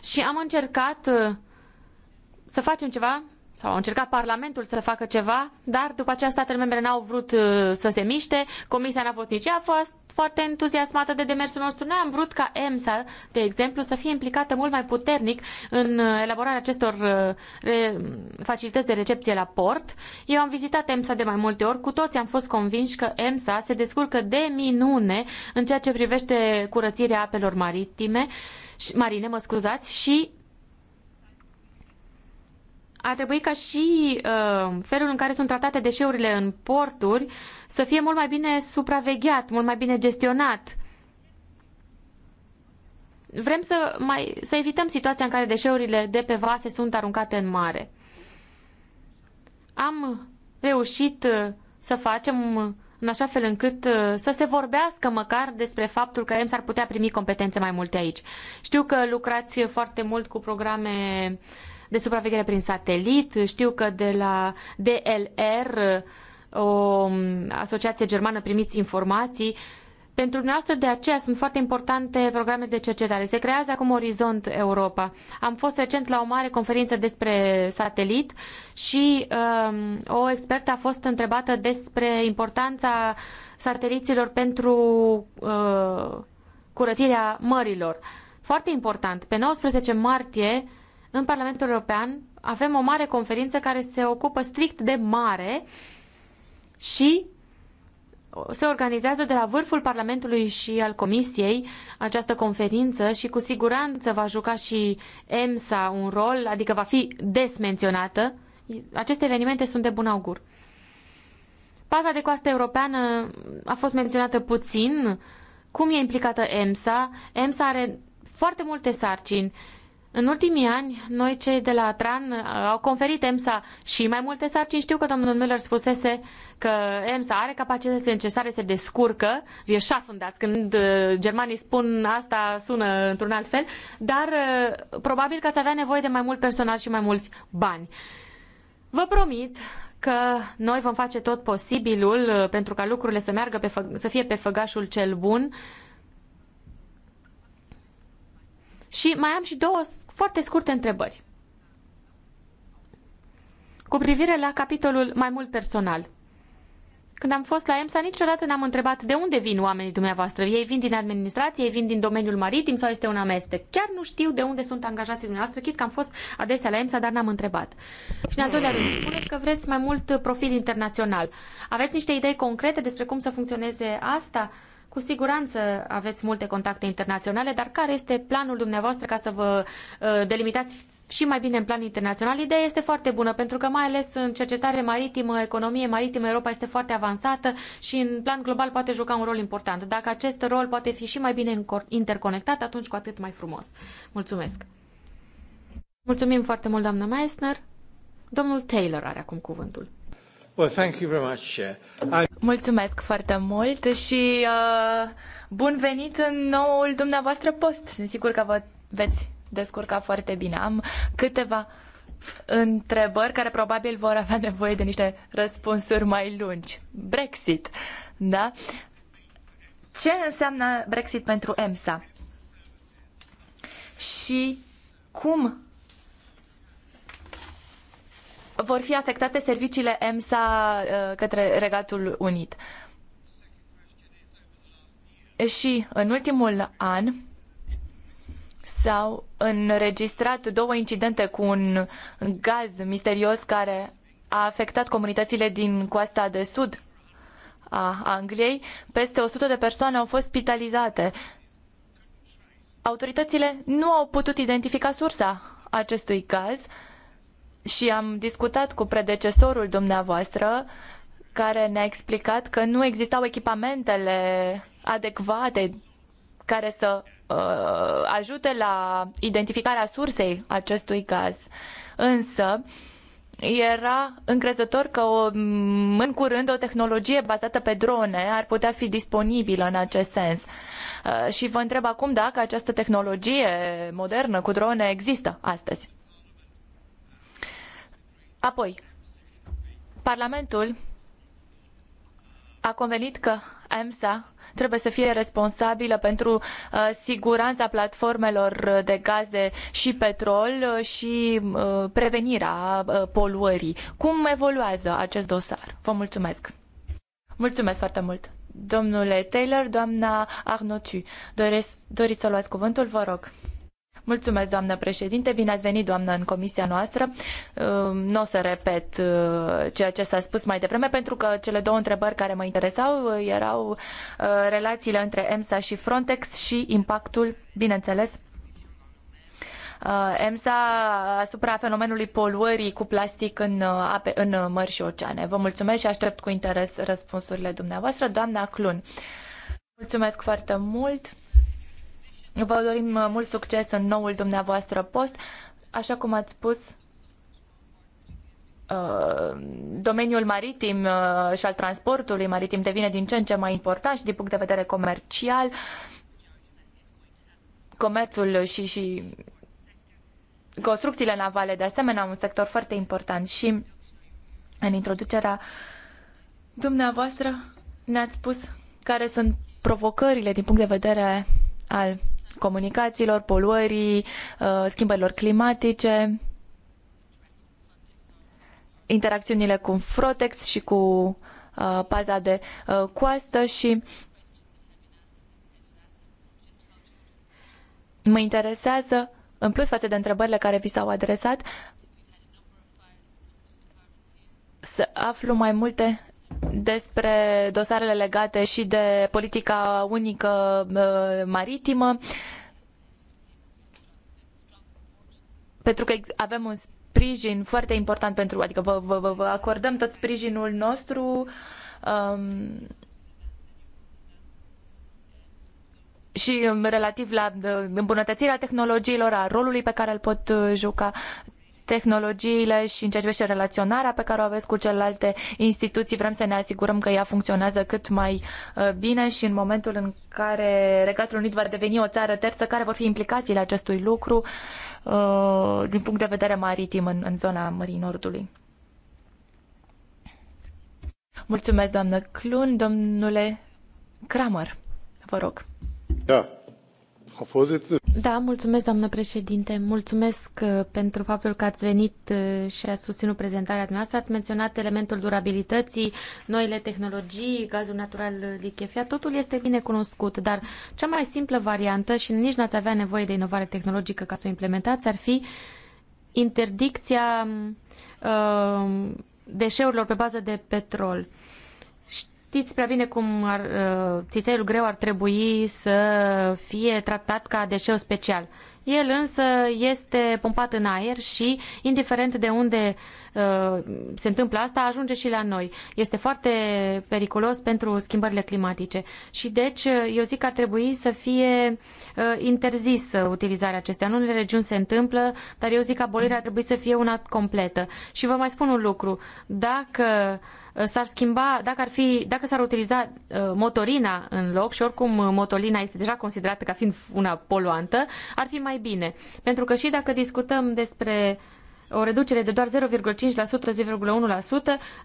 și am încercat uh, să facem ceva sau au încercat Parlamentul să facă ceva, dar după aceea statele membre n-au vrut să se miște, Comisia n-a fost nici ea, a fost foarte entuziasmată de demersul nostru. Noi am vrut ca EMSA, de exemplu, să fie implicată mult mai puternic în uh, elaborarea acestor uh, facilități de recepție la port. Eu am vizitat EMSA de mai multe ori, cu toți am fost convinși că EMSA se descurcă de minune în ceea ce privește curățirea apelor maritime, marine, mă scuzați, și ar trebui ca și uh, felul în care sunt tratate deșeurile în porturi să fie mult mai bine supravegheat, mult mai bine gestionat. Vrem să, mai, să evităm situația în care deșeurile de pe vase sunt aruncate în mare. Am reușit ă, să facem în așa fel încât ă, să se vorbească măcar despre faptul că EMS ar putea primi competențe mai multe aici. Știu că lucrați foarte mult cu programe de supraveghere prin satelit. Știu că de la DLR, o asociație germană, primiți informații. Pentru dumneavoastră, de aceea sunt foarte importante programe de cercetare. Se creează acum Orizont Europa. Am fost recent la o mare conferință despre satelit și um, o expertă a fost întrebată despre importanța sateliților pentru uh, curățirea mărilor. Foarte important. Pe 19 martie în Parlamentul European avem o mare conferință care se ocupă strict de mare și se organizează de la vârful Parlamentului și al Comisiei această conferință și cu siguranță va juca și EMSA un rol, adică va fi desmenționată. Aceste evenimente sunt de bun augur. Paza de coastă europeană a fost menționată puțin. Cum e implicată EMSA? EMSA are foarte multe sarcini în ultimii ani, noi cei de la TRAN uh, au conferit EMSA și mai multe sarcini. Știu că domnul Miller spusese că EMSA are capacitățile necesare, se descurcă, e șafundat. Când uh, germanii spun asta, sună într-un alt fel, dar uh, probabil că ați avea nevoie de mai mult personal și mai mulți bani. Vă promit că noi vom face tot posibilul pentru ca lucrurile să meargă pe, să fie pe făgașul cel bun. Și mai am și două foarte scurte întrebări. Cu privire la capitolul mai mult personal. Când am fost la EMSA, niciodată n-am întrebat de unde vin oamenii dumneavoastră. Ei vin din administrație, ei vin din domeniul maritim sau este un amestec. Chiar nu știu de unde sunt angajații dumneavoastră, chit că am fost adesea la EMSA, dar n-am întrebat. Și în al doilea rând, spuneți că vreți mai mult profil internațional. Aveți niște idei concrete despre cum să funcționeze asta? Cu siguranță aveți multe contacte internaționale, dar care este planul dumneavoastră ca să vă uh, delimitați și mai bine în plan internațional. Ideea este foarte bună, pentru că mai ales în cercetare maritimă, economie maritimă, Europa este foarte avansată și în plan global poate juca un rol important. Dacă acest rol poate fi și mai bine interconectat, atunci cu atât mai frumos. Mulțumesc! Mulțumim foarte mult, doamnă Meissner. Domnul Taylor are acum cuvântul. Well, thank you very much, Chair. I... Mulțumesc foarte mult și uh, bun venit în noul dumneavoastră post. Sunt sigur că vă veți descurca foarte bine. Am câteva întrebări care probabil vor avea nevoie de niște răspunsuri mai lungi. Brexit, da? Ce înseamnă Brexit pentru EMSA? Și cum vor fi afectate serviciile EMSA uh, către Regatul Unit. Și în ultimul an s-au înregistrat două incidente cu un gaz misterios care a afectat comunitățile din coasta de sud a Angliei. Peste 100 de persoane au fost spitalizate. Autoritățile nu au putut identifica sursa acestui gaz și am discutat cu predecesorul dumneavoastră care ne-a explicat că nu existau echipamentele adecvate care să uh, ajute la identificarea sursei acestui gaz. Însă, era încrezător că o, mm, în curând o tehnologie bazată pe drone ar putea fi disponibilă în acest sens. Uh, și vă întreb acum dacă această tehnologie modernă cu drone există astăzi. Apoi, Parlamentul a convenit că EMSA trebuie să fie responsabilă pentru uh, siguranța platformelor de gaze și petrol uh, și uh, prevenirea uh, poluării. Cum evoluează acest dosar? Vă mulțumesc! Mulțumesc foarte mult! Domnule Taylor, doamna Arnotu, doriți să luați cuvântul? Vă rog! Mulțumesc, doamnă președinte. Bine ați venit, doamnă, în comisia noastră. Ehm, nu o să repet eh, ceea ce s-a spus mai devreme, pentru că cele două întrebări care mă interesau eh, erau eh, relațiile între EMSA și Frontex și impactul, bineînțeles, EMSA asupra fenomenului poluării cu plastic în, ape, în mări și oceane. Vă mulțumesc și aștept cu interes răspunsurile dumneavoastră. Doamna Clun, mulțumesc foarte mult. Vă dorim uh, mult succes în noul dumneavoastră post. Așa cum ați spus, uh, domeniul maritim uh, și al transportului maritim devine din ce în ce mai important și din punct de vedere comercial. Comerțul și, și construcțiile navale, de asemenea, un sector foarte important și în introducerea dumneavoastră ne-ați spus care sunt provocările din punct de vedere al comunicațiilor, poluării, uh, schimbărilor climatice, interacțiunile cu Frotex și cu paza uh, de uh, coastă și mă interesează, în plus față de întrebările care vi s-au adresat, să aflu mai multe despre dosarele legate și de politica unică uh, maritimă, pentru că avem un sprijin foarte important pentru, adică vă, vă, vă acordăm tot sprijinul nostru. Um, și um, relativ la uh, îmbunătățirea tehnologiilor, a rolului pe care îl pot uh, juca tehnologiile și în ceea ce privește relaționarea pe care o aveți cu celelalte instituții. Vrem să ne asigurăm că ea funcționează cât mai uh, bine și în momentul în care Regatul Unit va deveni o țară terță, care vor fi implicațiile acestui lucru uh, din punct de vedere maritim în, în zona Mării Nordului. Mulțumesc, doamnă Clun. Domnule Kramer, vă rog. Da. Da, mulțumesc, doamnă președinte. Mulțumesc uh, pentru faptul că ați venit uh, și ați susținut prezentarea noastră. Ați menționat elementul durabilității, noile tehnologii, gazul natural lichefiat. Totul este bine cunoscut, dar cea mai simplă variantă și nici n-ați avea nevoie de inovare tehnologică ca să o implementați ar fi interdicția uh, deșeurilor pe bază de petrol. Uh, Știți prea bine cum ar, uh, țițeiul greu ar trebui să fie tratat ca deșeu special. El însă este pompat în aer și, indiferent de unde uh, se întâmplă asta, ajunge și la noi. Este foarte periculos pentru schimbările climatice. Și deci, uh, eu zic că ar trebui să fie uh, interzisă utilizarea acestea. În unele regiuni se întâmplă, dar eu zic că abolirea ar trebui să fie una completă. Și vă mai spun un lucru. Dacă uh, s-ar schimba, dacă ar fi, dacă s-ar utiliza uh, motorina în loc și oricum uh, motorina este deja considerată ca fiind una poluantă, ar fi mai bine. Pentru că și dacă discutăm despre o reducere de doar 0,5%, 0,1%,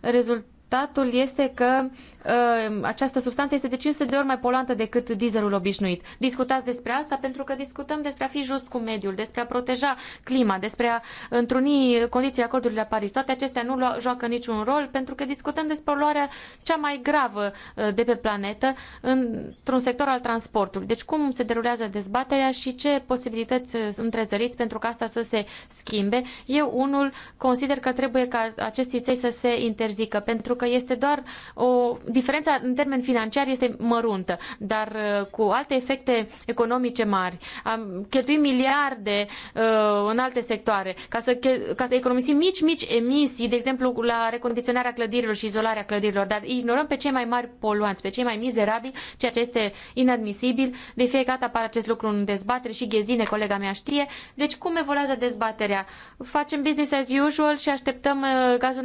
rezult, Rezultatul este că uh, această substanță este de 500 de ori mai poluantă decât dieselul obișnuit. Discutați despre asta pentru că discutăm despre a fi just cu mediul, despre a proteja clima, despre a întruni condițiile acordului la Paris. Toate acestea nu joacă niciun rol pentru că discutăm despre poluarea cea mai gravă uh, de pe planetă într-un sector al transportului. Deci cum se derulează dezbaterea și ce posibilități uh, întrezăriți pentru ca asta să se schimbe? Eu unul consider că trebuie ca acestei țări să se interzică pentru că că este doar o diferență în termen financiar este măruntă, dar uh, cu alte efecte economice mari. Am cheltuit miliarde uh, în alte sectoare ca să, ca să economisim mici, mici emisii, de exemplu la recondiționarea clădirilor și izolarea clădirilor, dar ignorăm pe cei mai mari poluanți, pe cei mai mizerabili, ceea ce este inadmisibil. De fiecare dată apare acest lucru în dezbatere și Ghezine, colega mea, știe. Deci cum evoluează dezbaterea? Facem business as usual și așteptăm uh, gazul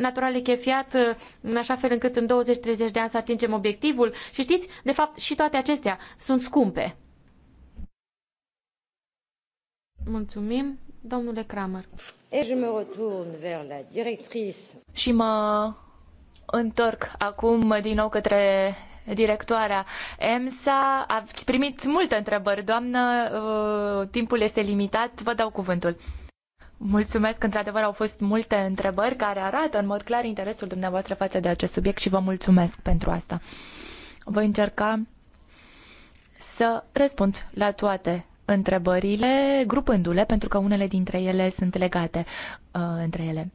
natural lichefiat în așa fel încât în 20-30 de ani să atingem obiectivul. Și știți, de fapt, și toate acestea sunt scumpe. Mulțumim, domnule Kramer. Și mă întorc acum din nou către directoarea EMSA. Ați primit multe întrebări, doamnă, uh, timpul este limitat, vă dau cuvântul. Mulțumesc, într-adevăr au fost multe întrebări care arată în mod clar interesul dumneavoastră față de acest subiect și vă mulțumesc pentru asta. Voi încerca să răspund la toate întrebările, grupându-le, pentru că unele dintre ele sunt legate uh, între ele.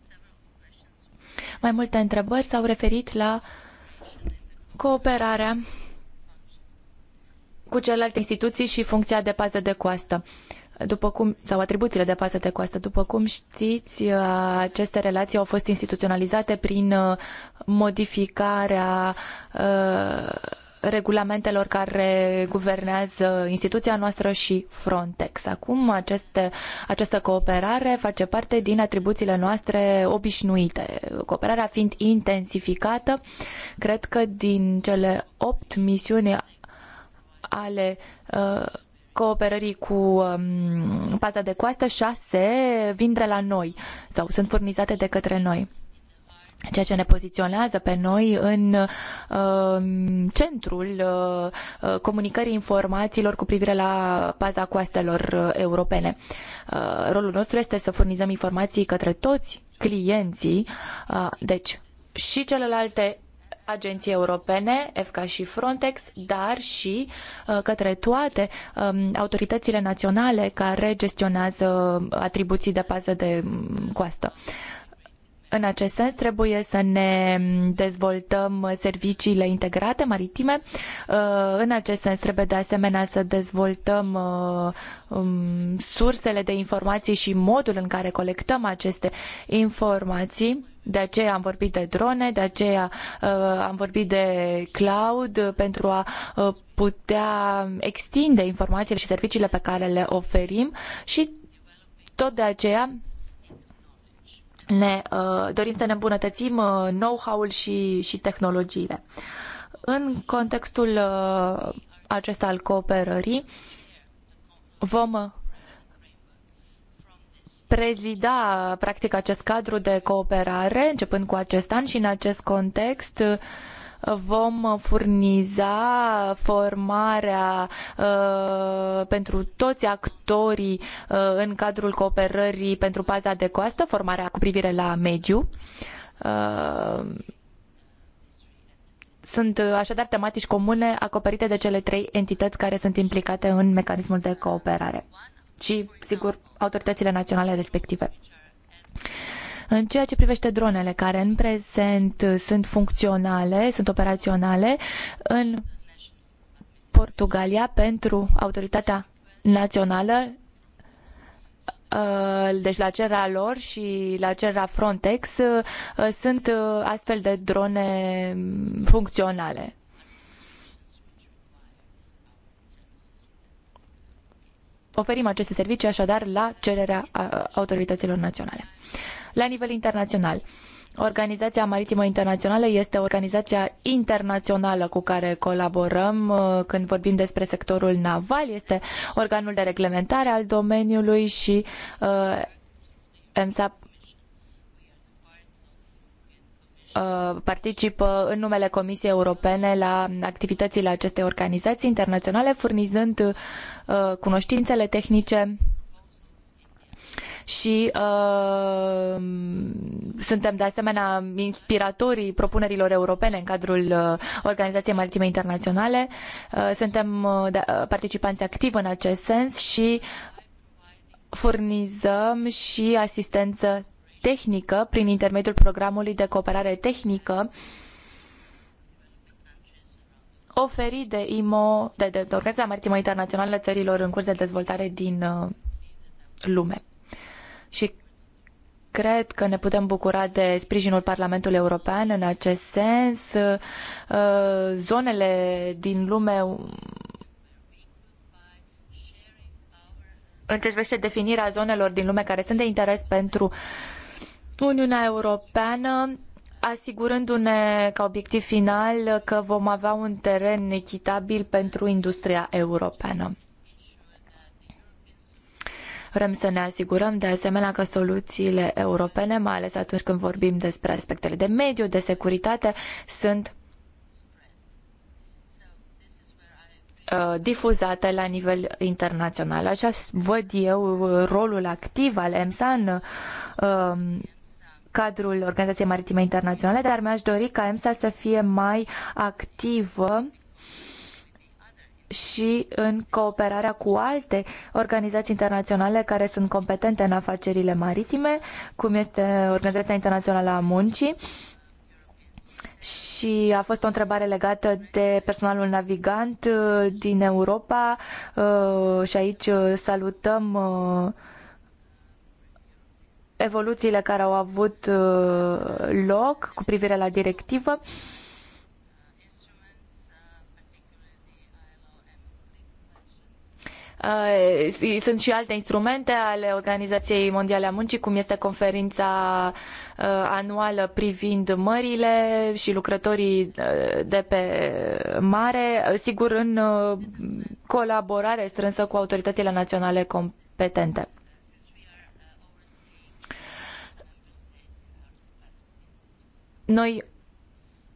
Mai multe întrebări s-au referit la cooperarea cu celelalte instituții și funcția de pază de coastă. Uh, după cum, sau atribuțiile de pasă de coastă. După cum știți, uh, aceste relații au fost instituționalizate prin uh, modificarea uh, regulamentelor care guvernează instituția noastră și Frontex. Acum aceste, această cooperare face parte din atribuțiile noastre obișnuite. Cooperarea fiind intensificată, cred că din cele opt misiuni ale uh, cooperării cu um, paza de coastă, șase vin de la noi sau sunt furnizate de către noi. Ceea ce ne poziționează pe noi în um, uh, centrul uh, comunicării informațiilor cu privire la paza coastelor uh, europene. Uh, rolul nostru este să furnizăm informații către toți clienții, uh, deci și celelalte agenții europene, EFCA și Frontex, dar și uh, către toate um, autoritățile naționale care gestionează atribuții de pază de um, coastă. În acest sens, trebuie să ne um, dezvoltăm serviciile integrate maritime. Uh, în acest sens, trebuie de asemenea să dezvoltăm uh, sursele de informații și modul în care colectăm aceste informații de aceea am vorbit de drone, de aceea uh, am vorbit de cloud pentru a uh, putea extinde informațiile și serviciile pe care le oferim și tot de aceea ne uh, dorim să ne îmbunătățim uh, know-how-ul și, și tehnologiile. În contextul uh, acesta al cooperării vom prezida practic acest cadru de cooperare începând cu acest an și în acest context vom furniza formarea uh, pentru toți actorii uh, în cadrul cooperării pentru paza de coastă, formarea cu privire la mediu. Uh, sunt uh, așadar tematici comune acoperite de cele trei entități care sunt implicate în mecanismul de cooperare ci, sigur, autoritățile naționale respective. În ceea ce privește dronele, care în prezent sunt funcționale, sunt operaționale, în Portugalia, pentru autoritatea națională, uh, deci la cererea lor și la cererea Frontex, uh, sunt uh, astfel de drone funcționale Oferim aceste servicii așadar la cererea autorităților naționale. La nivel internațional, Organizația Maritimă Internațională este organizația internațională cu care colaborăm uh, când vorbim despre sectorul naval. Este organul de reglementare al domeniului și uh, MSAP Uh, participă în numele Comisiei Europene la activitățile acestei organizații internaționale, furnizând uh, cunoștințele tehnice și uh, suntem de asemenea inspiratorii propunerilor europene în cadrul uh, Organizației Maritime Internaționale. Uh, suntem uh, participanți activi în acest sens și furnizăm și asistență tehnică prin intermediul programului de cooperare tehnică oferit de IMO, de, de, de Organizația Maritimă Internațională țărilor în curs de dezvoltare din uh, lume. Și cred că ne putem bucura de sprijinul Parlamentului European în acest sens. Uh, zonele din lume în ce privește definirea zonelor din lume care sunt de interes pentru uh, Uniunea Europeană asigurându-ne ca obiectiv final că vom avea un teren echitabil pentru industria europeană. Vrem să ne asigurăm de asemenea că soluțiile europene, mai ales atunci când vorbim despre aspectele de mediu, de securitate, sunt uh, difuzate la nivel internațional. Așa văd eu rolul activ al EMSA în uh, cadrul Organizației Maritime Internaționale, dar mi-aș dori ca EMSA să fie mai activă și în cooperarea cu alte organizații internaționale care sunt competente în afacerile maritime, cum este Organizația Internațională a Muncii. Și a fost o întrebare legată de personalul navigant uh, din Europa uh, și aici uh, salutăm evoluțiile care au avut uh, loc cu privire la directivă. Uh, sunt și alte instrumente ale Organizației Mondiale a Muncii, cum este conferința uh, anuală privind mările și lucrătorii de pe mare, sigur în colaborare strânsă cu autoritățile naționale competente. Noi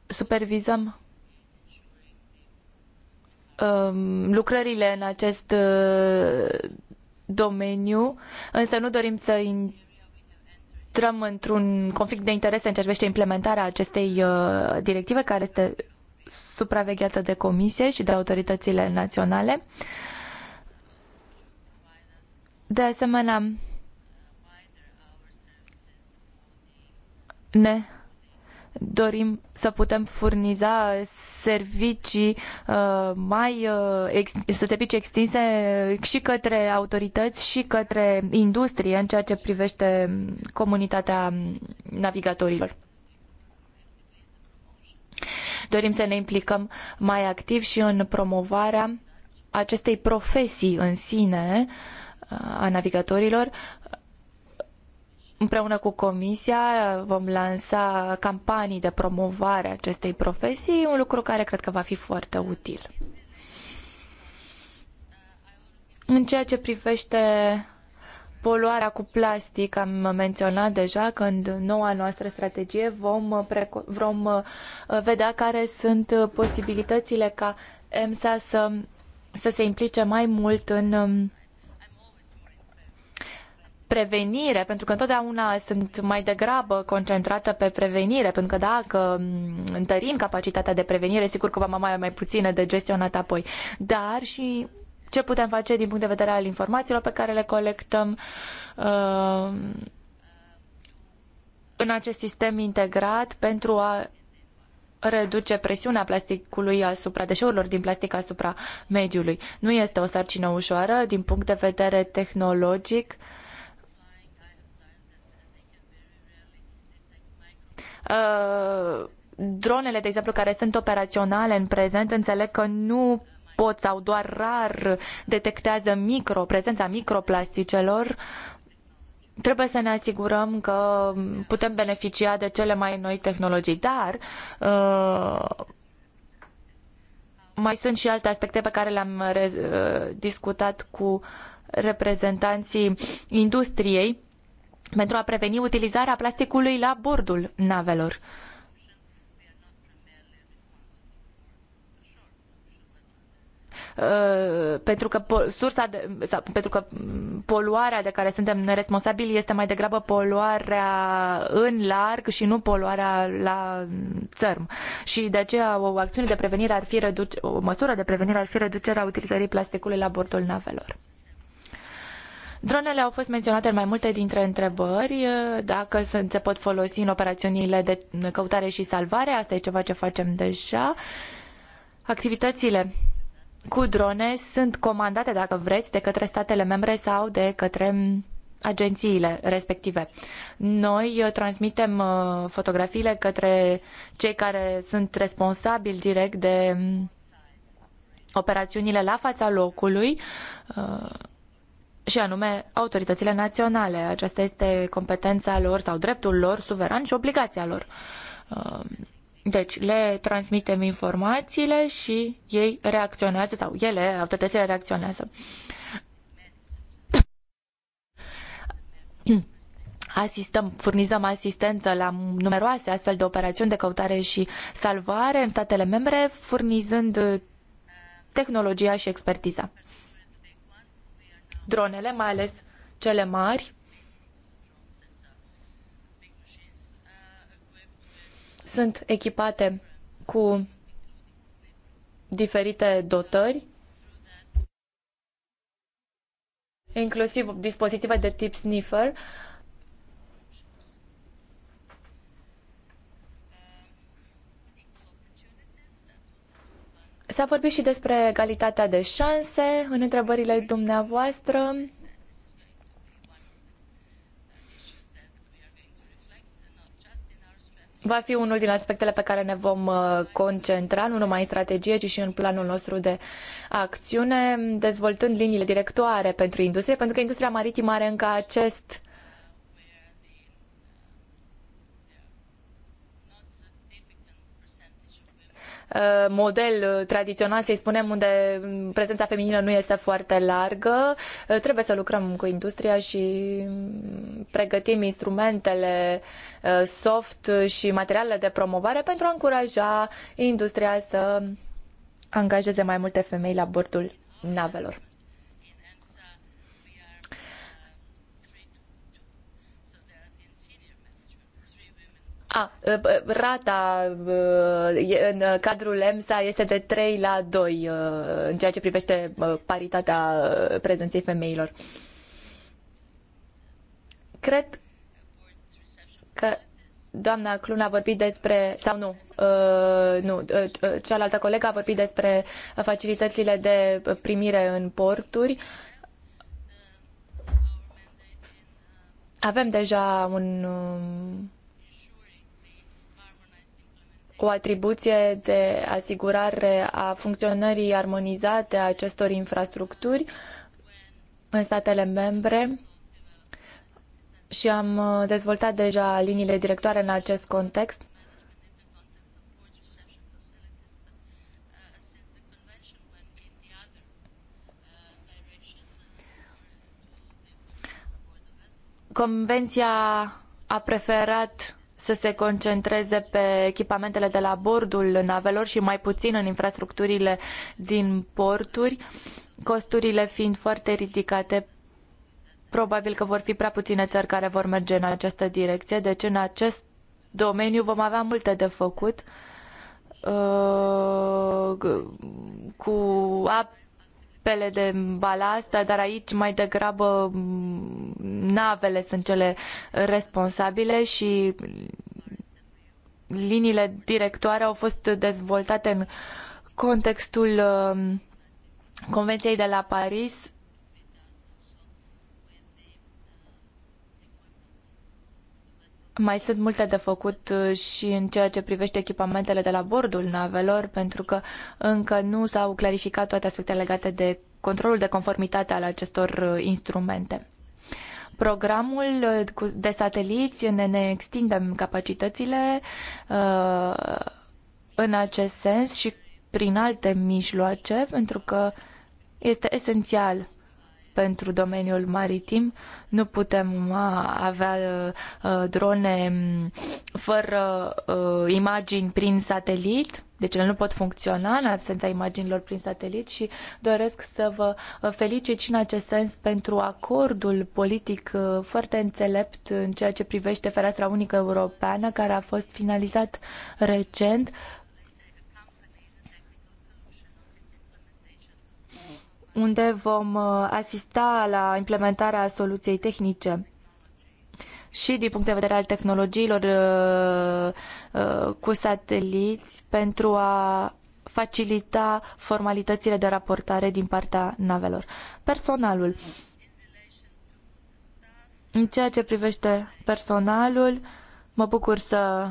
supervizăm um, lucrările în acest uh, domeniu, însă nu dorim să intrăm într-un conflict de interese în ceea ce privește implementarea acestei uh, directive, care este supravegheată de comisie și de autoritățile naționale. De asemenea, ne dorim să putem furniza servicii uh, mai uh, servicii extinse și către autorități și către industrie în ceea ce privește comunitatea navigatorilor. Dorim să ne implicăm mai activ și în promovarea acestei profesii în sine uh, a navigatorilor Împreună cu Comisia vom lansa campanii de promovare a acestei profesii, un lucru care cred că va fi foarte util. În ceea ce privește poluarea cu plastic, am menționat deja că în noua noastră strategie vom, vom uh, vedea care sunt posibilitățile ca EMSA să, să se implice mai mult în um, prevenire, pentru că întotdeauna sunt mai degrabă concentrată pe prevenire, pentru că dacă mm, întărim capacitatea de prevenire, sigur că va mai avea mai puține de gestionat apoi. Dar și ce putem face din punct de vedere al informațiilor pe care le colectăm uh, în acest sistem integrat pentru a reduce presiunea plasticului asupra deșeurilor din plastic asupra mediului. Nu este o sarcină ușoară din punct de vedere tehnologic. Uh, Uh, dronele, de exemplu, care sunt operaționale în prezent, înțeleg că nu pot sau doar rar detectează micro, prezența microplasticelor, trebuie să ne asigurăm că putem beneficia de cele mai noi tehnologii, dar uh, mai sunt și alte aspecte pe care le-am uh, discutat cu reprezentanții industriei pentru a preveni utilizarea plasticului la bordul navelor. Uh, pentru că sursa de, sau, pentru că poluarea de care suntem responsabili este mai degrabă poluarea în larg și nu poluarea la țărm. Și de aceea o acțiune de prevenire ar fi reduce, o măsură de prevenire ar fi reducerea utilizării plasticului la bordul navelor. Dronele au fost menționate în mai multe dintre întrebări. Eh, dacă se pot folosi în operațiunile de căutare și salvare, asta e ceva ce facem deja. Activitățile cu drone sunt comandate, dacă vreți, de către statele membre sau de către mm, agențiile respective. Noi eh, transmitem eh, fotografiile către cei care sunt responsabili direct de mm, operațiunile la fața locului și anume autoritățile naționale. Aceasta este competența lor sau dreptul lor suveran și obligația lor. Um, deci le transmitem informațiile și ei reacționează sau ele, autoritățile reacționează. asistăm, furnizăm asistență la numeroase astfel de operațiuni de căutare și salvare în statele membre, furnizând tehnologia și expertiza dronele, mai ales cele mari, sunt echipate cu diferite dotări, inclusiv dispozitive de tip sniffer, S-a vorbit și despre egalitatea de șanse în întrebările dumneavoastră. Va fi unul din aspectele pe care ne vom uh, concentra, nu numai în strategie, ci și în planul nostru de acțiune, dezvoltând liniile directoare pentru industrie, pentru că industria maritimă are încă acest Uh, model uh, tradițional, să-i spunem, unde mm, prezența feminină nu este foarte largă. Uh, trebuie să lucrăm cu industria și mm, pregătim instrumentele soft și materialele de promovare pentru a încuraja industria să angajeze mai multe femei la bordul navelor. A, rata în cadrul EMSA este de 3 la 2 în ceea ce privește paritatea prezenței femeilor. Cred că doamna Clun a vorbit despre, sau nu, nu cealaltă colegă a vorbit despre facilitățile de primire în porturi. Avem deja un o atribuție de asigurare a funcționării armonizate a acestor infrastructuri în statele membre și am uh, dezvoltat deja liniile directoare în acest context. Convenția a preferat să se concentreze pe echipamentele de la bordul navelor și mai puțin în infrastructurile din porturi, costurile fiind foarte ridicate. Probabil că vor fi prea puține țări care vor merge în această direcție, deci în acest domeniu vom avea multe de făcut uh, cu pele de balast, dar aici mai degrabă mm, navele sunt cele responsabile și liniile directoare au fost dezvoltate în contextul mm, Convenției de la Paris Mai sunt multe de făcut uh, și în ceea ce privește echipamentele de la bordul navelor, pentru că încă nu s-au clarificat toate aspectele legate de controlul de conformitate al acestor uh, instrumente. Programul uh, de sateliți ne, ne extindem capacitățile în acest sens și prin alte mijloace, pentru că este esențial pentru domeniul maritim. Nu putem avea uh, uh, drone mm, fără uh, imagini prin satelit, deci ele nu pot funcționa în absența imaginilor prin satelit și doresc să vă felicit și în acest sens pentru acordul politic foarte înțelept în ceea ce privește fereastra unică europeană care a fost finalizat recent unde vom uh, asista la implementarea soluției tehnice și din punct de vedere al tehnologiilor uh, uh, cu sateliți pentru a facilita formalitățile de raportare din partea navelor. Personalul. În ceea ce privește personalul, mă bucur să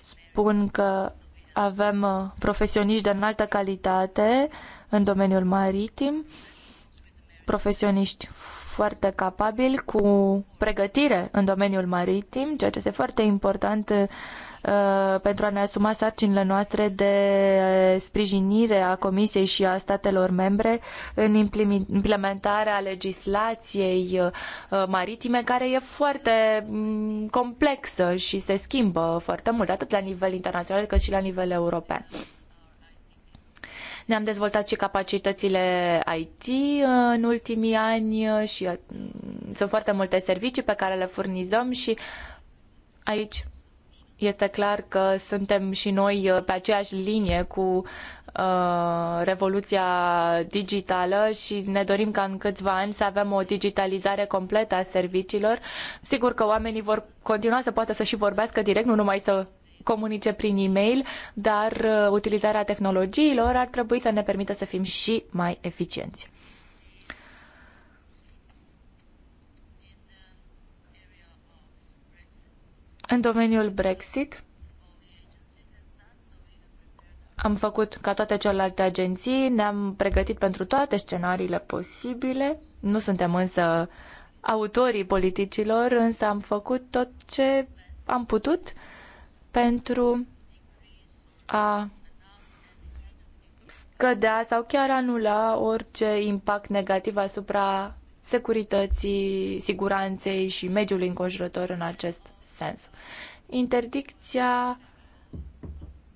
spun că avem uh, profesioniști de înaltă calitate în domeniul maritim, profesioniști foarte capabili cu pregătire în domeniul maritim, ceea ce este foarte important uh, Uh, pentru a ne asuma sarcinile noastre de uh, sprijinire a Comisiei și a statelor membre în implementarea legislației uh, maritime, care e foarte mm, complexă și se schimbă foarte mult, atât la nivel internațional cât și la nivel european. Ne-am dezvoltat și capacitățile IT în ultimii ani și sunt foarte multe servicii pe care le furnizăm și aici este clar că suntem și noi uh, pe aceeași linie cu uh, revoluția digitală și ne dorim ca în câțiva ani să avem o digitalizare completă a serviciilor. Sigur că oamenii vor continua să poată să și vorbească direct, nu numai să comunice prin e-mail, dar uh, utilizarea tehnologiilor ar trebui să ne permită să fim și mai eficienți. În domeniul Brexit am făcut ca toate celelalte agenții, ne-am pregătit pentru toate scenariile posibile. Nu suntem însă autorii politicilor, însă am făcut tot ce am putut pentru a scădea sau chiar anula orice impact negativ asupra securității, siguranței și mediului înconjurător în acest sens interdicția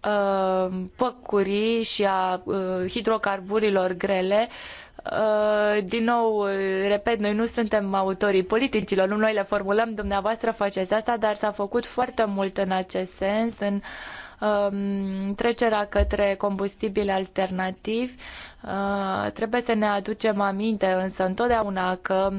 uh, păcurii și a uh, hidrocarburilor grele uh, din nou, uh, repet, noi nu suntem autorii politicilor, nu noi le formulăm, dumneavoastră faceți asta, dar s-a făcut foarte mult în acest sens, în um, trecerea către combustibile alternativi. Uh, trebuie să ne aducem aminte însă întotdeauna că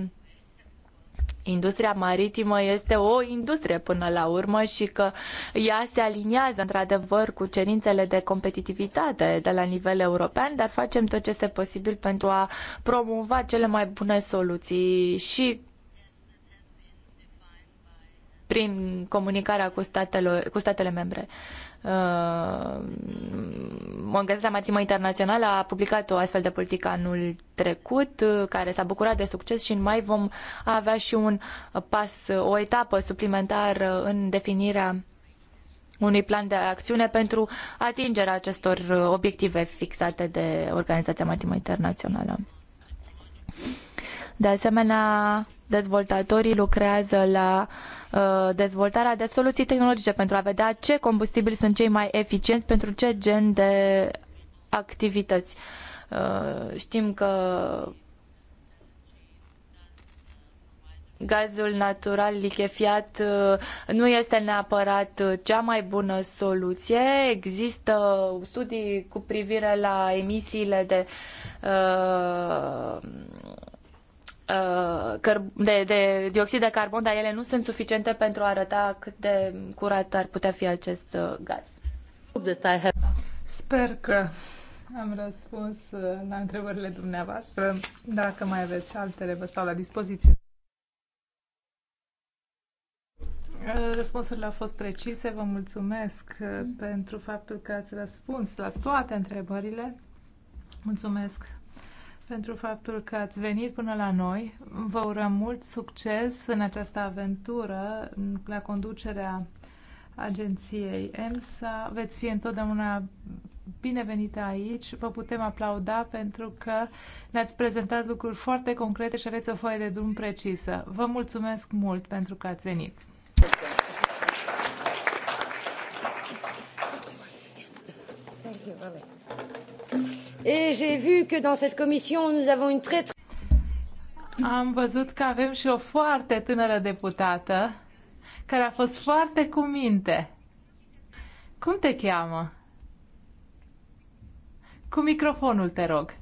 industria maritimă este o industrie până la urmă și că ea se aliniază într-adevăr cu cerințele de competitivitate de la nivel european, dar facem tot ce este posibil pentru a promova cele mai bune soluții și prin comunicarea cu, statele, cu statele membre. Uh, Organizația Maritimă Internațională a publicat o astfel de politică anul trecut, uh, care s-a bucurat de succes și în mai vom avea și un pas, o etapă suplimentară în definirea unui plan de acțiune pentru atingerea acestor uh, obiective fixate de Organizația Maritimă Internațională. De asemenea, dezvoltatorii lucrează la Uh, dezvoltarea de soluții tehnologice pentru a vedea ce combustibili sunt cei mai eficienți pentru ce gen de activități. Uh, știm că gazul natural lichefiat uh, nu este neapărat cea mai bună soluție. Există studii cu privire la emisiile de uh, Uh, de, de dioxid de carbon, dar ele nu sunt suficiente pentru a arăta cât de curat ar putea fi acest uh, gaz. Sper că am răspuns uh, la întrebările dumneavoastră. Dacă mai aveți și altele, vă stau la dispoziție. Răspunsurile au fost precise. Vă mulțumesc pentru faptul că ați răspuns la toate întrebările. Mulțumesc pentru faptul că ați venit până la noi. Vă urăm mult succes în această aventură la conducerea agenției EMSA. Veți fi întotdeauna binevenită aici. Vă putem aplauda pentru că ne-ați prezentat lucruri foarte concrete și aveți o foaie de drum precisă. Vă mulțumesc mult pentru că ați venit. Thank you, Et j'ai vu que dans cette commission, nous avons une très, très... Am văzut că avem și o foarte tânără deputată care a fost foarte cu minte. Cum te cheamă? Cu microfonul, te rog.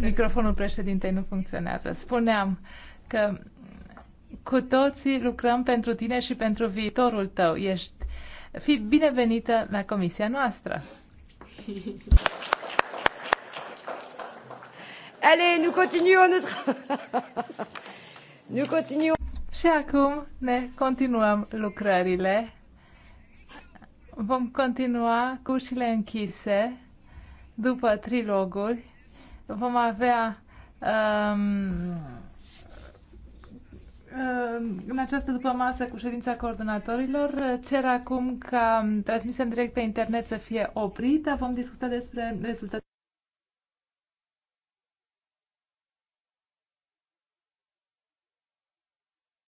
Microfonul președintei nu funcționează. Spuneam că cu toții lucrăm pentru tine și pentru viitorul tău. Ești fi binevenită la comisia noastră. Allez, nous continuons notre... nous continuons. Și acum ne continuăm lucrările. Vom continua cu ușile închise după triloguri vom avea um, um, în această după masă cu ședința coordonatorilor. Cer acum ca um, transmisia în direct pe internet să fie oprită. Vom discuta despre rezultatele